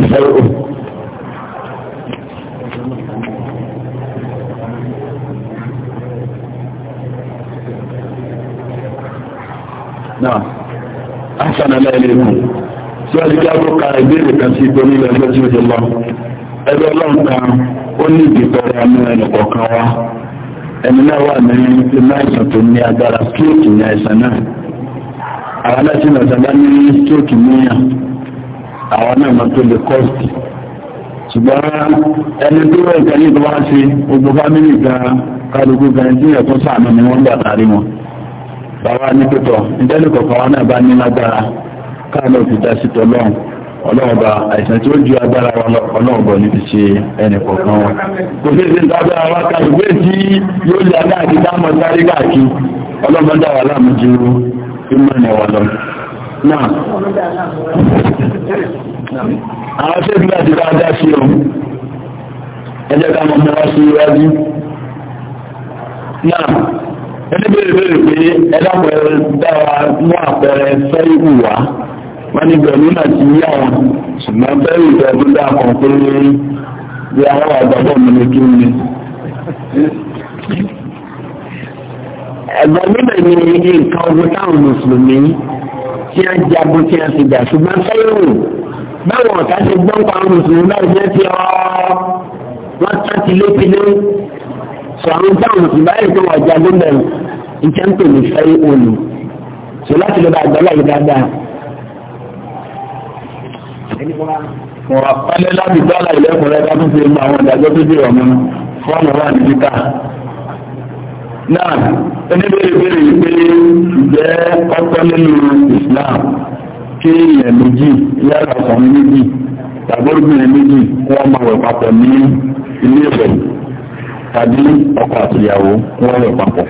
S1: náà a sọ̀rọ̀ lẹ́yìn lẹ́yìn síwájú kí a tó ka ìbéèrè kan sí ìtọ́ni ilẹ̀ ẹgbẹ́ tí ó ti lọ ẹgbẹ́ ọlọ́run kan ó ní ìgbìtọ́rẹ àmì ẹnì kọ̀ọ̀kan wa ẹni náà wà ní iná àìsàn tó ní agbára stroke ní àìsàn náà àwọn aláṣẹ náà sábà ní stroke níyàn àwọn náà máa tó lè kọ́ọ̀sì ṣùgbọ́n ẹni tó wọ́n ìkànnì tó wá ṣe gbogbo fámìlì gan kálukú gan tí ìyẹn tó sàánú ni wọ́n gbà tàrí wọn bàbá ní pẹ̀tọ̀ ìjẹ́lẹ̀ kọ̀ọ̀kan wa náà bá ní lágbára káàmẹ́ ti dá sí tọ́lọ́run ọlọ́run bá àìsàn tí ó ju agbára wa lọ ọlọ́run bọ̀ níbi ṣe ẹnì kọ̀ọ̀kan wọn. kò sí ṣe ń dábẹ́ àwa ká ìwé tí yóò lé aláàdí dámọ̀ sáré káàkiri ọlọ́run dá wà láàmú ju ìmọ̀ ẹ̀ wà lọ. náà àwọn tó gbé àti bá dá sí o ẹ ká mọ̀ mọ́ wá sí iwájú. náà ẹni bèrè bèrè pé ẹ dákun ẹ dára mú àpẹẹrẹ fẹ́ ìwù wá wọ́n ní bẹ̀rù náà ti yí àwọn ṣùgbọ́n bẹ́ẹ̀ ìbẹ̀rù dákan pé bí àwọn àgbàbọ̀ mi ní kí ni. ẹ̀gbọ́n níbẹ̀ ni nǹkan ọdún táwọn mùsùlùmí tí wọ́n jagun tí wọ́n ti jà ṣùgbọ́n sẹ́yìn báwọn ọ̀tá ṣe gbọ́n pa àwọn mùsùlùmí náà jẹ́ ti ọ́ wọ́n tán ti létílé sọ àwọn táwọn mùsùlùmí báyìí tó wọ́n jagun bẹ̀rù ìjẹ́ ń pè ní sẹ́yìn òní. sọ láti lè bá àgbàlá wọ́n wá pálẹ́ láti gbálà ìlẹ́kùn rẹ̀ ká tún fi mú àwọn ìdájọ́ tó dé ọ̀mọ́ fọ́ọ̀mù wà ní títà. náà oníbèrè bèrè pé ìjẹ́ ọ̀tọ̀ nínú Islam kí èèyàn méjì yára ọkùnrin méjì tàbí obìnrin méjì wọ́n máa wẹ̀ papọ̀ ní ilé ìwẹ̀ tàbí ọkọ àtìyàwó wọ́n wẹ̀ papọ̀.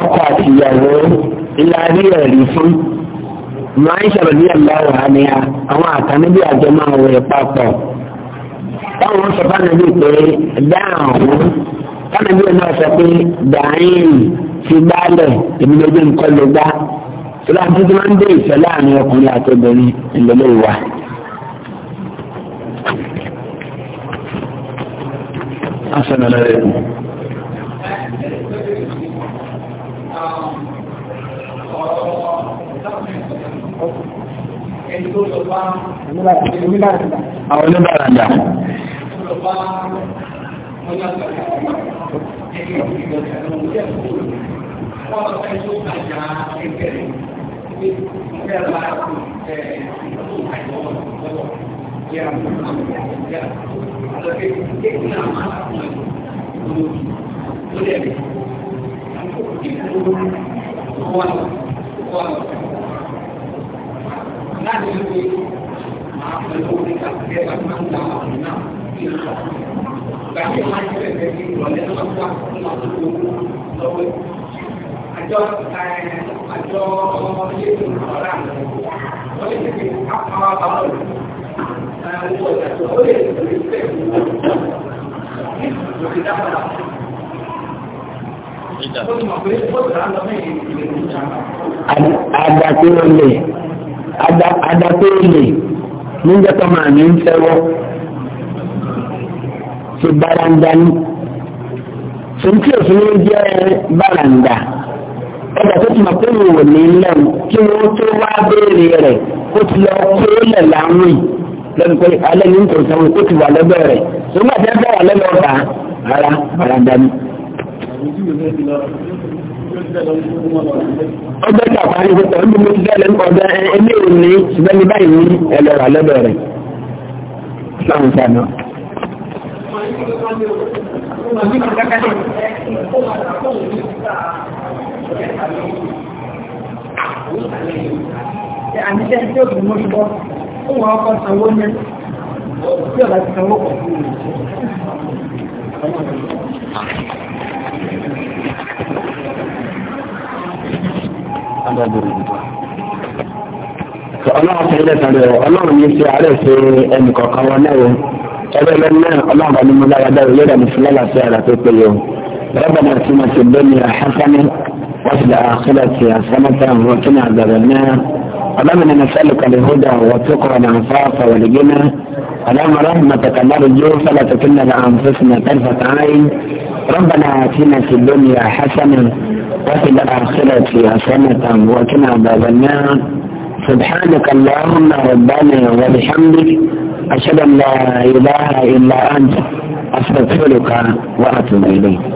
S1: ọkọ àtìyàwó ìlàrí ẹ̀rí fún màá ń ṣàròlí àláwọ̀ àníyá àwọn àtàníbí àjọ máa wẹ̀ papọ̀ táwọn sọ fánàbí pé dáhùn fánàbí náà sọ pé dàáyìn ti gbálẹ̀ èmi lójú nǹkan ló gbá ìlú àti tí wọ́n ń dé ìfẹ́ láàrin ọkùnrin àti obìnrin ìlọ́lẹ̀ ìwà. Assalamu alaikum.
S2: àwọn
S1: oníbàràǹdà.
S2: Thank you. láti lórí máa pẹ̀lú oríta kẹ́ máa ń da ọ̀rọ̀ náà sí ọ̀rọ̀. Gbàgbé máa ń tẹ̀lé ẹgbẹ́ ní ìrọ̀lẹ́ lọ́gbà fún àtúntò lọ́wọ́. Àjọ àjọ ilé ìrìnà ọ̀rá wọ́n lè tètè kápá àwọn ọ̀rọ̀. Àwọn ọ̀rọ̀ ìjọ ó lè tẹ̀lé pẹ̀lú ọ̀rọ̀ àgbà tí wọ́n lè
S1: adatẹ́lẹ̀ níjẹ́ tó máa ní ń fẹ́wọ́ ti baranda ní. Sèǹtì òfin ní jẹ́ baranda. Ọjà tó ti mọ̀ pé ìwò ní ilẹ̀ kí wọ́n tó wá béèrè rẹ̀ kó ti lọ kó lẹ̀ láwìn lọ́dún pé alẹ́ ní nǹkan ìsanwó kó ti wà lọ́dọ̀ rẹ̀. Sọ́gbà tí wọ́n bẹ̀rẹ̀ lẹ́nu ọ̀tá ara baranda ní
S2: ọjọ́
S1: tí àpárí ìgbésẹ̀ ń bí mi jẹ́ lẹ́nu ọjọ́ ẹni ò ní ṣùgbọ́n ní báyìí ní ẹlẹ́rà lọ́dọ̀ rẹ̀ láwọn ìjà náà.
S2: Àníṣẹ́ tí ó fi mú ìbọn, ó wọ́n ọkọ̀ sanwó ní tí ọ̀la ti sanwó kọ̀.
S1: ربنا اتنا في الدنيا حسنة وفي الآخرة حسنة وقنا عذاب النار ربنا نسألك الهدى والتقى والعفاف والغنى اللهم رحمتك نرجو فلا تكلنا لأنفسنا طرفة عين ربنا آتنا في الدنيا حسنة وفي الآخرة حسنة وكنا عذاب النار سبحانك اللهم ربنا وبحمدك أشهد أن لا إله
S2: إلا أنت أستغفرك وأتوب إليك